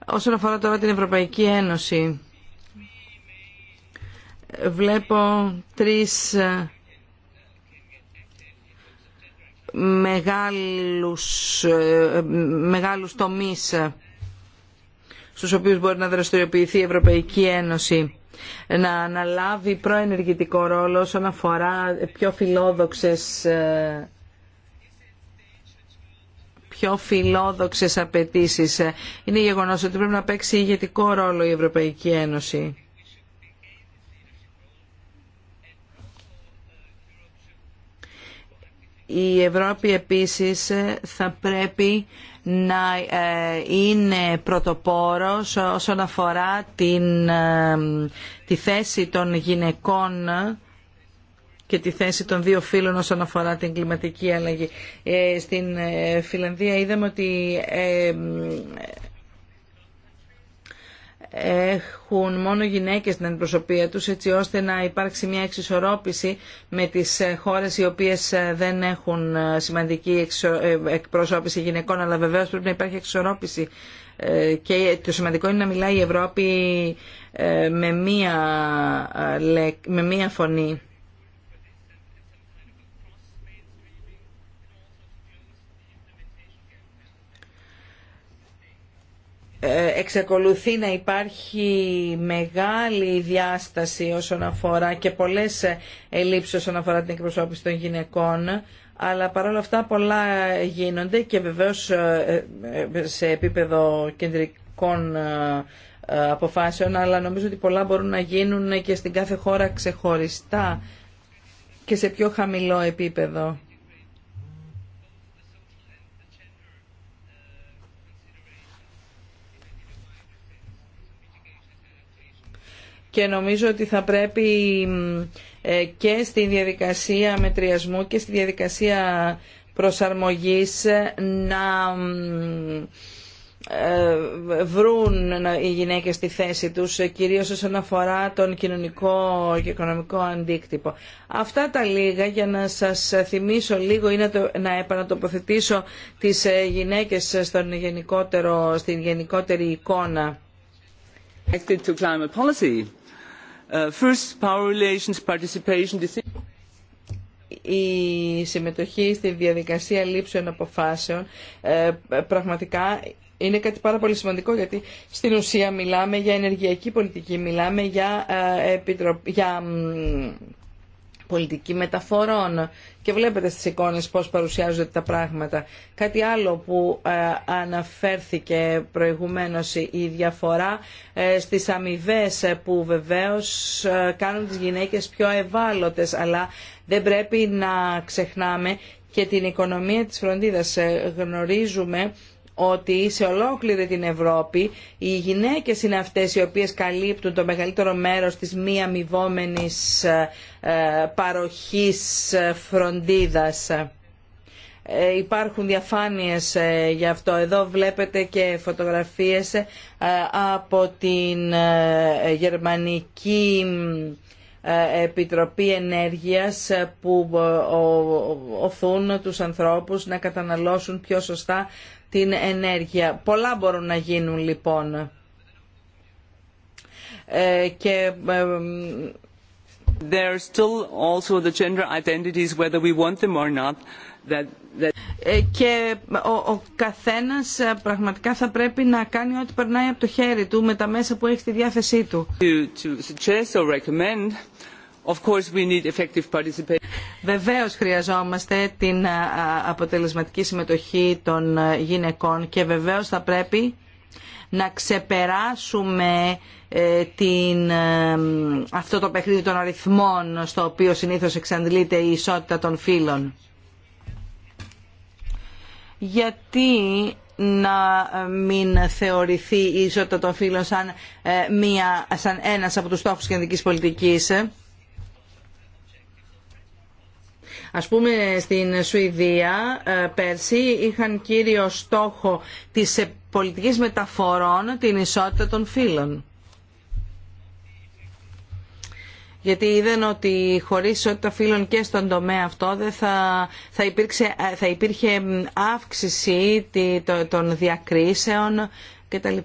Όσον αφορά τώρα την Ευρωπαϊκή Ένωση, βλέπω τρεις ε, μεγάλους, ε, μεγάλους τομείς ε, στους οποίους μπορεί να δραστηριοποιηθεί η Ευρωπαϊκή Ένωση να αναλάβει προενεργητικό ρόλο όσον αφορά πιο φιλόδοξες πιο φιλόδοξες απαιτήσει. Είναι γεγονό ότι πρέπει να παίξει ηγετικό ρόλο η Ευρωπαϊκή Ένωση. Η Ευρώπη επίσης θα πρέπει να ε, είναι πρωτοπόρος όσον αφορά την, ε, τη θέση των γυναικών και τη θέση των δύο φίλων όσον αφορά την κλιματική αλλαγή. Ε, στην ε, Φιλανδία είδαμε ότι ε, έχουν μόνο γυναίκες στην αντιπροσωπεία τους έτσι ώστε να υπάρξει μια εξισορρόπηση με τις χώρες οι οποίες δεν έχουν σημαντική εκπροσώπηση γυναικών αλλά βεβαίως πρέπει να υπάρχει εξισορρόπηση και το σημαντικό είναι να μιλάει η Ευρώπη με μία, με μία φωνή. Ε, εξακολουθεί να υπάρχει μεγάλη διάσταση όσον αφορά και πολλές ε, ελλείψεις όσον αφορά την εκπροσώπηση των γυναικών αλλά παρόλα αυτά πολλά γίνονται και βεβαίως ε, σε επίπεδο κεντρικών αποφάσεων αλλά νομίζω ότι πολλά μπορούν να γίνουν και στην κάθε χώρα ξεχωριστά και σε πιο χαμηλό επίπεδο. και νομίζω ότι θα πρέπει ε, και στη διαδικασία μετριασμού και στη διαδικασία προσαρμογής να ε, βρουν οι γυναίκες τη θέση τους, ε, κυρίως όσον αφορά τον κοινωνικό και οικονομικό αντίκτυπο. Αυτά τα λίγα για να σας θυμίσω λίγο ή να, το, επανατοποθετήσω τις γυναίκες στον γενικότερο, στην γενικότερη εικόνα. Ε, first, power η συμμετοχή στη διαδικασία λήψεων αποφάσεων ε, πραγματικά είναι κάτι πάρα πολύ σημαντικό γιατί στην ουσία μιλάμε για ενεργειακή πολιτική, μιλάμε για, ε, για πολιτική μεταφορών και βλέπετε στις εικόνες πώς παρουσιάζονται τα πράγματα. Κάτι άλλο που ε, αναφέρθηκε προηγουμένως η διαφορά ε, στις αμοιβέ ε, που βεβαίως κάνουν τις γυναίκες πιο ευάλωτες αλλά δεν πρέπει να ξεχνάμε και την οικονομία της φροντίδας. Γνωρίζουμε ότι σε ολόκληρη την Ευρώπη οι γυναίκες είναι αυτές οι οποίες καλύπτουν το μεγαλύτερο μέρος της μη αμοιβόμενη ε, ε, παροχής ε, φροντίδας. Υπάρχουν διαφάνειες γι' αυτό. Εδώ βλέπετε και φωτογραφίες από την Γερμανική Επιτροπή Ενέργειας που οθούν τους ανθρώπους να καταναλώσουν πιο σωστά την ενέργεια. Πολλά μπορούν να γίνουν λοιπόν. Ε, και ε, There are still also the gender identities, whether we want them or not. That, that... Ε, και ο, ο καθένας ε, πραγματικά θα πρέπει να κάνει ό,τι περνάει από το χέρι του με τα μέσα που έχει στη διάθεσή του. To, to suggest or recommend Of Βεβαίως χρειαζόμαστε την αποτελεσματική συμμετοχή των γυναικών και βεβαίως θα πρέπει να ξεπεράσουμε ε, την, ε, αυτό το παιχνίδι των αριθμών στο οποίο συνήθως εξαντλείται η ισότητα των φύλων. Γιατί να ε, μην θεωρηθεί η ισότητα των φύλων σαν, μία, σαν ένας από τους στόχους κεντρικής πολιτικής Ας πούμε στην Σουηδία ε, πέρσι είχαν κύριο στόχο της ε, πολιτικής μεταφορών την ισότητα των φύλων. γιατί είδαν ότι χωρίς ισότητα φύλων και στον τομέα αυτό δεν θα, θα, υπήρξε, ε, θα υπήρχε αύξηση των διακρίσεων κτλ.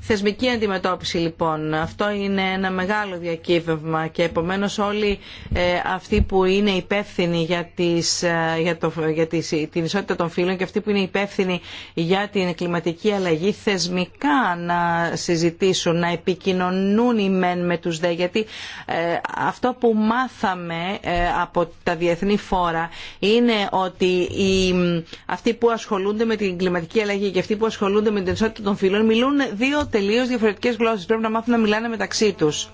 Θεσμική αντιμετώπιση λοιπόν. Αυτό είναι ένα μεγάλο διακύβευμα και επομένως όλοι ε, αυτοί που είναι υπεύθυνοι για, τις, ε, για, το, για τις, την ισότητα των φύλων και αυτοί που είναι υπεύθυνοι για την κλιματική αλλαγή θεσμικά να συζητήσουν, να επικοινωνούν οι μεν με τους δε. Γιατί ε, αυτό που μάθαμε από τα διεθνή φόρα είναι ότι οι, αυτοί που ασχολούνται με την κλιματική αλλαγή και αυτοί που ασχολούνται με την ισότητα των φύλων μιλούν δύο τελείως διαφορετικές γλώσσες. Πρέπει να μάθουν να μιλάνε μεταξύ τους.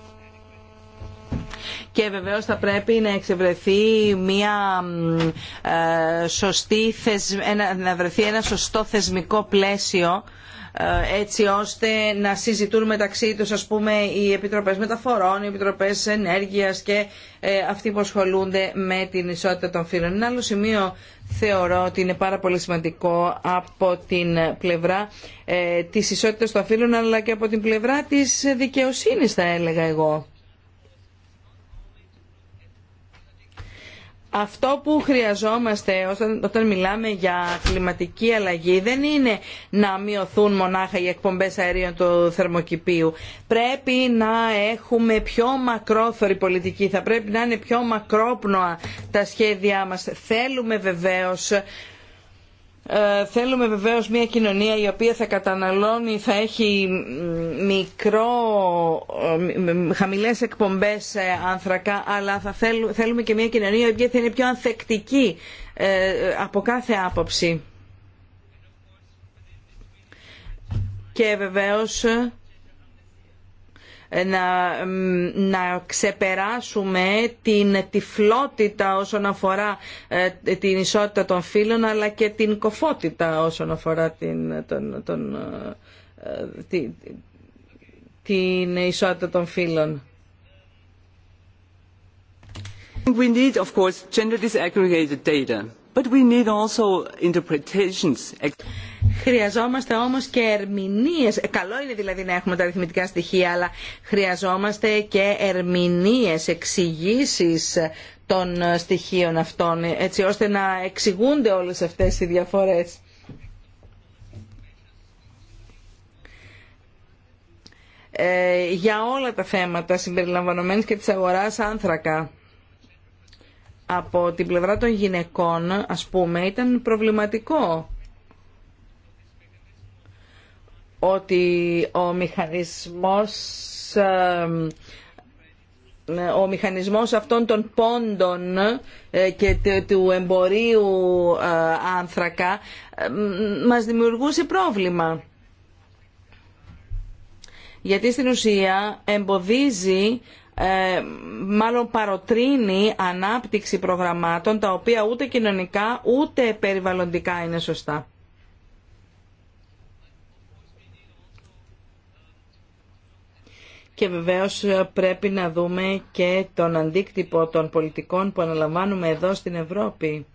Και βεβαίως θα πρέπει να εξευρεθεί μια ε, σωστή ένα, να βρεθεί ένα σωστό θεσμικό πλαίσιο ε, έτσι ώστε να συζητούν μεταξύ τους ας πούμε οι επιτροπές μεταφορών, οι επιτροπές ενέργειας και ε, αυτοί που ασχολούνται με την ισότητα των φύλων. άλλο σημείο θεωρώ ότι είναι πάρα πολύ σημαντικό από την πλευρά ε, της ισότητας των φίλων αλλά και από την πλευρά της δικαιοσύνης θα έλεγα εγώ. αυτό που χρειαζόμαστε όταν, μιλάμε για κλιματική αλλαγή δεν είναι να μειωθούν μονάχα οι εκπομπές αερίων του θερμοκηπίου. Πρέπει να έχουμε πιο μακρόθωρη πολιτική, θα πρέπει να είναι πιο μακρόπνοα τα σχέδιά μας. Θέλουμε βεβαίως ε, θέλουμε βεβαίως μια κοινωνία η οποία θα καταναλώνει, θα έχει μικρό, ε, χαμηλές εκπομπές ε, άνθρακα, αλλά θα θέλουμε, και μια κοινωνία η οποία θα είναι πιο ανθεκτική από κάθε άποψη. Και βεβαίως να, να ξεπεράσουμε την τυφλότητα όσον αφορά ε, την ισότητα των φύλων αλλά και την κοφότητα όσον αφορά την, τον, τον, ε, την, ισότητα των φύλων. We need, of course, Χρειαζόμαστε όμως και ερμηνείες. Ε, καλό είναι δηλαδή να έχουμε τα αριθμητικά στοιχεία, αλλά χρειαζόμαστε και ερμηνείες, εξηγήσει των στοιχείων αυτών, έτσι ώστε να εξηγούνται όλες αυτές οι διαφορές. Ε, για όλα τα θέματα συμπεριλαμβανομένης και της αγοράς άνθρακα από την πλευρά των γυναικών, ας πούμε, ήταν προβληματικό ότι ο μηχανισμός ο μηχανισμός αυτών των πόντων ε, και του εμπορίου ε, άνθρακα μας δημιουργούσε πρόβλημα. Γιατί στην ουσία εμποδίζει ε, μάλλον παροτρύνει ανάπτυξη προγραμμάτων τα οποία ούτε κοινωνικά ούτε περιβαλλοντικά είναι σωστά. Και βεβαίως ε, πρέπει να δούμε και τον αντίκτυπο των πολιτικών που αναλαμβάνουμε εδώ στην Ευρώπη.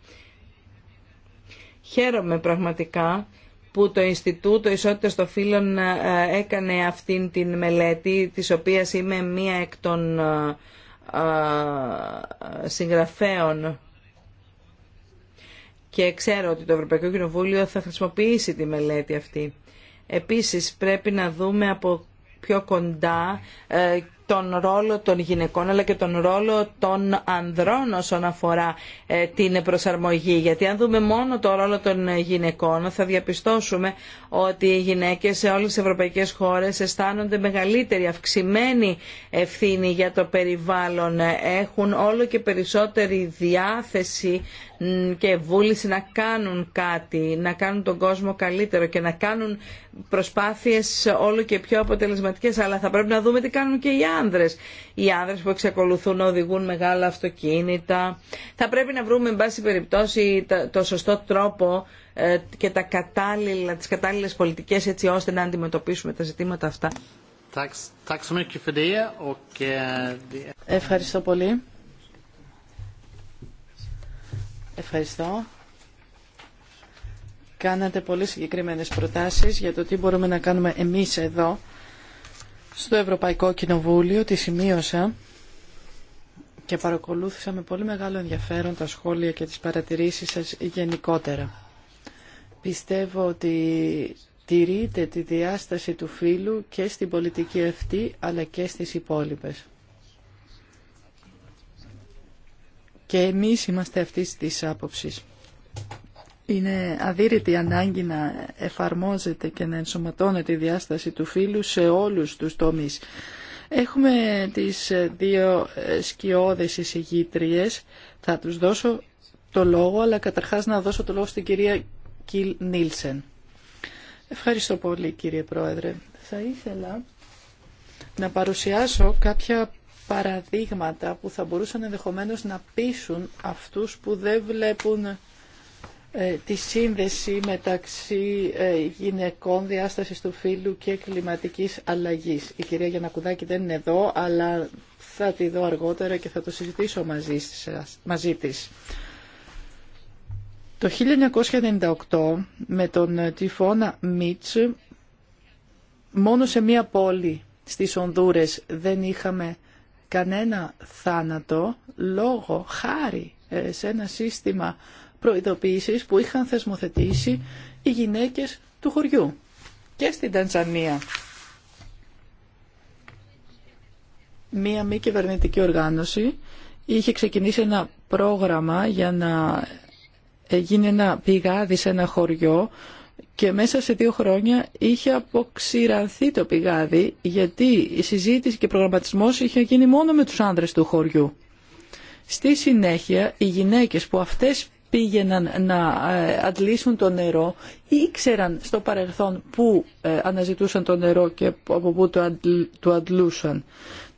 Χαίρομαι πραγματικά που το Ινστιτούτο Ισότητας των Φύλων ε, έκανε αυτήν την μελέτη, της οποίας είμαι μία εκ των ε, ε, συγγραφέων και ξέρω ότι το Ευρωπαϊκό Κοινοβούλιο θα χρησιμοποιήσει τη μελέτη αυτή. Επίσης πρέπει να δούμε από πιο κοντά τον ρόλο των γυναικών αλλά και τον ρόλο των ανδρών όσον αφορά ε, την προσαρμογή. Γιατί αν δούμε μόνο τον ρόλο των γυναικών θα διαπιστώσουμε ότι οι γυναίκες σε όλες τις ευρωπαϊκές χώρες αισθάνονται μεγαλύτερη, αυξημένη ευθύνη για το περιβάλλον. Έχουν όλο και περισσότερη διάθεση και βούληση να κάνουν κάτι, να κάνουν τον κόσμο καλύτερο και να κάνουν προσπάθειες όλο και πιο αποτελεσματικές. Αλλά θα πρέπει να δούμε τι κάνουν και οι άνδρες. Οι άνδρες που εξακολουθούν να οδηγούν μεγάλα αυτοκίνητα. Θα πρέπει να βρούμε, εν πάση περιπτώσει, το σωστό τρόπο ε, και τα κατάλληλα, τις κατάλληλες πολιτικές έτσι ώστε να αντιμετωπίσουμε τα ζητήματα αυτά. Eh, Ευχαριστώ πολύ. Ευχαριστώ. Κάνατε πολύ συγκεκριμένες προτάσεις για το τι μπορούμε να κάνουμε εμείς εδώ στο Ευρωπαϊκό Κοινοβούλιο. Τη σημείωσα και παρακολούθησα με πολύ μεγάλο ενδιαφέρον τα σχόλια και τις παρατηρήσεις σας γενικότερα. Πιστεύω ότι τηρείτε τη διάσταση του φίλου και στην πολιτική αυτή αλλά και στις υπόλοιπες. Και εμείς είμαστε αυτής της άποψης. Είναι αδύρυτη ανάγκη να εφαρμόζεται και να ενσωματώνεται η διάσταση του φύλου σε όλους τους τομείς. Έχουμε τις δύο σκιώδες εισηγήτριες. Θα τους δώσω το λόγο, αλλά καταρχάς να δώσω το λόγο στην κυρία Κιλ Νίλσεν. Ευχαριστώ πολύ κύριε Πρόεδρε. Θα ήθελα να παρουσιάσω κάποια παραδείγματα που θα μπορούσαν ενδεχομένως να πείσουν αυτούς που δεν βλέπουν ε, τη σύνδεση μεταξύ ε, γυναικών διάστασης του φύλου και κλιματικής αλλαγής. Η κυρία Γιανακουδάκη δεν είναι εδώ, αλλά θα τη δω αργότερα και θα το συζητήσω μαζί, σας, μαζί της. Το 1998 με τον ε, τυφώνα Μίτς μόνο σε μία πόλη στις Ονδούρες δεν είχαμε κανένα θάνατο λόγω χάρη ε, σε ένα σύστημα προειδοποίησης που είχαν θεσμοθετήσει οι γυναίκες του χωριού και στην Τανζανία. Μία μη κυβερνητική οργάνωση είχε ξεκινήσει ένα πρόγραμμα για να ε, γίνει ένα πηγάδι σε ένα χωριό και μέσα σε δύο χρόνια είχε αποξηρανθεί το πηγάδι γιατί η συζήτηση και προγραμματισμός είχε γίνει μόνο με τους άνδρες του χωριού. Στη συνέχεια οι γυναίκες που αυτές πήγαιναν να ε, αντλήσουν το νερό ήξεραν στο παρελθόν που ε, αναζητούσαν το νερό και από πού το αντλούσαν.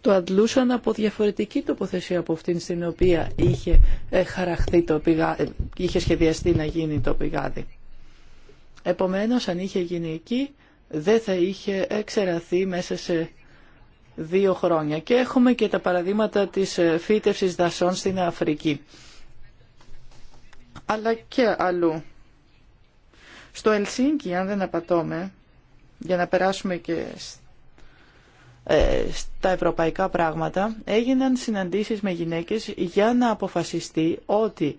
Το αντλούσαν από διαφορετική τοποθεσία από αυτήν στην οποία είχε ε, χαραχθεί το είχε σχεδιαστεί να γίνει το πηγάδι. Επομένως, αν είχε γίνει εκεί, δεν θα είχε εξεραθεί μέσα σε δύο χρόνια. Και έχουμε και τα παραδείγματα της ε, φύτευσης δασών στην Αφρική. Αλλά και αλλού. Στο Ελσίνκι, αν δεν απατώμε, για να περάσουμε και ε, στα ευρωπαϊκά πράγματα, έγιναν συναντήσεις με γυναίκες για να αποφασιστεί ότι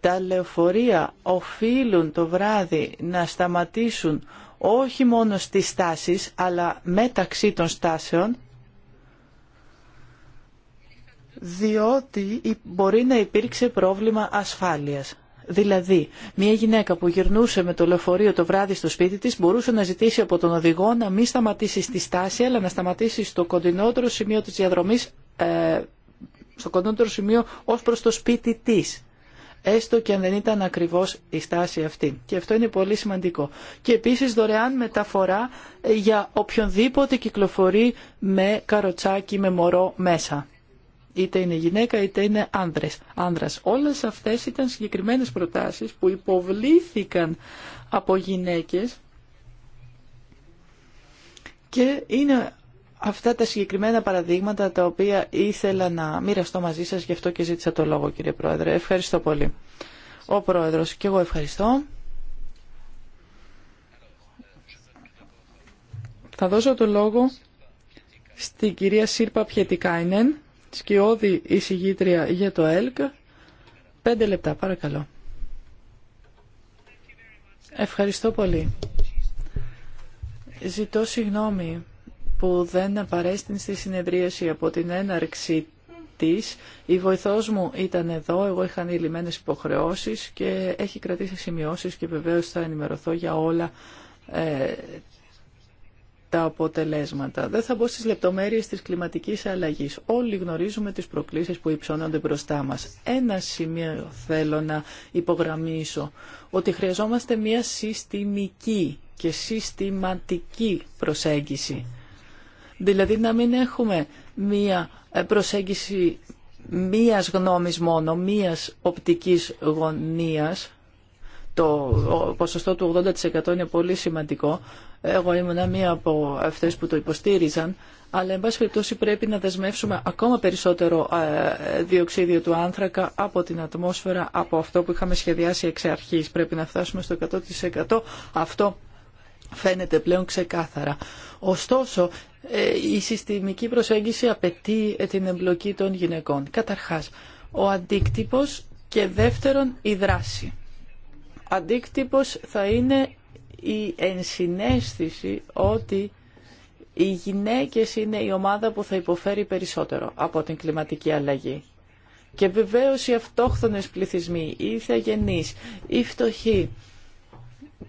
τα λεωφορεία οφείλουν το βράδυ να σταματήσουν όχι μόνο στις στάσεις αλλά μεταξύ των στάσεων διότι μπορεί να υπήρξε πρόβλημα ασφάλειας. Δηλαδή, μια γυναίκα που γυρνούσε με το λεωφορείο το βράδυ στο σπίτι της μπορούσε να ζητήσει από τον οδηγό να μην σταματήσει στη στάση αλλά να σταματήσει στο κοντινότερο σημείο της διαδρομής ε, στο κοντινότερο σημείο ως προς το σπίτι της έστω και αν δεν ήταν ακριβώς η στάση αυτή. Και αυτό είναι πολύ σημαντικό. Και επίσης δωρεάν μεταφορά ε, για οποιονδήποτε κυκλοφορεί με καροτσάκι, με μωρό μέσα. Είτε είναι γυναίκα είτε είναι άνδρες. άνδρας. Όλες αυτές ήταν συγκεκριμένες προτάσεις που υποβλήθηκαν από γυναίκες και είναι Αυτά τα συγκεκριμένα παραδείγματα τα οποία ήθελα να μοιραστώ μαζί σας, γι' αυτό και ζήτησα το λόγο κύριε Πρόεδρε. Ευχαριστώ πολύ. Ο Πρόεδρος και εγώ ευχαριστώ. Θα δώσω το λόγο στην κυρία Σύρπα Πιετικάινεν, σκιώδη εισηγήτρια για το ΕΛΚ. Πέντε λεπτά, παρακαλώ. Ευχαριστώ πολύ. Ζητώ συγγνώμη που δεν απαρέστην στη συνεδρίαση από την έναρξη της. Η βοηθός μου ήταν εδώ, εγώ είχα λιμένες υποχρεώσεις και έχει κρατήσει σημειώσεις και βεβαίως θα ενημερωθώ για όλα ε, τα αποτελέσματα. Δεν θα μπω στις λεπτομέρειες της κλιματικής αλλαγής. Όλοι γνωρίζουμε τις προκλήσεις που υψώνονται μπροστά μας. Ένα σημείο θέλω να υπογραμμίσω, ότι χρειαζόμαστε μια συστημική και συστηματική προσέγγιση Δηλαδή να μην έχουμε μία ε, προσέγγιση μίας γνώμης μόνο, μίας οπτικής γωνίας. Το ποσοστό του 80% είναι πολύ σημαντικό. Εγώ ήμουν μία από αυτές που το υποστήριζαν. Αλλά, εν πάση περιπτώσει, πρέπει να δεσμεύσουμε ακόμα περισσότερο ε, διοξίδιο του άνθρακα από την ατμόσφαιρα, από αυτό που είχαμε σχεδιάσει εξ αρχής. Πρέπει να φτάσουμε στο 100%. Αυτό φαίνεται πλέον ξεκάθαρα. Ωστόσο, ε, η συστημική προσέγγιση απαιτεί ε, την εμπλοκή των γυναικών. Καταρχάς, ο αντίκτυπος και δεύτερον η δράση. Αντίκτυπος θα είναι η ενσυναίσθηση ότι οι γυναίκες είναι η ομάδα που θα υποφέρει περισσότερο από την κλιματική αλλαγή. Και βεβαίως οι αυτόχθονες πληθυσμοί, οι ηθαγενείς, οι φτωχοί,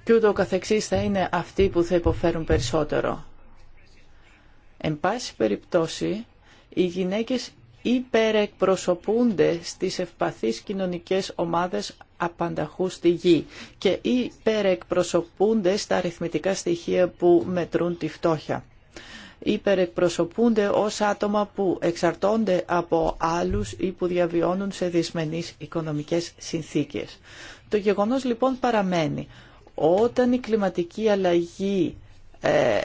και ούτω καθεξής θα είναι αυτοί που θα υποφέρουν περισσότερο. Εν πάση περιπτώσει, οι γυναίκες υπερεκπροσωπούνται στις ευπαθείς κοινωνικές ομάδες απανταχού στη γη και υπερεκπροσωπούνται στα αριθμητικά στοιχεία που μετρούν τη φτώχεια. Υπερεκπροσωπούνται ως άτομα που εξαρτώνται από άλλους ή που διαβιώνουν σε δυσμενείς οικονομικές συνθήκες. Το γεγονός λοιπόν παραμένει όταν η κλιματική αλλαγή ε,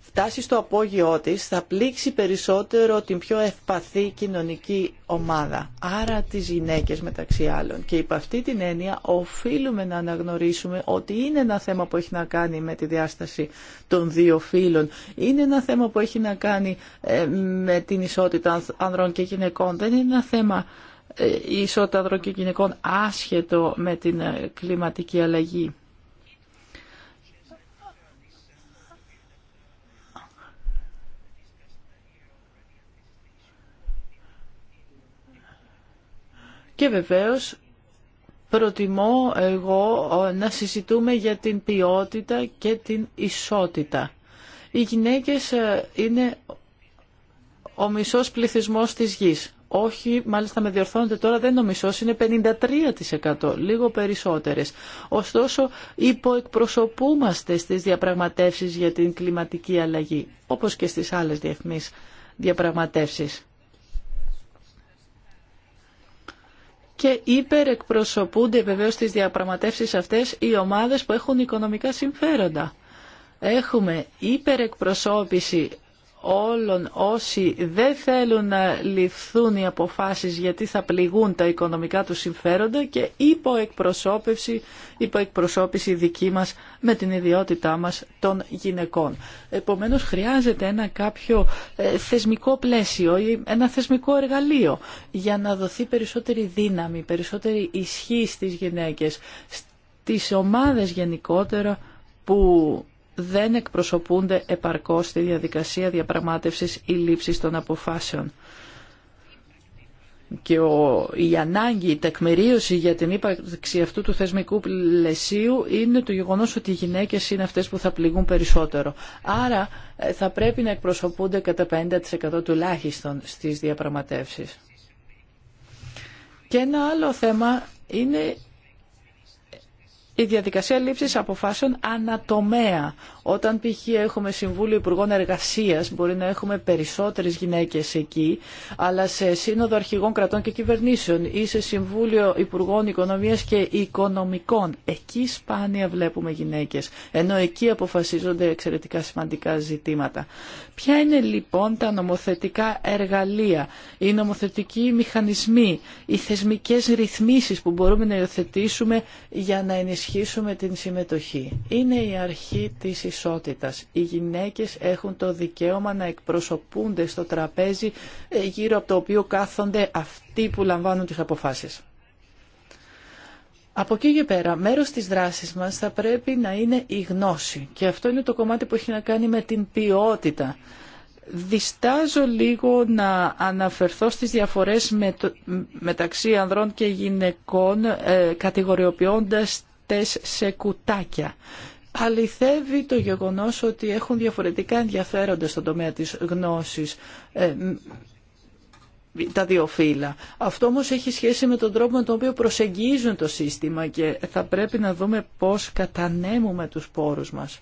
φτάσει στο απόγειό της θα πλήξει περισσότερο την πιο ευπαθή κοινωνική ομάδα, άρα τις γυναίκες μεταξύ άλλων. Και υπ' αυτή την έννοια οφείλουμε να αναγνωρίσουμε ότι είναι ένα θέμα που έχει να κάνει με τη διάσταση των δύο φύλων, είναι ένα θέμα που έχει να κάνει ε, με την ισότητα ανδρών και γυναικών, δεν είναι ένα θέμα η ε, ισότητα ανδρών και γυναικών άσχετο με την ε, κλιματική αλλαγή. Και βεβαίως προτιμώ εγώ ε, να συζητούμε για την ποιότητα και την ισότητα. Οι γυναίκες είναι ο μισός πληθυσμός της γης όχι, μάλιστα με διορθώνετε τώρα, δεν είναι ο είναι 53%, λίγο περισσότερες. Ωστόσο, υποεκπροσωπούμαστε στις διαπραγματεύσεις για την κλιματική αλλαγή, όπως και στις άλλες διεθνείς διαπραγματεύσεις. και υπερεκπροσωπούνται βεβαίως στις διαπραγματεύσεις αυτές οι ομάδες που έχουν οικονομικά συμφέροντα. Έχουμε υπερεκπροσώπηση όλων όσοι δεν θέλουν να ληφθούν οι αποφάσεις γιατί θα πληγούν τα οικονομικά του συμφέροντα και υποεκπροσώπηση, υποεκπροσώπηση δική μας με την ιδιότητά μας των γυναικών. Επομένως χρειάζεται ένα κάποιο ε, θεσμικό πλαίσιο ή ένα θεσμικό εργαλείο για να δοθεί περισσότερη δύναμη, περισσότερη ισχύ στις γυναίκες, στις ομάδες γενικότερα που δεν εκπροσωπούνται επαρκώς στη διαδικασία διαπραγμάτευσης ή λήψης των αποφάσεων. Και η ανάγκη, η τεκμηρίωση για την ύπαρξη αυτού του θεσμικού πλαισίου είναι το γεγονός ότι οι γυναίκες είναι αυτές που θα πληγούν περισσότερο. Άρα ε, θα πρέπει να εκπροσωπούνται κατά 50% τουλάχιστον στις διαπραγματεύσεις. Και ένα άλλο θέμα είναι η διαδικασία λήψης αποφάσεων ανατομέα. Όταν π.χ. έχουμε Συμβούλιο Υπουργών Εργασίας, μπορεί να έχουμε περισσότερες γυναίκες εκεί, αλλά σε Σύνοδο Αρχηγών Κρατών και Κυβερνήσεων ή σε Συμβούλιο Υπουργών Οικονομίας και Οικονομικών, εκεί σπάνια βλέπουμε γυναίκες, ενώ εκεί αποφασίζονται εξαιρετικά σημαντικά ζητήματα. Ποια είναι λοιπόν τα νομοθετικά εργαλεία, οι νομοθετικοί μηχανισμοί, οι θεσμικές ρυθμίσεις που μπορούμε να υιοθετήσουμε για να ενισχύσουμε ενισχύσουμε την συμμετοχή. Είναι η αρχή της ισότητας. Οι γυναίκες έχουν το δικαίωμα να εκπροσωπούνται στο τραπέζι ε, γύρω από το οποίο κάθονται αυτοί που λαμβάνουν τις αποφάσεις. Από εκεί και πέρα, μέρος της δράσης μας θα πρέπει να είναι η γνώση. Και αυτό είναι το κομμάτι που έχει να κάνει με την ποιότητα. Διστάζω λίγο να αναφερθώ στις διαφορές μεταξύ ανδρών και γυναικών ε, κατηγοριοποιώντας αυτές σε κουτάκια. Αληθεύει το γεγονός ότι έχουν διαφορετικά ενδιαφέροντα στον τομέα της γνώσης ε, τα δύο φύλλα. Αυτό όμω έχει σχέση με τον τρόπο με τον οποίο προσεγγίζουν το σύστημα και θα πρέπει να δούμε πώς κατανέμουμε τους πόρους μας.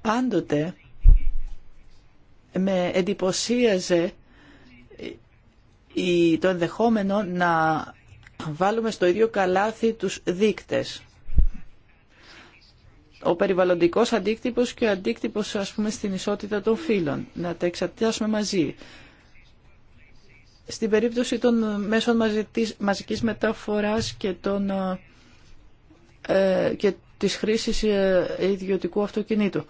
Πάντοτε με εντυπωσίαζε το ενδεχόμενο να βάλουμε στο ίδιο καλάθι τους δείκτες. Ο περιβαλλοντικός αντίκτυπος και ο αντίκτυπος ας πούμε στην ισότητα των φύλων. Να τα εξαρτάσουμε μαζί. Στην περίπτωση των μέσων μαζικής μεταφοράς και, των, ε, ε και της χρήσης ε, ιδιωτικού αυτοκινήτου.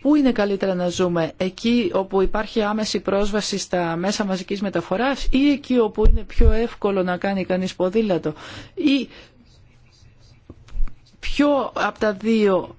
Πού είναι καλύτερα να ζούμε, εκεί όπου υπάρχει άμεση πρόσβαση στα μέσα μαζικής μεταφοράς ή εκεί όπου είναι πιο εύκολο να κάνει κανείς ποδήλατο ή ποιο από τα δύο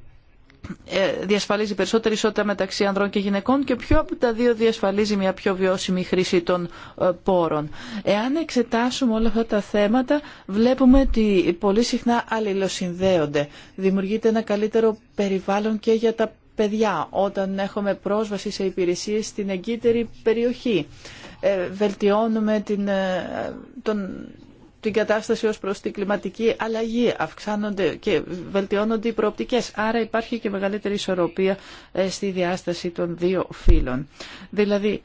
ε, διασφαλίζει περισσότερη ισότητα μεταξύ ανδρών και γυναικών και ποιο από τα δύο διασφαλίζει μια πιο βιώσιμη χρήση των ε, πόρων. Εάν εξετάσουμε όλα αυτά τα θέματα, βλέπουμε ότι πολύ συχνά αλληλοσυνδέονται. Δημιουργείται ένα καλύτερο περιβάλλον και για τα παιδιά, όταν έχουμε πρόσβαση σε υπηρεσίες στην εγκύτερη περιοχή. Ε, βελτιώνουμε την, ε, τον, την κατάσταση ως προς την κλιματική αλλαγή. Αυξάνονται και βελτιώνονται οι προοπτικές. Άρα υπάρχει και μεγαλύτερη ισορροπία ε, στη διάσταση των δύο φύλων. Δηλαδή,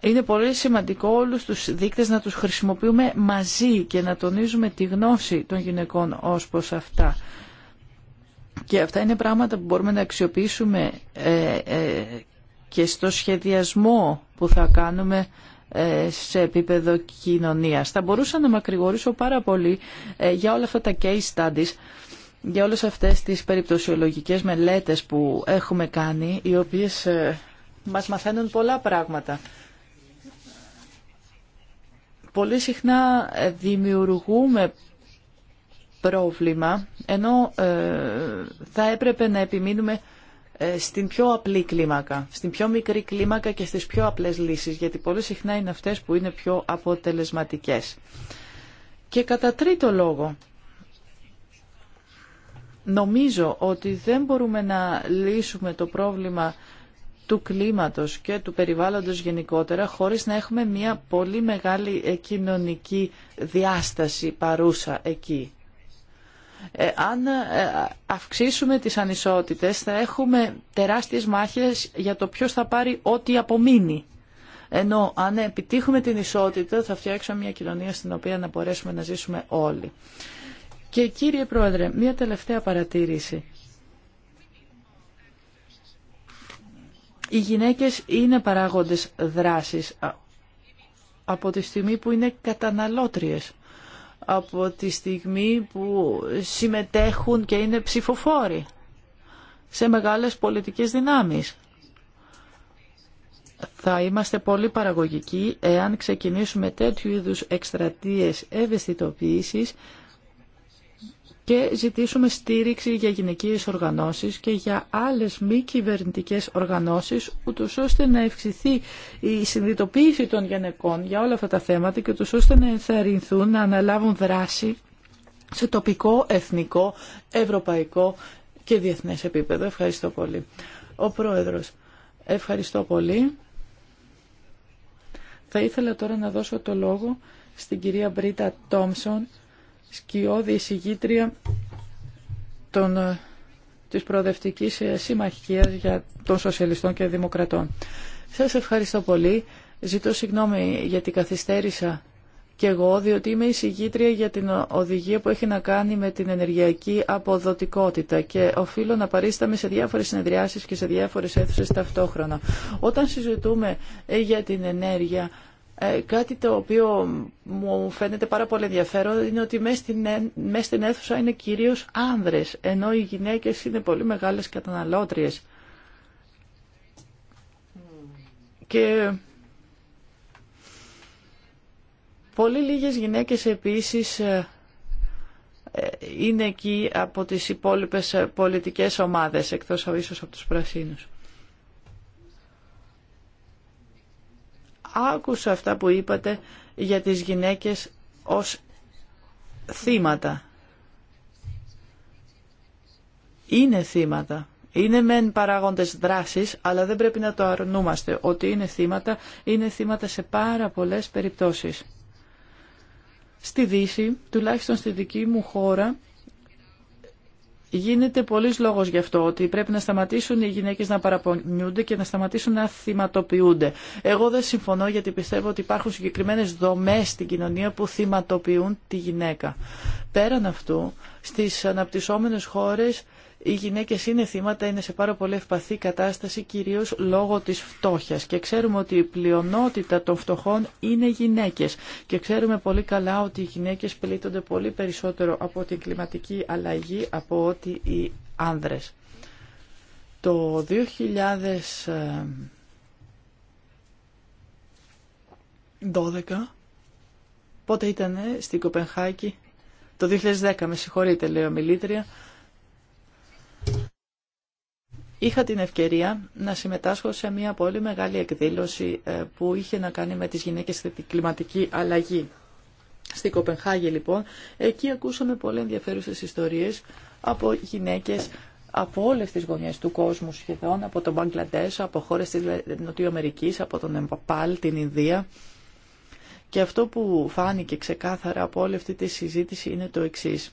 είναι πολύ σημαντικό όλους τους δείκτες να τους χρησιμοποιούμε μαζί και να τονίζουμε τη γνώση των γυναικών ως προς αυτά. Και αυτά είναι πράγματα που μπορούμε να αξιοποιήσουμε ε, ε, και στο σχεδιασμό που θα κάνουμε ε, σε επίπεδο κοινωνίας. Θα μπορούσα να μακρηγορήσω πάρα πολύ για όλα αυτά τα case studies, για όλες αυτές τις περιπτωσιολογικές μελέτες που έχουμε κάνει, οι οποίες μας μαθαίνουν πολλά πράγματα. Πολύ συχνά δημιουργούμε πρόβλημα, ενώ ε, θα έπρεπε να επιμείνουμε ε, στην πιο απλή κλίμακα, στην πιο μικρή κλίμακα και στις πιο απλές λύσεις, γιατί πολύ συχνά είναι αυτές που είναι πιο αποτελεσματικές. Και κατά τρίτο λόγο, νομίζω ότι δεν μπορούμε να λύσουμε το πρόβλημα του κλίματος και του περιβάλλοντος γενικότερα χωρίς να έχουμε μια πολύ μεγάλη ε, κοινωνική διάσταση παρούσα εκεί. Ε, αν ε, αυξήσουμε τις ανισότητες θα έχουμε τεράστιες μάχες για το ποιος θα πάρει ό,τι απομείνει. Ενώ αν επιτύχουμε την ισότητα θα φτιάξουμε μια κοινωνία στην οποία να μπορέσουμε να ζήσουμε όλοι. Και κύριε Πρόεδρε, μια τελευταία παρατήρηση. Οι γυναίκες είναι παράγοντες δράσης από τη στιγμή που είναι καταναλώτριες από τη στιγμή που συμμετέχουν και είναι ψηφοφόροι σε μεγάλες πολιτικές δυνάμεις. Θα είμαστε πολύ παραγωγικοί εάν ξεκινήσουμε τέτοιου είδους εκστρατείες ευαισθητοποίησης και ζητήσουμε στήριξη για γυναικείες οργανώσεις και για άλλες μη κυβερνητικέ οργανώσεις, ούτως ώστε να ευξηθεί η συνειδητοποίηση των γυναικών για όλα αυτά τα θέματα και ούτως ώστε να ενθαρρυνθούν να αναλάβουν δράση σε τοπικό, εθνικό, ευρωπαϊκό και διεθνές επίπεδο. Ευχαριστώ πολύ. Ο Πρόεδρος, ευχαριστώ πολύ. Θα ήθελα τώρα να δώσω το λόγο στην κυρία Μπρίτα Τόμσον, σκιώδη εισηγήτρια των, ε, της προοδευτικής ε, συμμαχίας για των σοσιαλιστών και δημοκρατών. Σας ευχαριστώ πολύ. Ζητώ συγγνώμη γιατί καθυστέρησα και εγώ, διότι είμαι εισηγήτρια για την οδηγία που έχει να κάνει με την ενεργειακή αποδοτικότητα και οφείλω να παρίσταμε σε διάφορες συνεδριάσεις και σε διάφορες αίθουσες ταυτόχρονα. Όταν συζητούμε ε, για την ενέργεια, ε, κάτι το οποίο μου φαίνεται πάρα πολύ ενδιαφέρον είναι ότι μέσα στην, στην αίθουσα είναι κυρίως άνδρες, ενώ οι γυναίκες είναι πολύ μεγάλες καταναλώτριες. Και πολύ λίγες γυναίκες επίσης ε, ε, είναι εκεί από τις υπόλοιπες πολιτικές ομάδες, εκτός ίσως από τους πρασίνους. άκουσα αυτά που είπατε για τις γυναίκες ως θύματα. Είναι θύματα. Είναι μεν παράγοντες δράσης, αλλά δεν πρέπει να το αρνούμαστε. Ότι είναι θύματα, είναι θύματα σε πάρα πολλές περιπτώσεις. Στη Δύση, τουλάχιστον στη δική μου χώρα, Γίνεται πολλή λόγο γι' αυτό ότι πρέπει να σταματήσουν οι γυναίκε να παραπονιούνται και να σταματήσουν να θυματοποιούνται. Εγώ δεν συμφωνώ γιατί πιστεύω ότι υπάρχουν συγκεκριμένε δομέ στην κοινωνία που θυματοποιούν τη γυναίκα. Πέραν αυτού, στι αναπτυσσόμενε χώρε οι γυναίκες είναι θύματα, είναι σε πάρα πολύ ευπαθή κατάσταση, κυρίως λόγω της φτώχειας. Και ξέρουμε ότι η πλειονότητα των φτωχών είναι γυναίκες. Και ξέρουμε πολύ καλά ότι οι γυναίκες πλήττονται πολύ περισσότερο από την κλιματική αλλαγή από ότι οι άνδρες. Το 2012, πότε ήτανε στην Κοπενχάκη, το 2010, με συγχωρείτε λέει ο Μιλήτρια, Είχα την ευκαιρία να συμμετάσχω σε μια πολύ μεγάλη εκδήλωση ε, που είχε να κάνει με τις γυναίκες στη κλιματική αλλαγή. στην Κοπενχάγη λοιπόν, εκεί ακούσαμε πολύ ενδιαφέρουσες ιστορίες από γυναίκες από όλες τις γωνιές του κόσμου σχεδόν, από τον Μπαγκλαντές, από χώρες της Νοτιοαμερικής, από τον Εμπαπάλ, την Ινδία. Και αυτό που φάνηκε ξεκάθαρα από όλη αυτή τη συζήτηση είναι το εξής.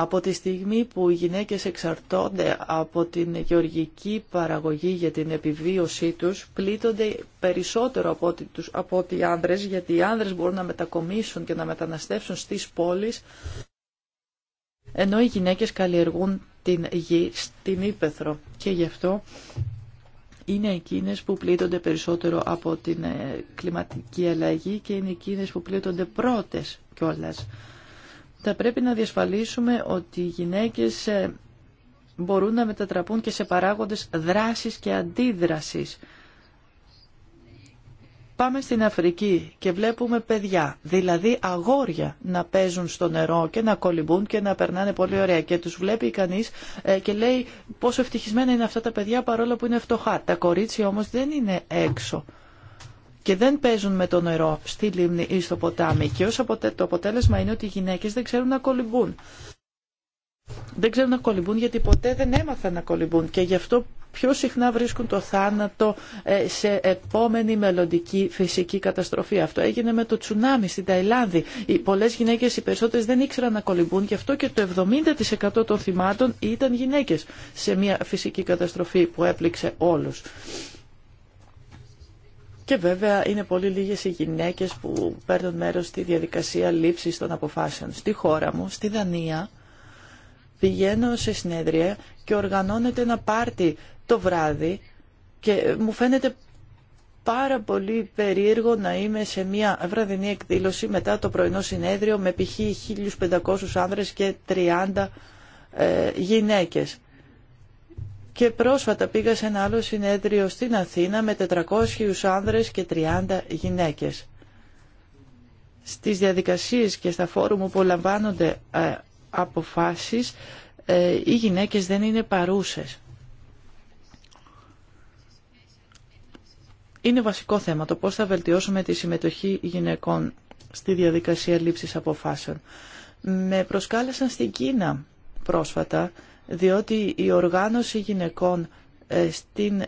Από τη στιγμή που οι γυναίκες εξαρτώνται από την γεωργική παραγωγή για την επιβίωσή τους, πλήττονται περισσότερο από ό,τι, τους, από ότι οι άνδρες, γιατί οι άνδρες μπορούν να μετακομίσουν και να μεταναστεύσουν στις πόλεις, ενώ οι γυναίκες καλλιεργούν την γη στην Ήπεθρο. Και γι' αυτό είναι εκείνες που πλήττονται περισσότερο από την ε, κλιματική αλλαγή και είναι εκείνες που πλήττονται πρώτες κιόλας θα πρέπει να διασφαλίσουμε ότι οι γυναίκες ε, μπορούν να μετατραπούν και σε παράγοντες δράσης και αντίδρασης. Πάμε στην Αφρική και βλέπουμε παιδιά, δηλαδή αγόρια, να παίζουν στο νερό και να κολυμπούν και να περνάνε πολύ ωραία. Και τους βλέπει κανείς ε, και λέει πόσο ευτυχισμένα είναι αυτά τα παιδιά παρόλο που είναι φτωχά. Τα κορίτσια όμως δεν είναι έξω και δεν παίζουν με το νερό στη λίμνη ή στο ποτάμι και ως αποτε... το αποτέλεσμα είναι ότι οι γυναίκες δεν ξέρουν να κολυμπούν. Δεν ξέρουν να κολυμπούν γιατί ποτέ δεν έμαθαν να κολυμπούν και γι' αυτό πιο συχνά βρίσκουν το θάνατο ε, σε επόμενη μελλοντική φυσική καταστροφή. Αυτό έγινε με το τσουνάμι στην Ταϊλάνδη. Οι πολλές γυναίκες, οι περισσότερες δεν ήξεραν να κολυμπούν γι' αυτό και το 70% των θυμάτων ήταν γυναίκες σε μια φυσική καταστροφή που έπληξε όλους. Και βέβαια είναι πολύ λίγες οι γυναίκες που παίρνουν μέρος στη διαδικασία λήψης των αποφάσεων. Στη χώρα μου, στη Δανία, πηγαίνω σε συνέδρια και οργανώνεται ένα πάρτι το βράδυ και μου φαίνεται πάρα πολύ περίεργο να είμαι σε μια βραδινή εκδήλωση μετά το πρωινό συνέδριο με π.χ. 1500 άνδρες και 30 ε, γυναίκες. Και πρόσφατα πήγα σε ένα άλλο συνέδριο στην Αθήνα με 400 άνδρες και 30 γυναίκες. Στις διαδικασίες και στα φόρουμ που λαμβάνονται ε, αποφάσεις, ε, οι γυναίκες δεν είναι παρούσες. Είναι βασικό θέμα το πώς θα βελτιώσουμε τη συμμετοχή γυναικών στη διαδικασία λήψης αποφάσεων. Με προσκάλεσαν στην Κίνα πρόσφατα διότι η οργάνωση γυναικών ε, στην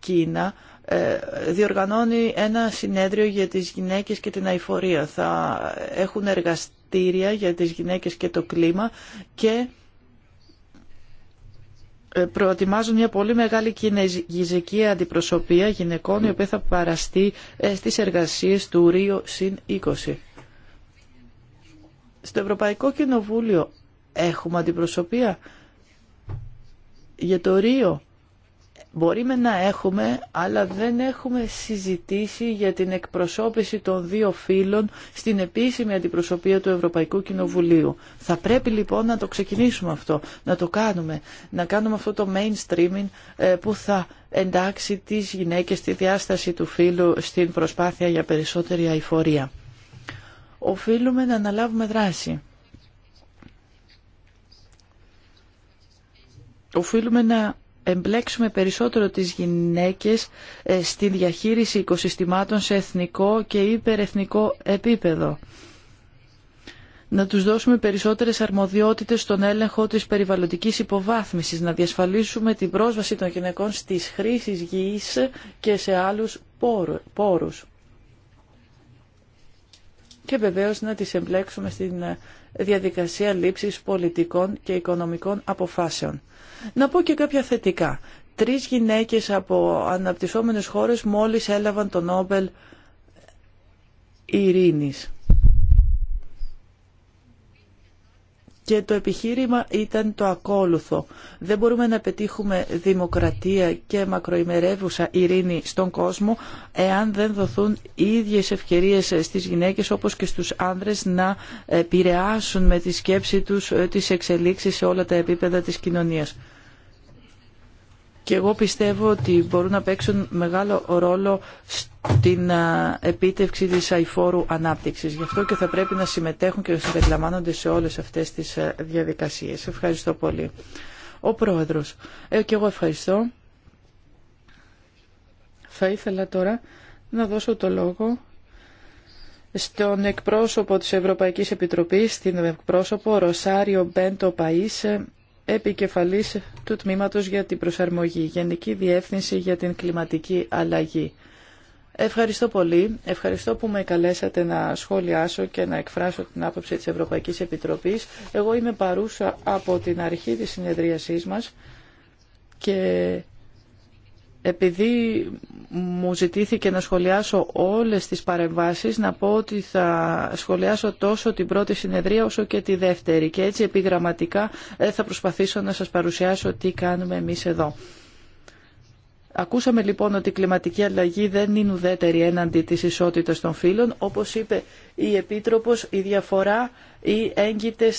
Κίνα ε, διοργανώνει ένα συνέδριο για τις γυναίκες και την αηφορία. Θα έχουν εργαστήρια για τις γυναίκες και το κλίμα και ε, προετοιμάζουν μια πολύ μεγάλη κινέζικη αντιπροσωπεία γυναικών η οποία θα παραστεί στις εργασίες του Ρίο Συν 20. Στο Ευρωπαϊκό Κοινοβούλιο έχουμε αντιπροσωπεία για το Ρίο. Μπορούμε να έχουμε, αλλά δεν έχουμε συζητήσει για την εκπροσώπηση των δύο φύλων στην επίσημη αντιπροσωπεία του Ευρωπαϊκού Κοινοβουλίου. Θα πρέπει λοιπόν να το ξεκινήσουμε αυτό, να το κάνουμε, να κάνουμε αυτό το mainstreaming ε, που θα εντάξει τις γυναίκες στη διάσταση του φίλου στην προσπάθεια για περισσότερη αηφορία. Οφείλουμε να αναλάβουμε δράση οφείλουμε να εμπλέξουμε περισσότερο τις γυναίκες ε, στη διαχείριση οικοσυστημάτων σε εθνικό και υπερεθνικό επίπεδο. Να τους δώσουμε περισσότερες αρμοδιότητες στον έλεγχο της περιβαλλοντικής υποβάθμισης, να διασφαλίσουμε την πρόσβαση των γυναικών στις χρήσεις γης και σε άλλους πόρους. Και βεβαίως να τις εμπλέξουμε στην ε, διαδικασία λήψης πολιτικών και οικονομικών αποφάσεων. Να πω και κάποια θετικά. Τρεις γυναίκες από αναπτυσσόμενες χώρες μόλις έλαβαν τον Νόμπελ Ειρήνης. Και το επιχείρημα ήταν το ακόλουθο. Δεν μπορούμε να πετύχουμε δημοκρατία και μακροημερεύουσα ειρήνη στον κόσμο εάν δεν δοθούν οι ίδιες ευκαιρίες στις γυναίκες όπως και στους άνδρες να επηρεάσουν με τη σκέψη τους ε, τις εξελίξεις σε όλα τα επίπεδα της κοινωνίας και εγώ πιστεύω ότι μπορούν να παίξουν μεγάλο ρόλο στην επίτευξη της αηφόρου ανάπτυξης. Γι' αυτό και θα πρέπει να συμμετέχουν και να συμπεριλαμβάνονται σε όλες αυτές τις διαδικασίες. Ευχαριστώ πολύ. Ο Πρόεδρος. Ε, και εγώ ευχαριστώ. Θα ήθελα τώρα να δώσω το λόγο στον εκπρόσωπο της Ευρωπαϊκής Επιτροπής, στην εκπρόσωπο Ροσάριο Μπέντο Παΐς, επικεφαλής του Τμήματος για την Προσαρμογή, Γενική Διεύθυνση για την Κλιματική Αλλαγή. Ευχαριστώ πολύ. Ευχαριστώ που με καλέσατε να σχολιάσω και να εκφράσω την άποψη της Ευρωπαϊκής Επιτροπής. Εγώ είμαι παρούσα από την αρχή της συνεδρίασής μας και επειδή μου ζητήθηκε να σχολιάσω όλες τις παρεμβάσεις, να πω ότι θα σχολιάσω τόσο την πρώτη συνεδρία όσο και τη δεύτερη και έτσι επιγραμματικά ε, θα προσπαθήσω να σας παρουσιάσω τι κάνουμε εμείς εδώ. Ακούσαμε λοιπόν ότι η κλιματική αλλαγή δεν είναι ουδέτερη έναντι της ισότητας των φύλων. Όπως είπε η Επίτροπος, η διαφορά ή έγκυται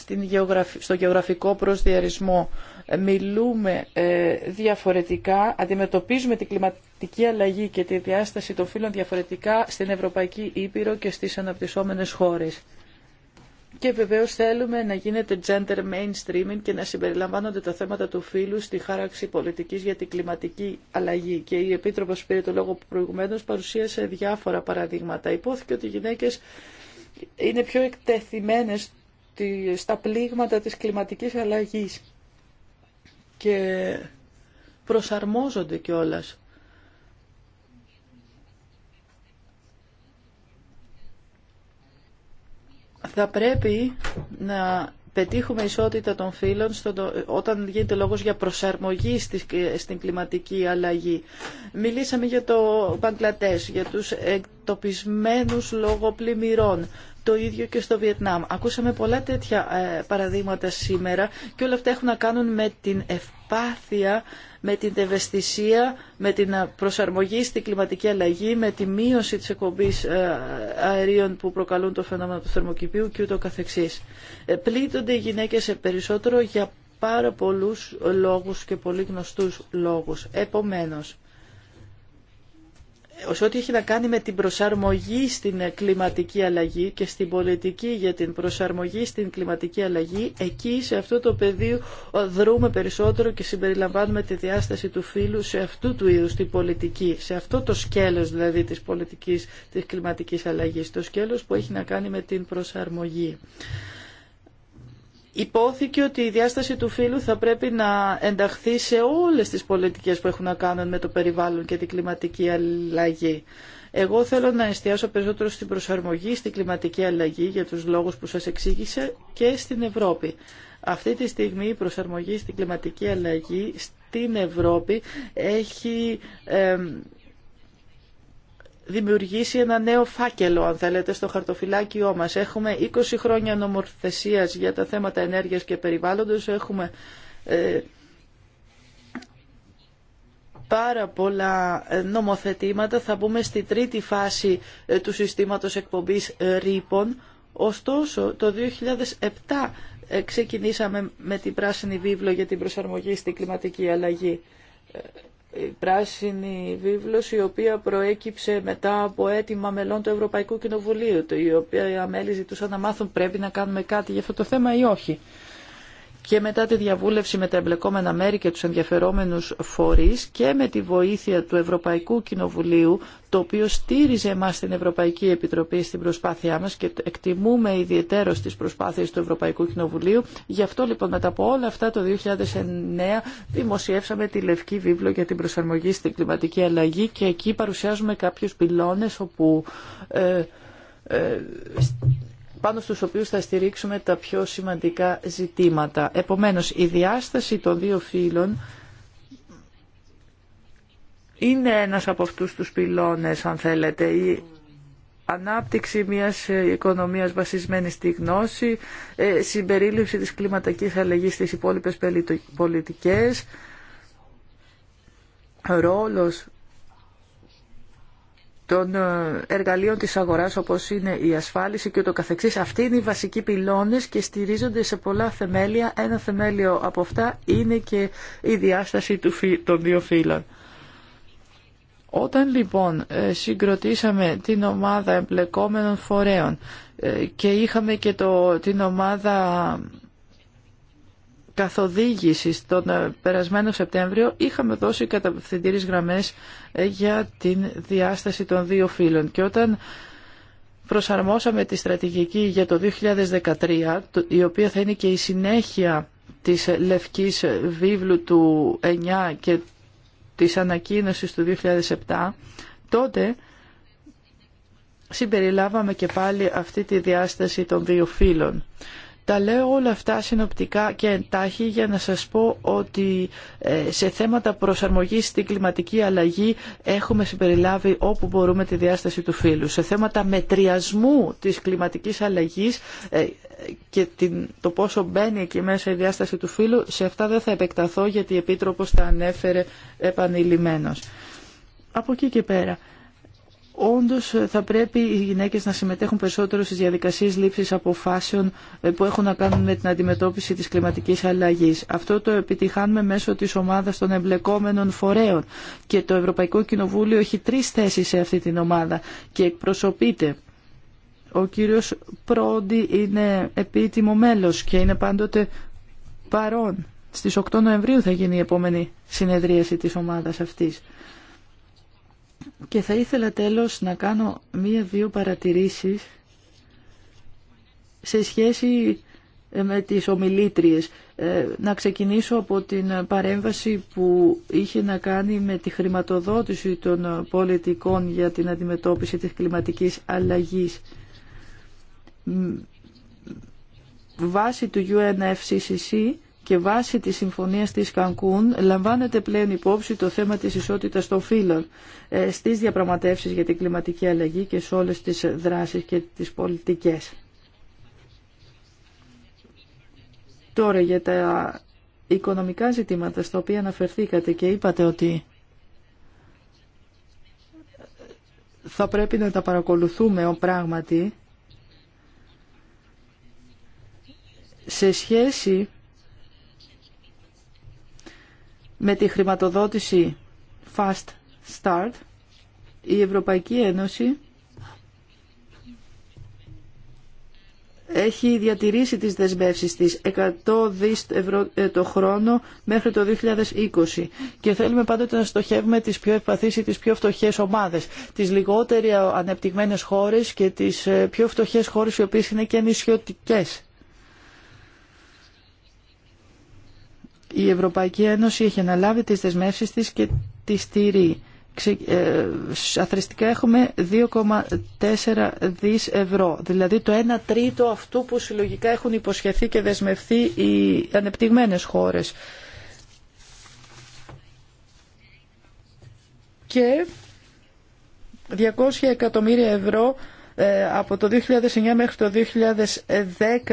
στο γεωγραφικό προσδιαρισμό μιλούμε ε, διαφορετικά, αντιμετωπίζουμε την κλιματική αλλαγή και τη διάσταση των φύλων διαφορετικά στην Ευρωπαϊκή Ήπειρο και στις αναπτυσσόμενες χώρες. Και βεβαίω θέλουμε να γίνεται gender mainstreaming και να συμπεριλαμβάνονται τα θέματα του φύλου στη χάραξη πολιτική για την κλιματική αλλαγή. Και η Επίτροπο πήρε το λόγο προηγουμένω, παρουσίασε διάφορα παραδείγματα. Υπόθηκε ότι οι γυναίκε είναι πιο εκτεθειμένε στα πλήγματα τη κλιματική αλλαγή και προσαρμόζονται κιόλας. Θα πρέπει να πετύχουμε ισότητα των φύλων όταν γίνεται λόγος για προσαρμογή στην κλιματική αλλαγή. Μιλήσαμε για το Παγκλατές, για τους εκτοπισμένους λόγω πλημμυρών το ίδιο και στο Βιετνάμ. Ακούσαμε πολλά τέτοια ε, παραδείγματα σήμερα και όλα αυτά έχουν να κάνουν με την ευπάθεια, με την ευαισθησία, με την ε, προσαρμογή στην κλιματική αλλαγή, με τη μείωση της εκπομπής ε, αερίων που προκαλούν το φαινόμενο του θερμοκηπίου και ούτω καθεξής. Πλήττονται οι γυναίκες περισσότερο για πάρα πολλούς λόγους και πολύ γνωστούς λόγους. Επομένως, σε ό,τι έχει να κάνει με την προσαρμογή στην κλιματική αλλαγή και στην πολιτική για την προσαρμογή στην κλιματική αλλαγή, εκεί σε αυτό το πεδίο ε, δρούμε περισσότερο και συμπεριλαμβάνουμε τη διάσταση του φύλου σε αυτού του είδους την πολιτική, σε αυτό το σκέλος δηλαδή της πολιτικής της κλιματικής αλλαγής, το σκέλος που έχει να κάνει με την προσαρμογή. Υπόθηκε ότι η διάσταση του φύλου θα πρέπει να ενταχθεί σε όλες τις πολιτικές που έχουν να κάνουν με το περιβάλλον και την κλιματική αλλαγή. Εγώ θέλω να εστιάσω περισσότερο στην προσαρμογή στην κλιματική αλλαγή για τους λόγους που σας εξήγησα και στην Ευρώπη. Αυτή τη στιγμή η προσαρμογή στην κλιματική αλλαγή στην Ευρώπη έχει δημιουργήσει ένα νέο φάκελο, αν θέλετε, στο χαρτοφυλάκιό μας. Έχουμε 20 χρόνια νομοθεσίας για τα θέματα ενέργειας και περιβάλλοντος. Έχουμε ε, πάρα πολλά ε, νομοθετήματα. Θα μπούμε στη τρίτη φάση ε, του συστήματος εκπομπής ρήπων. Ωστόσο, το 2007 ξεκινήσαμε με την πράσινη βίβλο για την προσαρμογή στην κλιματική αλλαγή πράσινη βίβλος η οποία προέκυψε μετά από αίτημα μελών του Ευρωπαϊκού Κοινοβουλίου, η οποία οι μέλη ζητούσαν να μάθουν πρέπει να κάνουμε κάτι για αυτό το θέμα ή όχι και μετά τη διαβούλευση με τα εμπλεκόμενα μέρη και τους ενδιαφερόμενους φορείς και με τη βοήθεια του Ευρωπαϊκού Κοινοβουλίου, το οποίο στήριζε εμάς την Ευρωπαϊκή Επιτροπή στην προσπάθειά μας και εκτιμούμε ιδιαίτερο τις προσπάθειες του Ευρωπαϊκού Κοινοβουλίου. Γι' αυτό λοιπόν μετά από όλα αυτά το 2009 δημοσιεύσαμε τη Λευκή Βίβλο για την προσαρμογή στην κλιματική αλλαγή και εκεί παρουσιάζουμε κάποιους πυλώνες όπου... Ε, ε, πάνω στους οποίους θα στηρίξουμε τα πιο σημαντικά ζητήματα. Επομένως, η διάσταση των δύο φύλων είναι ένας από αυτούς τους πυλώνες, αν θέλετε, η ανάπτυξη μιας οικονομίας βασισμένης στη γνώση, ε, συμπερίληψη της κλιματικής αλλαγής στις υπόλοιπες πολιτικές, ρόλος των ε, εργαλείων της αγοράς όπως είναι η ασφάλιση και το καθεξής. Αυτοί είναι οι βασικοί πυλώνες και στηρίζονται σε πολλά θεμέλια. Ένα θεμέλιο από αυτά είναι και η διάσταση των δύο φύλων. Όταν λοιπόν ε, συγκροτήσαμε την ομάδα εμπλεκόμενων φορέων ε, και είχαμε και το, την ομάδα καθοδήγησης τον ε, περασμένο Σεπτέμβριο είχαμε δώσει καταπευθυντήρες γραμμές ε, για την διάσταση των δύο φύλων και όταν προσαρμόσαμε τη στρατηγική για το 2013 η οποία θα είναι και η συνέχεια της ε, Λευκής Βίβλου του 9 και της ανακοίνωσης του 2007 τότε συμπεριλάβαμε και πάλι αυτή τη διάσταση των δύο φύλων. Τα λέω όλα αυτά συνοπτικά και εντάχει για να σας πω ότι ε, σε θέματα προσαρμογής στην κλιματική αλλαγή έχουμε συμπεριλάβει όπου μπορούμε τη διάσταση του φύλου. Σε θέματα μετριασμού της κλιματικής αλλαγής ε, και το πόσο μπαίνει εκεί μέσα η διάσταση του φύλου, σε αυτά δεν θα επεκταθώ γιατί η Επίτροπος τα ανέφερε επανειλημμένος. Από εκεί και πέρα Όντω ε, θα πρέπει οι γυναίκες να συμμετέχουν περισσότερο στις διαδικασίες λήψης αποφάσεων ε, που έχουν να κάνουν με την αντιμετώπιση της κλιματικής αλλαγής. Αυτό το επιτυχάνουμε μέσω της ομάδας των εμπλεκόμενων φορέων και το Ευρωπαϊκό Κοινοβούλιο έχει τρεις θέσεις σε αυτή την ομάδα και εκπροσωπείται. Ο κύριος Πρόντι είναι επίτιμο μέλος και είναι πάντοτε παρόν. Στις 8 Νοεμβρίου θα γίνει η επόμενη συνεδρίαση της ομάδας αυτής. Και θα ήθελα τέλος να κάνω μία-δύο παρατηρήσεις σε σχέση ε, με τις ομιλήτριες. Ε, να ξεκινήσω από την παρέμβαση που είχε να κάνει με τη χρηματοδότηση των πολιτικών για την αντιμετώπιση της κλιματικής αλλαγής. Βάσει του UNFCCC και βάσει της συμφωνίας της Κανκούν λαμβάνεται πλέον υπόψη το θέμα της ισότητας των φύλων ε, στις διαπραγματεύσεις για την κλιματική αλλαγή και σε όλες τις δράσεις και τις πολιτικές. Τώρα για τα οικονομικά ζητήματα στα οποία αναφερθήκατε και είπατε ότι θα πρέπει να τα παρακολουθούμε ο πράγματι σε σχέση με τη χρηματοδότηση Fast Start η Ευρωπαϊκή Ένωση έχει διατηρήσει τις δεσμεύσεις της 100 δις ευρώ ε, το χρόνο μέχρι το 2020 και θέλουμε πάντοτε να στοχεύουμε τις πιο ευπαθείς ή τις πιο φτωχές ομάδες, τις λιγότερο ανεπτυγμένες χώρες και τις ε, πιο φτωχές χώρες οι οποίες είναι και νησιωτικές. η Ευρωπαϊκή Ένωση έχει αναλάβει τις δεσμεύσεις της και τη στηρεί. Ε, αθρηστικά έχουμε 2,4 δις ευρώ, δηλαδή το 1 τρίτο αυτού που συλλογικά έχουν υποσχεθεί και δεσμευθεί οι ανεπτυγμένες χώρες. Και 200 εκατομμύρια ευρώ ε, από το 2009 μέχρι το 2010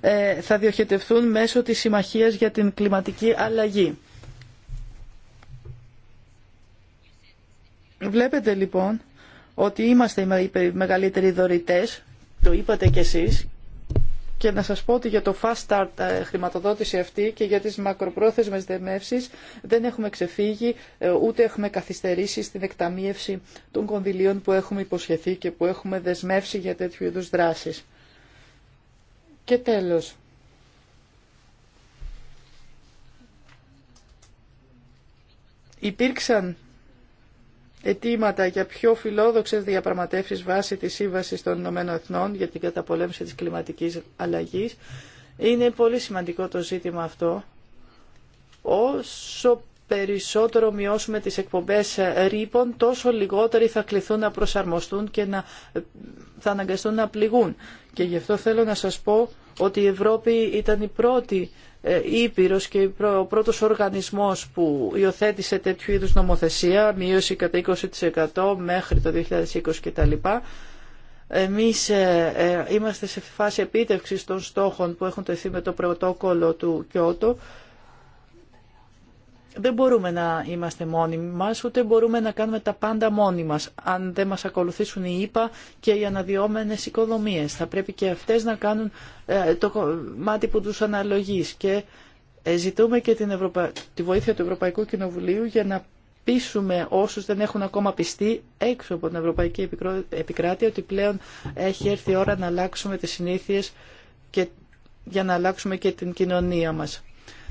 ε, θα διοχετευθούν μέσω της Συμμαχίας για την Κλιματική Αλλαγή. Βλέπετε λοιπόν ότι είμαστε οι μεγαλύτεροι δωρητές, το είπατε κι εσείς και να σας πω ότι για το fast start ε, χρηματοδότηση αυτή και για τις μακροπρόθεσμες δεμεύσεις δεν έχουμε ξεφύγει, ε, ούτε έχουμε καθυστερήσει στην εκταμείευση των κονδυλίων που έχουμε υποσχεθεί και που έχουμε δεσμεύσει για τέτοιου είδους δράσεις. Και τέλος. Υπήρξαν αιτήματα για πιο φιλόδοξες διαπραγματεύσεις βάσει της Σύμβασης των Ηνωμένων Εθνών για την καταπολέμηση της κλιματικής αλλαγής. Είναι πολύ σημαντικό το ζήτημα αυτό. Όσο περισσότερο μειώσουμε τις εκπομπές ρήπων, τόσο λιγότεροι θα κληθούν να προσαρμοστούν και να, θα αναγκαστούν να πληγούν. Και γι' αυτό θέλω να σας πω ότι η Ευρώπη ήταν η πρώτη ε, Ήπειρος και ο πρώτος οργανισμός που υιοθέτησε τέτοιου είδους νομοθεσία, μείωση κατά 20% μέχρι το 2020 κτλ. Εμείς ε, ε, είμαστε σε φάση επίτευξης των στόχων που έχουν τεθεί με το πρωτόκολλο του Κιώτο δεν μπορούμε να είμαστε μόνοι μας, ούτε μπορούμε να κάνουμε τα πάντα μόνοι μας, αν δεν μας ακολουθήσουν οι ΙΠΑ και οι αναδυόμενες οικοδομίες. Θα πρέπει και αυτές να κάνουν ε, το μάτι που τους αναλογείς και ε, ζητούμε και την Ευρωπα... τη βοήθεια του Ευρωπαϊκού Κοινοβουλίου για να πείσουμε όσους δεν έχουν ακόμα πιστεί έξω από την Ευρωπαϊκή Επικράτεια ότι πλέον έχει έρθει η ώρα να αλλάξουμε τις συνήθειες και για να αλλάξουμε και την κοινωνία μας.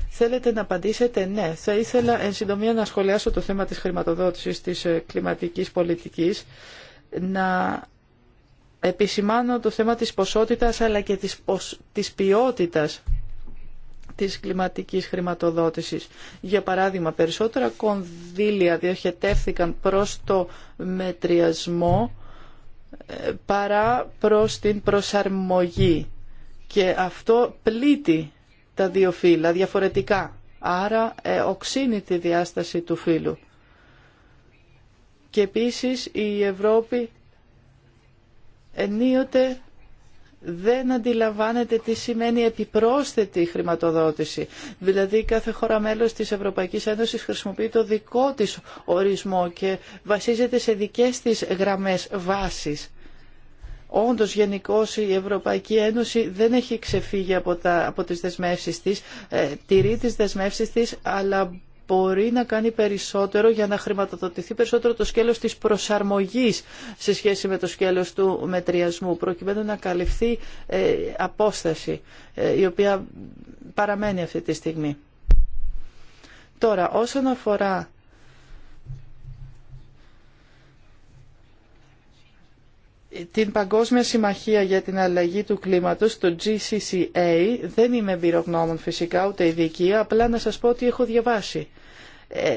Θέλετε να απαντήσετε ναι. Θα ήθελα εν συντομία να σχολιάσω το θέμα της χρηματοδότησης της ε, κλιματικής πολιτικής, να επισημάνω το θέμα της ποσότητας αλλά και της, ποσ... της ποιότητας της κλιματικής χρηματοδότησης. Για παράδειγμα, περισσότερα κονδύλια διοχετεύθηκαν προς το μετριασμό ε, παρά προς την προσαρμογή. Και αυτό πλήττει τα δύο φύλλα διαφορετικά. Άρα ε, οξύνει τη διάσταση του φύλου. Και επίσης η Ευρώπη ενίοτε δεν αντιλαμβάνεται τι σημαίνει επιπρόσθετη χρηματοδότηση. Δηλαδή κάθε χώρα μέλος της Ευρωπαϊκής Ένωσης χρησιμοποιεί το δικό της ορισμό και βασίζεται σε δικές της γραμμές βάσης. Όντως γενικώ η Ευρωπαϊκή Ένωση δεν έχει ξεφύγει από, τα, από τις δεσμεύσεις της, ε, τηρεί τις δεσμεύσεις της, αλλά μπορεί να κάνει περισσότερο για να χρηματοδοτηθεί περισσότερο το σκέλος της προσαρμογής σε σχέση με το σκέλος του μετριασμού, προκειμένου να καλυφθεί ε, απόσταση, ε, η οποία παραμένει αυτή τη στιγμή. Τώρα, όσον αφορά την Παγκόσμια Συμμαχία για την Αλλαγή του Κλίματος, το GCCA, δεν είμαι εμπειρογνώμων φυσικά ούτε ειδική, απλά να σας πω ότι έχω διαβάσει. Ε,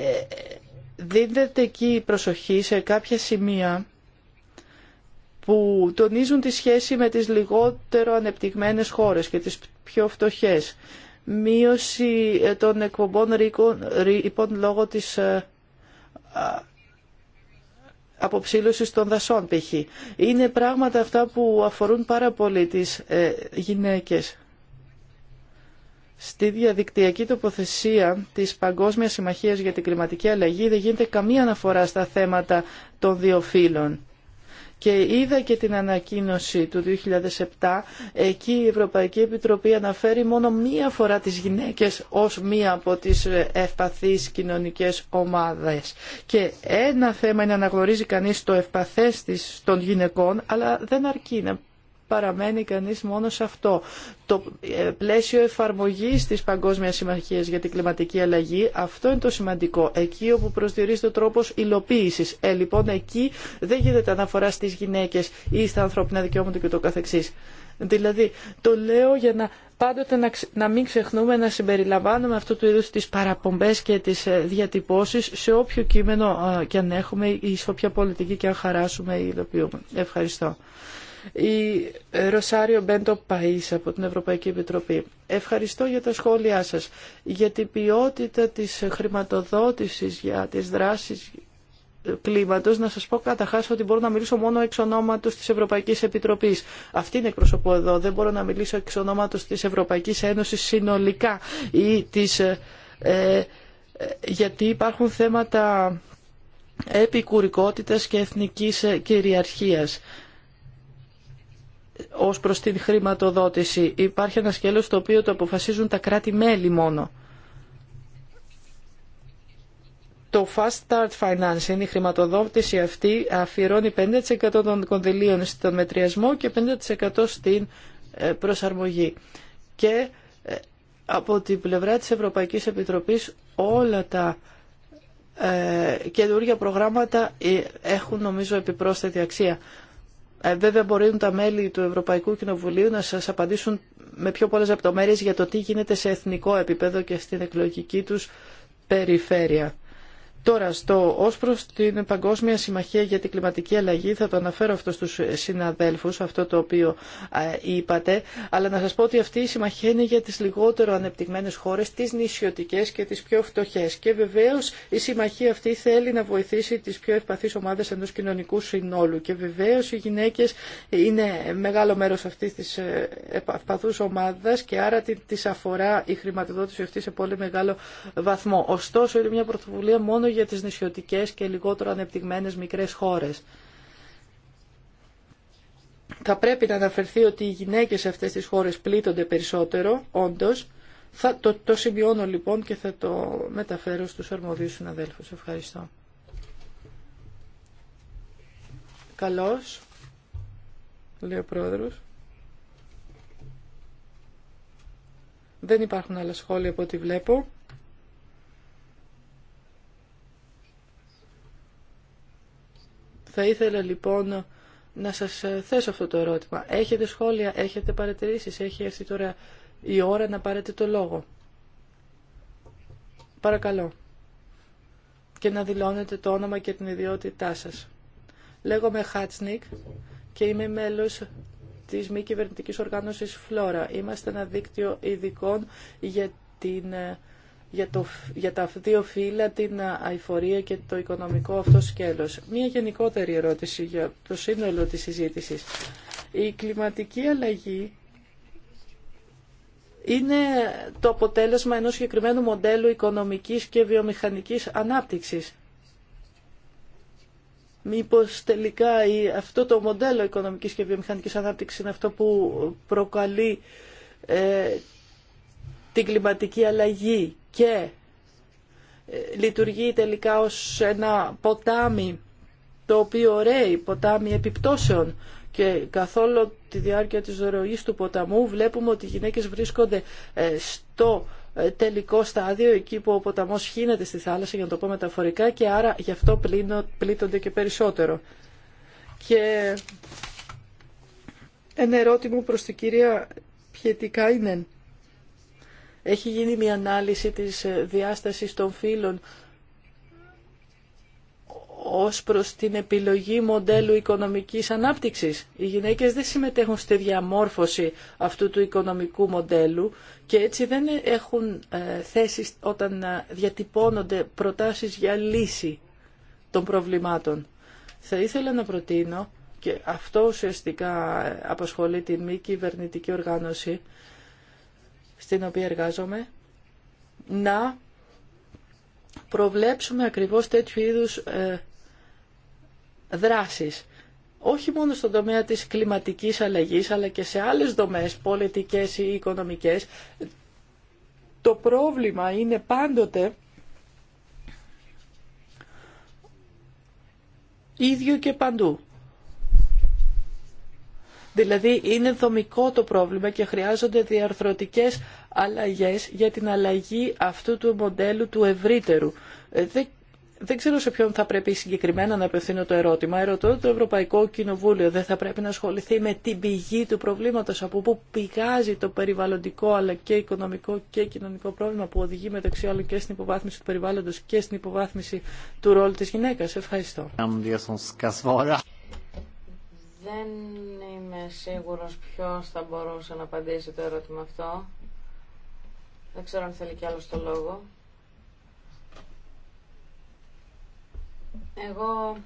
δίνεται εκεί προσοχή σε κάποια σημεία που τονίζουν τη σχέση με τις λιγότερο ανεπτυγμένες χώρες και τις πιο φτωχές. Μείωση ε, των εκπομπών ρήπων λόγω της ε, Αποψήλωση των δασών π.χ. Είναι πράγματα αυτά που αφορούν πάρα πολύ τις ε, γυναίκες. Στη διαδικτυακή τοποθεσία της Παγκόσμιας Συμμαχίας για την Κλιματική Αλλαγή δεν γίνεται καμία αναφορά στα θέματα των δύο φύλων και είδα και την ανακοίνωση του 2007. Εκεί η Ευρωπαϊκή Επιτροπή αναφέρει μόνο μία φορά τις γυναίκες ως μία από τις ε, ευπαθείς κοινωνικές ομάδες. Και ένα θέμα είναι να αναγνωρίζει κανείς το ευπαθές της των γυναικών, αλλά δεν αρκεί να παραμένει κανείς μόνο σε αυτό. Το ε, πλαίσιο εφαρμογής της Παγκόσμιας Συμμαχίας για την κλιματική αλλαγή, αυτό είναι το σημαντικό. Εκεί όπου προσδιορίζεται ο τρόπος υλοποίησης. Ε, λοιπόν, εκεί δεν γίνεται αναφορά στις γυναίκες ή στα ανθρώπινα δικαιώματα και το καθεξής. Δηλαδή, το λέω για να πάντοτε να, να μην ξεχνούμε να συμπεριλαμβάνουμε αυτού του είδους τις παραπομπές και τις ε, διατυπώσεις σε όποιο κείμενο ε, και αν έχουμε ή σε όποια πολιτική και αν χαράσουμε ή υλοποιούμε. Ευχαριστώ η Ροσάριο Μπέντο Παΐς από την Ευρωπαϊκή Επιτροπή. Ευχαριστώ για τα σχόλιά σας, για την ποιότητα της χρηματοδότησης, για τις δράσεις κλίματος, να σας πω καταρχάς ότι μπορώ να μιλήσω μόνο εξ ονόματος της Ευρωπαϊκής Επιτροπής. Αυτή είναι εκπροσωπώ εδώ. Δεν μπορώ να μιλήσω εξ ονόματος της Ευρωπαϊκής Ένωσης συνολικά ή της, ε, ε, γιατί υπάρχουν θέματα επικουρικότητας και εθνικής ε, κυριαρχίας ως προς την χρηματοδότηση. Υπάρχει ένα σκέλος το οποίο το αποφασίζουν τα κράτη-μέλη μόνο. Το Fast Start Financing, η χρηματοδότηση αυτή, αφιερώνει 5% των κονδυλίων στον μετριασμό και 5% στην ε, προσαρμογή. Και ε, από την πλευρά της Ευρωπαϊκής Επιτροπής όλα τα ε, καινούργια προγράμματα ε, έχουν νομίζω επιπρόσθετη αξία. Ε, βέβαια μπορούν τα μέλη του Ευρωπαϊκού Κοινοβουλίου να σας απαντήσουν με πιο πολλές λεπτομέρειε για το τι γίνεται σε εθνικό επίπεδο και στην εκλογική τους περιφέρεια. Τώρα, στο, ως την Παγκόσμια Συμμαχία για την Κλιματική Αλλαγή, θα το αναφέρω αυτό στους συναδέλφους, αυτό το οποίο είπατε, αλλά να σα πω ότι αυτή η συμμαχία είναι για τι λιγότερο ανεπτυγμένε χώρε, τι νησιωτικέ και τι πιο φτωχέ. Και βεβαίω η συμμαχία αυτή θέλει να βοηθήσει τι πιο ευπαθείς ομάδε ενό κοινωνικού συνόλου. Και βεβαίω οι γυναίκε είναι μεγάλο μέρο αυτή τη ε, ευπαθούς ομάδα και άρα τη αφορά η χρηματοδότηση αυτή σε πολύ μεγάλο βαθμό. Ωστόσο, είναι μια πρωτοβουλία μόνο για τις νησιωτικές και λιγότερο ανεπτυγμένες μικρές χώρες. Θα πρέπει να αναφερθεί ότι οι γυναίκες σε αυτές τις χώρες πλήττονται περισσότερο, όντως. Θα, το, το λοιπόν και θα το μεταφέρω στους αρμοδίους συναδέλφους. Ευχαριστώ. Καλώς, λέει ο Πρόεδρος. Δεν υπάρχουν άλλα σχόλια από ό,τι βλέπω. Θα ήθελα λοιπόν να σας ε, θέσω αυτό το ερώτημα. Έχετε σχόλια, έχετε παρατηρήσεις, έχει έρθει τώρα η ώρα να πάρετε το λόγο. Παρακαλώ. Και να δηλώνετε το όνομα και την ιδιότητά σας. Λέγομαι Χάτσνικ και είμαι μέλος της μη κυβερνητικής οργάνωσης Φλόρα. Είμαστε ένα δίκτυο ειδικών για την ε, για, το, για τα δύο φύλλα, την αηφορία και το οικονομικό αυτό σκέλος. Μία γενικότερη ερώτηση για το σύνολο της συζήτησης. Η κλιματική αλλαγή είναι το αποτέλεσμα ενός συγκεκριμένου μοντέλου οικονομικής και βιομηχανικής ανάπτυξης. Μήπως τελικά αυτό το μοντέλο οικονομικής και βιομηχανικής ανάπτυξης είναι αυτό που προκαλεί ε, την κλιματική αλλαγή και ε, λειτουργεί τελικά ως ένα ποτάμι το οποίο ρέει, ποτάμι επιπτώσεων και καθόλου τη διάρκεια της ροής του ποταμού βλέπουμε ότι οι γυναίκες βρίσκονται ε, στο ε, τελικό στάδιο εκεί που ο ποταμός χύνεται στη θάλασσα για να το πω μεταφορικά και άρα γι' αυτό πλήττονται και περισσότερο. Και ένα ερώτημα προς την κυρία Πιετικάινεν. είναι έχει γίνει μια ανάλυση της ε, διάστασης των φύλων ως προς την επιλογή μοντέλου οικονομικής ανάπτυξης. Οι γυναίκες δεν συμμετέχουν στη διαμόρφωση αυτού του οικονομικού μοντέλου και έτσι δεν έχουν ε, θέσεις όταν ε, διατυπώνονται προτάσεις για λύση των προβλημάτων. Θα ήθελα να προτείνω, και αυτό ουσιαστικά απασχολεί την μη κυβερνητική οργάνωση, στην οποία εργάζομαι να προβλέψουμε ακριβώς τέτοιου είδους ε, δράσεις. Όχι μόνο στον τομέα της κλιματικής αλλαγής, αλλά και σε άλλες δομές, πολιτικές ή οικονομικές, το πρόβλημα είναι πάντοτε ίδιο και παντού. Δηλαδή είναι δομικό το πρόβλημα και χρειάζονται διαρθρωτικές αλλαγές για την αλλαγή αυτού του μοντέλου του ευρύτερου. Ε, δεν δεν ξέρω σε ποιον θα πρέπει συγκεκριμένα να απευθύνω το ερώτημα. Ερωτώ το Ευρωπαϊκό Κοινοβούλιο δεν θα πρέπει να ασχοληθεί με την πηγή του προβλήματος, από πού πηγάζει το περιβαλλοντικό αλλά και οικονομικό και κοινωνικό πρόβλημα που οδηγεί μεταξύ άλλων και στην υποβάθμιση του περιβάλλοντος και στην υποβάθμιση του ρόλου της γυναίκας. Ευχαριστώ. Δεν είμαι σίγουρος ποιος θα μπορούσε να απαντήσει το ερώτημα αυτό. Δεν ξέρω αν θέλει κι άλλο το λόγο. Εγώ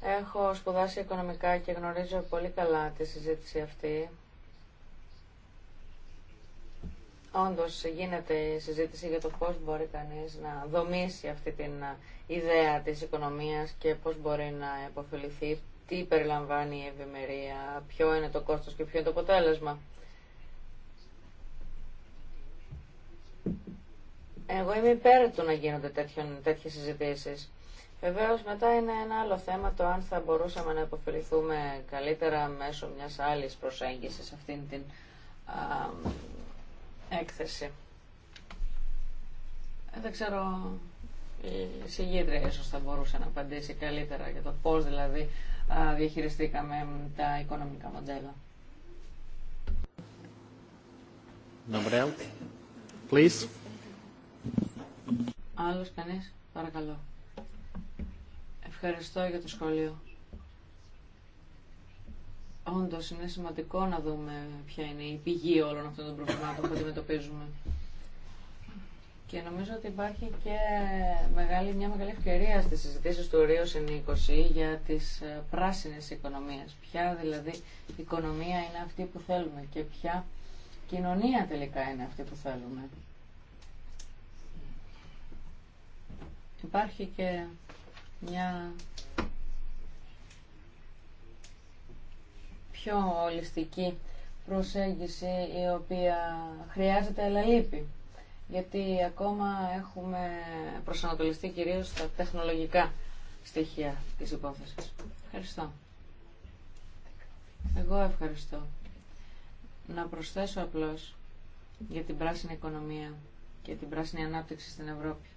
έχω σπουδάσει οικονομικά και γνωρίζω πολύ καλά τη συζήτηση αυτή. Όντως γίνεται η συζήτηση για το πώς μπορεί κανείς να δομήσει αυτή την ε, ιδέα της οικονομίας και πώς μπορεί να υποφεληθεί τι περιλαμβάνει η ευημερία, ποιο είναι το κόστος και ποιο είναι το αποτέλεσμα. Εγώ είμαι υπέρ του να γίνονται τέτοιες τέτοιες συζητήσεις. Βεβαίως μετά είναι ένα άλλο θέμα το αν θα μπορούσαμε να υποφεληθούμε καλύτερα μέσω μιας άλλης προσέγγισης αυτήν την έκθεση. Ε, δεν ξέρω η συγγύτρια ίσως θα μπορούσε να απαντήσει καλύτερα για το πώς δηλαδή διαχειριστήκαμε τα οικονομικά μοντέλα. Please. Άλλος κανείς, παρακαλώ. Ευχαριστώ για το σχόλιο. Όντως είναι σημαντικό να δούμε ποια είναι η πηγή όλων αυτών των προβλημάτων που αντιμετωπίζουμε. Και νομίζω ότι υπάρχει και μεγάλη, μια μεγάλη ευκαιρία στις συζητήσεις του Ρίο 20 για τις ε, πράσινες οικονομίες. Ποια δηλαδή οικονομία είναι αυτή που θέλουμε και ποια κοινωνία τελικά είναι αυτή που θέλουμε. Υπάρχει και μια πιο ολιστική προσέγγιση η οποία χρειάζεται αλλά λείπει γιατί ακόμα έχουμε προσανατολιστεί κυρίως στα τεχνολογικά στοιχεία της υπόθεσης. Ευχαριστώ. Εγώ ευχαριστώ. Να προσθέσω απλώς για την πράσινη οικονομία και την πράσινη ανάπτυξη στην Ευρώπη.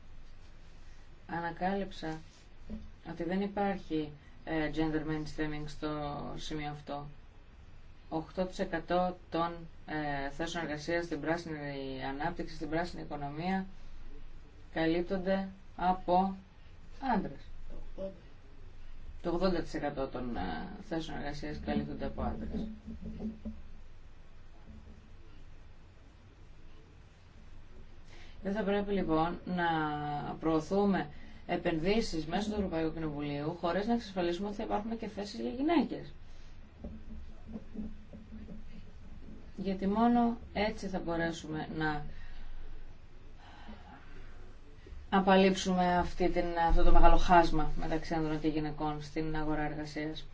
Ανακάλυψα ότι δεν υπάρχει ε, gender mainstreaming στο σημείο αυτό. 8% των ε, θέσεων εργασίας στην πράσινη ανάπτυξη, στην πράσινη οικονομία καλύπτονται από άντρες. Το 80% των ε, θέσεων εργασίας καλύπτονται από άντρες. Δεν θα πρέπει λοιπόν να προωθούμε επενδύσεις μέσω του Ευρωπαϊκού Κοινοβουλίου χωρίς να εξασφαλίσουμε ότι θα υπάρχουν και θέσεις για γυναίκες. γιατί μόνο έτσι θα μπορέσουμε να απαλείψουμε αυτή την, αυτό το μεγάλο χάσμα μεταξύ ανδρών και γυναικών στην αγορά εργασίας.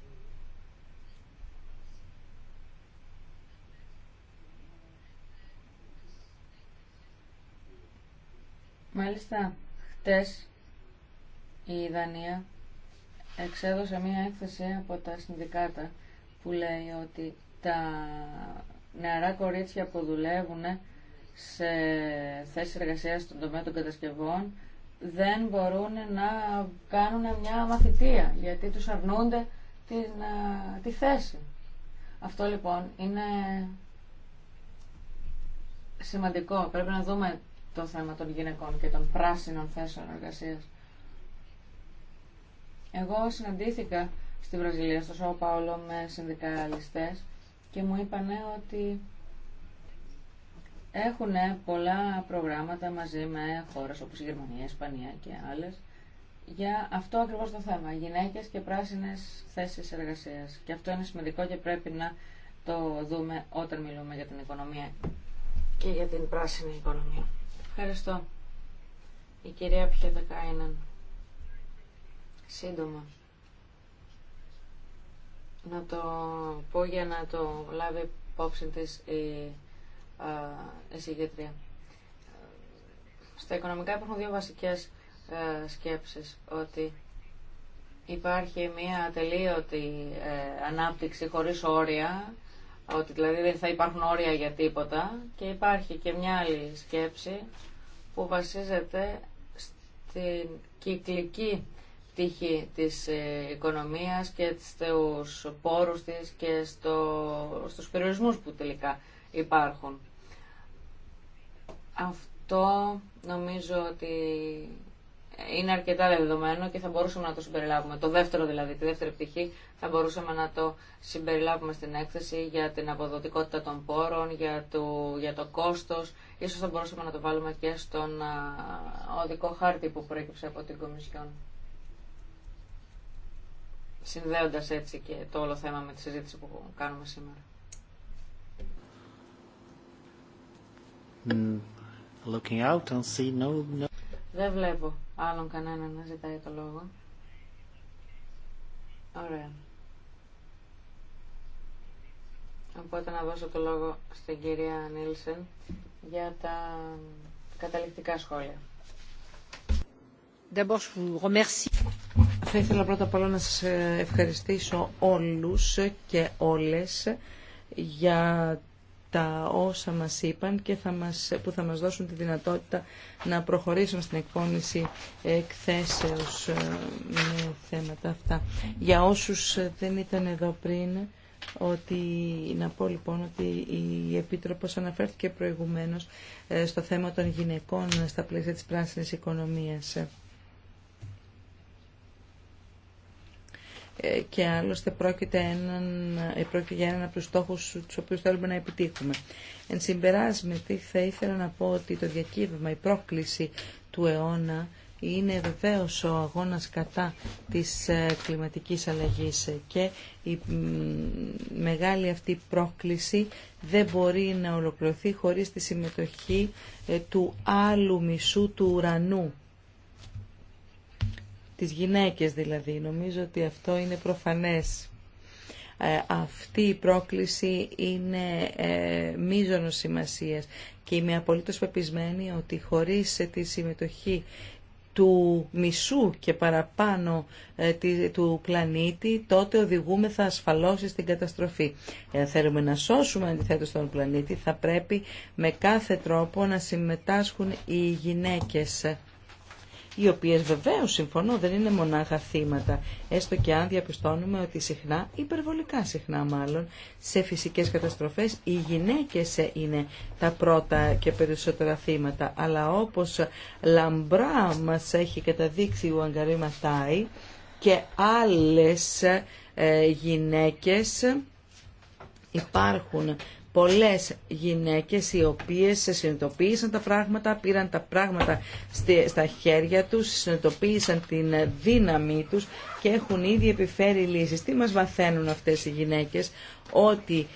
Μάλιστα, χτες η Δανία εξέδωσε μία έκθεση από τα συνδικάτα που λέει ότι τα νεαρά κορίτσια που δουλεύουν σε θέσεις εργασίας στον τομέα των κατασκευών δεν μπορούν να κάνουν μια μαθητεία γιατί τους αρνούνται την, τη θέση. Αυτό λοιπόν είναι σημαντικό. Πρέπει να δούμε το θέμα των γυναικών και των πράσινων θέσεων εργασίας. Εγώ συναντήθηκα στη Βραζιλία, στο Σαο Παόλο, με συνδικαλιστές και μου είπανε ότι έχουν πολλά προγράμματα μαζί με χώρες όπως η Γερμανία, η Ισπανία και άλλες για αυτό ακριβώς το θέμα, γυναίκες και πράσινες θέσεις εργασίας. Και αυτό είναι σημαντικό και πρέπει να το δούμε όταν μιλούμε για την οικονομία και για την πράσινη οικονομία. Ευχαριστώ. Η κυρία Κάιναν. Σύντομα να το πω για να το λάβει υπόψη της η εισηγήτρια. Στα οικονομικά υπάρχουν δύο βασικές ε, σκέψεις, ότι υπάρχει μια τελείωτη ε, ανάπτυξη χωρίς όρια, ότι δηλαδή δεν θα υπάρχουν όρια για τίποτα και υπάρχει και μια άλλη σκέψη που βασίζεται στην κυκλική τύχη της ε, οικονομίας και στους πόρους της και στο, στους περιορισμούς που τελικά υπάρχουν. Αυτό νομίζω ότι είναι αρκετά δεδομένο και θα μπορούσαμε να το συμπεριλάβουμε. Το δεύτερο δηλαδή, τη δεύτερη πτυχή, θα μπορούσαμε να το συμπεριλάβουμε στην έκθεση για την αποδοτικότητα των πόρων, για το, για το κόστος. Ίσως θα μπορούσαμε να το βάλουμε και στον οδικό χάρτη που προέκυψε από την Κομισιόν συνδέοντας έτσι και το όλο θέμα με τη συζήτηση που κάνουμε σήμερα. Δεν βλέπω άλλον κανέναν να ζητάει το λόγο. Ωραία. Οπότε να δώσω το λόγο στην κυρία Νίλσεν για τα καταληκτικά σχόλια. D'abord, je vous remercie. Θα ήθελα πρώτα απ' όλα να σας ε, ευχαριστήσω όλους και όλες για τα όσα μας είπαν και θα μας, που θα μας δώσουν τη δυνατότητα να προχωρήσουμε στην εκπόνηση εκθέσεως ε, με θέματα αυτά. Για όσους δεν ήταν εδώ πριν, ότι, να πω λοιπόν ότι η Επίτροπος αναφέρθηκε προηγουμένως ε, στο θέμα των γυναικών στα πλαίσια της πράσινης οικονομίας. Ε, και άλλωστε πρόκειται, έναν, ε, πρόκειται για έναν από τους στόχους τους οποίους θέλουμε να επιτύχουμε. Εν συμπεράσμετη θα ήθελα να πω ότι το διακύβευμα, η πρόκληση του αιώνα είναι βεβαίως ο αγώνας κατά της ε, κλιματικής αλλαγής και η μεγάλη αυτή πρόκληση δεν μπορεί να ολοκληρωθεί χωρίς τη συμμετοχή του άλλου μισού του ουρανού τις γυναίκες δηλαδή. Νομίζω ότι αυτό είναι προφανές. Ε, αυτή η πρόκληση είναι ε, μίζωνος σημασίας και είμαι απολύτως πεπισμένη ότι χωρίς ε, τη συμμετοχή του μισού και παραπάνω του πλανήτη, τότε θα ασφαλώς στην καταστροφή. Εάν θέλουμε να σώσουμε αντιθέτως τον πλανήτη, θα πρέπει με κάθε τρόπο να συμμετάσχουν οι γυναίκες οι οποίες βεβαίως συμφωνώ δεν είναι μονάχα θύματα, έστω και αν διαπιστώνουμε ότι συχνά, υπερβολικά συχνά μάλλον, σε φυσικές καταστροφές οι γυναίκες ε, είναι τα πρώτα και περισσότερα θύματα. Αλλά όπως λαμπρά μας έχει καταδείξει ο Αγκαρή Ματάη και άλλες ε, γυναίκες υπάρχουν πολλές γυναίκες οι οποίες σε συνειδητοποίησαν τα πράγματα, πήραν τα πράγματα στα χέρια τους, συνειδητοποίησαν την δύναμή τους και έχουν ήδη επιφέρει λύσεις. Τι μας βαθαίνουν αυτές οι γυναίκες, ότι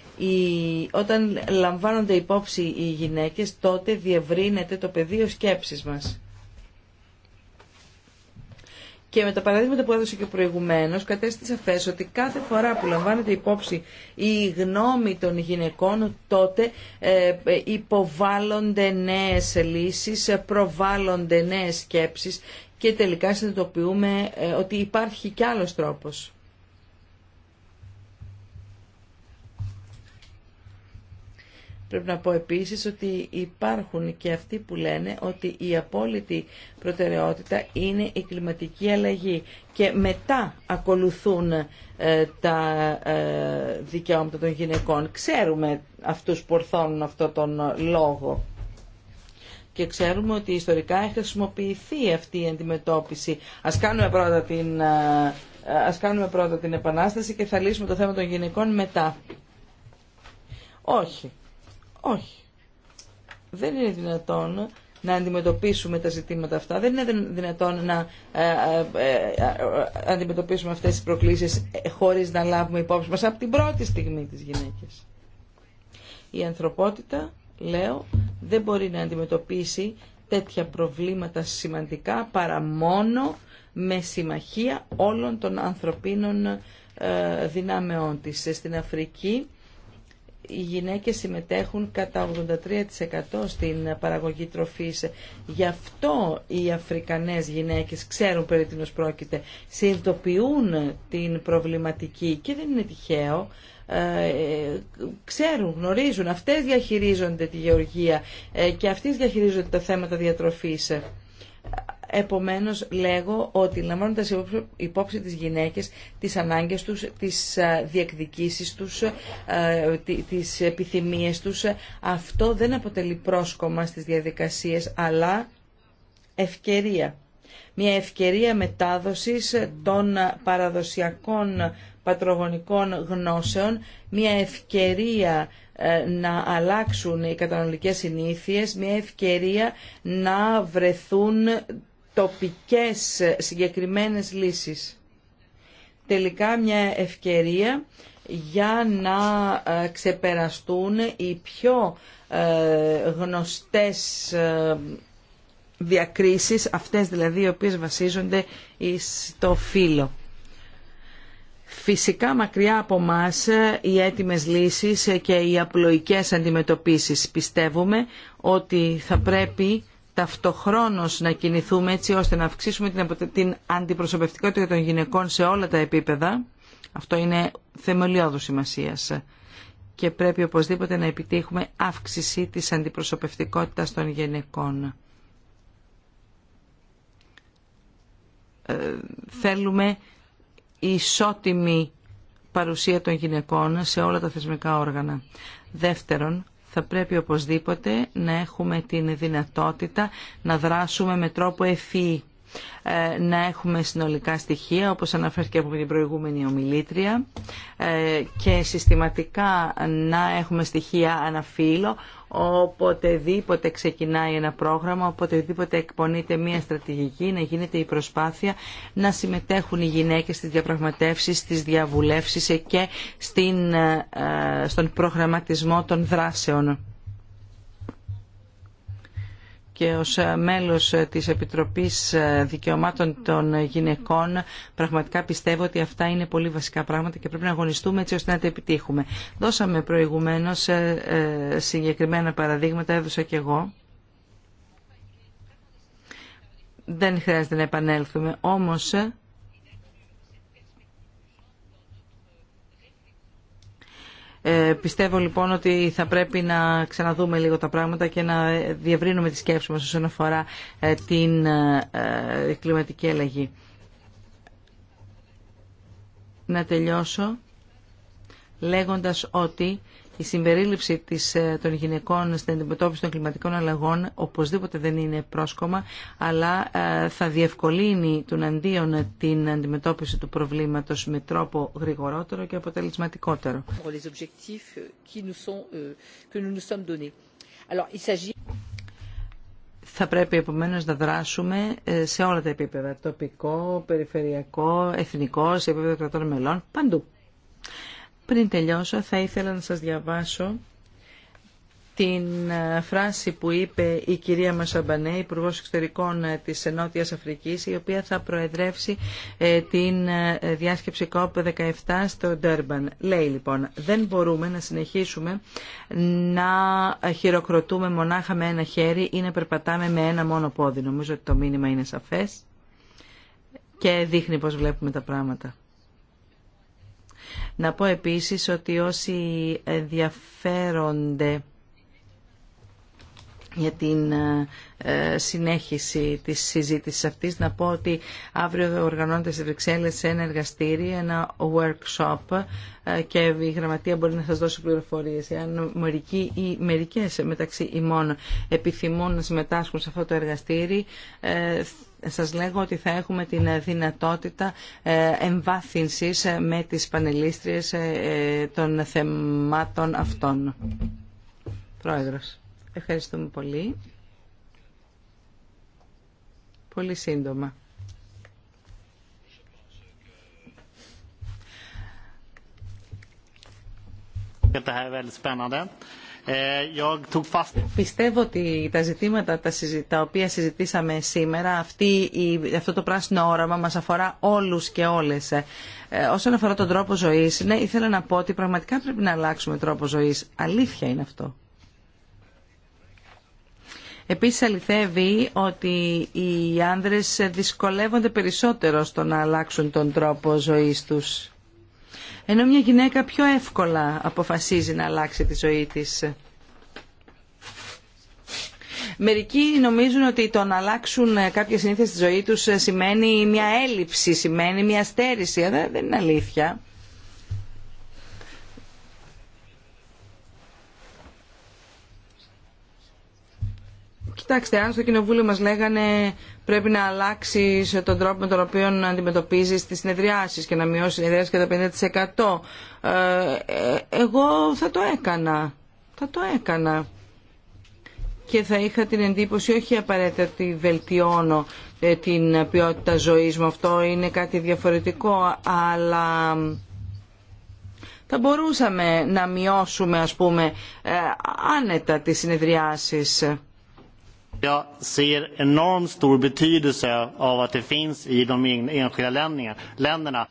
όταν λαμβάνονται υπόψη οι γυναίκες τότε διευρύνεται το πεδίο σκέψης μας. Και με τα παραδείγματα που έδωσε και προηγουμένω, κατέστησε σαφέ ότι κάθε φορά που λαμβάνεται υπόψη η γνώμη των γυναικών, τότε ε, υποβάλλονται νέε λύσει, προβάλλονται νέε σκέψει και τελικά συνειδητοποιούμε ε, ότι υπάρχει κι άλλος τρόπος. Πρέπει να πω επίσης ότι υπάρχουν και αυτοί που λένε ότι η απόλυτη προτεραιότητα είναι η κλιματική αλλαγή και μετά ακολουθούν ε, τα ε, δικαιώματα των γυναικών. Ξέρουμε αυτούς που ορθώνουν αυτόν τον λόγο και ξέρουμε ότι ιστορικά έχει χρησιμοποιηθεί αυτή η αντιμετώπιση. Ας κάνουμε πρώτα την, ε, ας κάνουμε πρώτα την επανάσταση και θα λύσουμε το θέμα των γυναικών μετά. Όχι. Όχι. Δεν είναι δυνατόν να αντιμετωπίσουμε τα ζητήματα αυτά. Δεν είναι δυνατόν να ε, ε, ε, αντιμετωπίσουμε αυτές τις προκλήσεις χωρίς να λάβουμε υπόψη μας από την πρώτη στιγμή της γυναίκες. Η ανθρωπότητα, λέω, δεν μπορεί να αντιμετωπίσει τέτοια προβλήματα σημαντικά παρά μόνο με συμμαχία όλων των ανθρωπίνων δυνάμεών της. Στην Αφρική οι γυναίκες συμμετέχουν κατά 83% στην παραγωγή τροφής. Γι' αυτό οι Αφρικανές γυναίκες ξέρουν περί πρόκειται, συνειδητοποιούν την προβληματική και δεν είναι τυχαίο. Ε, ξέρουν, γνωρίζουν, αυτές διαχειρίζονται τη γεωργία ε, και αυτές διαχειρίζονται τα θέματα διατροφής Επομένως λέγω ότι λαμβάνοντα υπόψη τις γυναίκες, τις ανάγκες τους, τις ε, διεκδικήσεις τους, ε, τις επιθυμίες τους, ε, αυτό δεν αποτελεί πρόσκομα στις διαδικασίες, αλλά ευκαιρία. Μια ευκαιρία μετάδοσης των παραδοσιακών πατρογονικών γνώσεων, μια ευκαιρία να αλλάξουν οι κατανολικές συνήθειες, μια ευκαιρία να βρεθούν τοπικές συγκεκριμένες λύσεις. Τελικά μια ευκαιρία για να ε, ξεπεραστούν οι πιο ε, γνωστές ε, διακρίσεις, αυτές δηλαδή οι οποίες βασίζονται στο φύλλο. Φυσικά μακριά από μας οι έτοιμες λύσεις και οι απλοϊκές αντιμετωπίσεις. Πιστεύουμε ότι θα πρέπει ταυτοχρόνως να κινηθούμε έτσι ώστε να αυξήσουμε την αντιπροσωπευτικότητα των γυναικών σε όλα τα επίπεδα. Αυτό είναι θεμελιώδου σημασία. και πρέπει οπωσδήποτε να επιτύχουμε αύξηση της αντιπροσωπευτικότητας των γυναικών. Ε, θέλουμε ισότιμη παρουσία των γυναικών σε όλα τα θεσμικά όργανα. Δεύτερον, θα πρέπει οπωσδήποτε να έχουμε την δυνατότητα να δράσουμε με τρόπο ευφύ ε, να έχουμε συνολικά στοιχεία όπως αναφέρθηκε από την προηγούμενη ομιλήτρια ε, και συστηματικά να έχουμε στοιχεία αναφύλο Οποτεδήποτε ξεκινάει ένα πρόγραμμα, οποτεδήποτε εκπονείται μια στρατηγική, να γίνεται η προσπάθεια να συμμετέχουν οι γυναίκες στις διαπραγματεύσεις, στις διαβουλεύσεις και ε, ε, στον προγραμματισμό των δράσεων και ως ε, μέλος ε, της Επιτροπής ε, Δικαιωμάτων των Γυναικών πραγματικά πιστεύω ότι αυτά είναι πολύ βασικά πράγματα και πρέπει να αγωνιστούμε έτσι ώστε να τα επιτύχουμε. Δώσαμε προηγουμένως συγκεκριμένα παραδείγματα, έδωσα και εγώ. Δεν χρειάζεται να επανέλθουμε, όμως Ε, πιστεύω λοιπόν ότι θα πρέπει να ξαναδούμε λίγο τα πράγματα και να διευρύνουμε τη σκέψη μας όσον αφορά ε, την ε, ε, κλιματική αλλαγή. Να τελειώσω λέγοντας ότι η συμπερίληψη ε, των γυναικών στην αντιμετώπιση των κλιματικών αλλαγών οπωσδήποτε δεν είναι πρόσκομα, αλλά ε, θα διευκολύνει τον αντίον την αντιμετώπιση του προβλήματος με τρόπο γρηγορότερο και αποτελεσματικότερο. Θα πρέπει επομένως να δράσουμε ε, σε όλα τα επίπεδα, τοπικό, περιφερειακό, εθνικό, σε επίπεδο κρατών μελών, παντού. Πριν τελειώσω θα ήθελα να σας διαβάσω την ε, φράση που είπε η κυρία Μασαμπανέ, Υπουργός Εξωτερικών ε, της ενότητας Αφρικής, η οποία θα προεδρεύσει ε, την διάσκεψη COP17 στο Ντέρμπαν. Λέει λοιπόν, δεν μπορούμε να συνεχίσουμε να χειροκροτούμε μονάχα με ένα χέρι ή να περπατάμε με ένα μόνο πόδι. Νομίζω ότι το μήνυμα είναι σαφές και δείχνει πώς βλέπουμε τα πράγματα. Να πω επίσης ότι όσοι ενδιαφέρονται για την ε, ε, συνέχιση της συζήτησης αυτής να πω ότι αύριο οργανώνεται σε Βρυξέλλες σε ένα εργαστήρι, ένα workshop ε, και η γραμματεία μπορεί να σας δώσει πληροφορίες. Εάν μερικοί ή μερικές μεταξύ ημών επιθυμούν να συμμετάσχουν σε αυτό το εργαστήρι σας λέγω ότι θα έχουμε την δυνατότητα ε, εμβάθυνσης ε, με τις πανελίστριες ε, των θεμάτων αυτών. Πρόεδρος, ευχαριστούμε πολύ. Πολύ σύντομα. Det här är väldigt spännande. Ε, Πιστεύω ότι τα ζητήματα τα οποία συζητήσαμε σήμερα, αυτή, αυτό το πράσινο όραμα μας αφορά όλους και όλες. Ε, όσον αφορά τον τρόπο ζωής, ναι, ήθελα να πω ότι πραγματικά πρέπει να αλλάξουμε τρόπο ζωής. Αλήθεια είναι αυτό. Επίσης αληθεύει ότι οι άνδρες δυσκολεύονται περισσότερο στο να αλλάξουν τον τρόπο ζωής τους ενώ μια γυναίκα πιο εύκολα αποφασίζει να αλλάξει τη ζωή της. Μερικοί νομίζουν ότι το να αλλάξουν κάποια συνήθεια στη ζωή τους σημαίνει μια έλλειψη, σημαίνει μια στέρηση. Δεν είναι αλήθεια. Κοιτάξτε, αν στο κοινοβούλιο μας λέγανε πρέπει να αλλάξει τον τρόπο με τον οποίο αντιμετωπίζεις τις συνεδριάσεις και να μειώσει συνεδριάσει κατά 50%, ε, ε, εγώ θα το έκανα. Θα το έκανα. Και θα είχα την εντύπωση, όχι απαραίτητα ότι βελτιώνω ε, την ποιότητα ζωής μου, αυτό είναι κάτι διαφορετικό, αλλά θα μπορούσαμε να μειώσουμε, ας πούμε, άνετα τις συνεδριάσεις ser stor betydelse av att det finns i de enskilda länderna.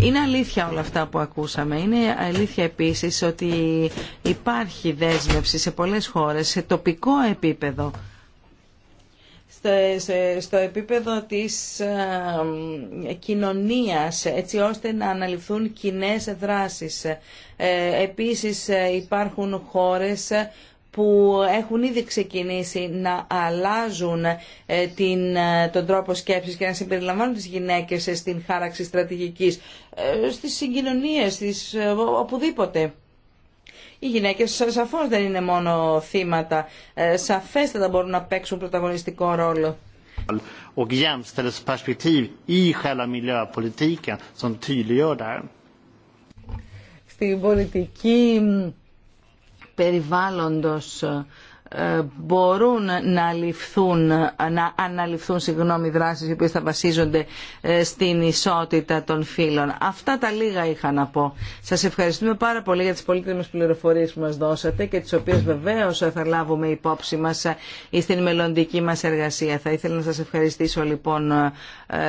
Είναι αλήθεια όλα αυτά που ακούσαμε. Είναι αλήθεια επίσης ότι υπάρχει δέσμευση σε πολλές χώρες, σε τοπικό επίπεδο. Στο, επίπεδο της ε, κοινωνίας, έτσι ώστε να αναλυθούν κοινέ δράσεις. Ε, επίσης ε, υπάρχουν χώρες που έχουν ήδη ξεκινήσει να αλλάζουν ε, την, ε, τον τρόπο σκέψης και να συμπεριλαμβάνουν τις γυναίκες στην χάραξη στρατηγικής, ε, στις συγκοινωνίες, στις, οπουδήποτε. Οι γυναίκες σαφώς δεν είναι μόνο θύματα, σαφέστατα μπορούν να παίξουν πρωταγωνιστικό ρόλο. Στην πολιτική περιβάλλοντος ε, μπορούν να ληφθούν, να αναλυφθούν συγγνώμη δράσεις οι οποίες θα βασίζονται ε, στην ισότητα των φύλων. Αυτά τα λίγα είχα να πω. Σας ευχαριστούμε πάρα πολύ για τις πολύτιμες πληροφορίες που μας δώσατε και τις οποίες βεβαίως θα λάβουμε υπόψη μας ε, στην μελλοντική μας εργασία. Θα ήθελα να σας ευχαριστήσω λοιπόν,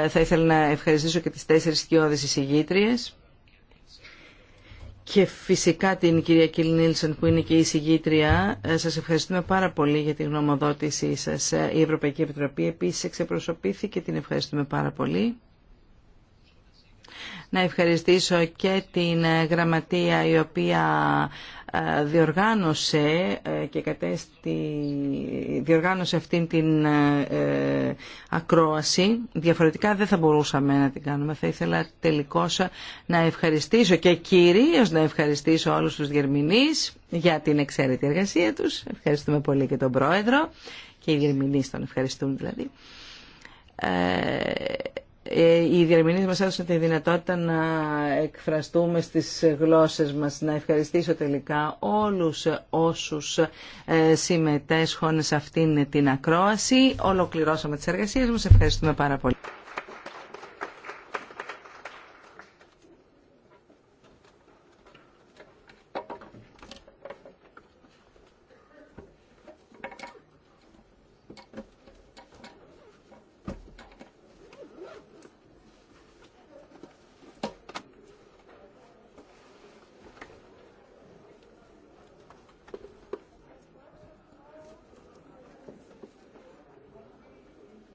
θα ήθελα να ευχαριστήσω και τις τέσσερις κοιόδες εισηγήτριες και φυσικά την κυρία Κιλ που είναι και η συγγήτρια. Ε, σας ευχαριστούμε πάρα πολύ για τη γνωμοδότησή σας. Ε, η Ευρωπαϊκή Επιτροπή επίσης εξεπροσωπήθηκε. Την ευχαριστούμε πάρα πολύ. Να ευχαριστήσω και την ε, γραμματεία η οποία διοργάνωσε ε, και κατέστη, διοργάνωσε αυτήν την ε, ακρόαση. Διαφορετικά δεν θα μπορούσαμε να την κάνουμε. Θα ήθελα τελικώς να ευχαριστήσω και κυρίως να ευχαριστήσω όλους τους γερμηνείς για την εξαίρετη εργασία τους. Ευχαριστούμε πολύ και τον Πρόεδρο και οι γερμηνείς τον ευχαριστούν δηλαδή. Ε, ε, οι διερμηνείς μας έδωσαν τη δυνατότητα να εκφραστούμε στις γλώσσες μας. Να ευχαριστήσω τελικά όλους όσους ε, συμμετέσχουν σε αυτήν την ακρόαση. Ολοκληρώσαμε τις εργασίες μας. Ευχαριστούμε πάρα πολύ.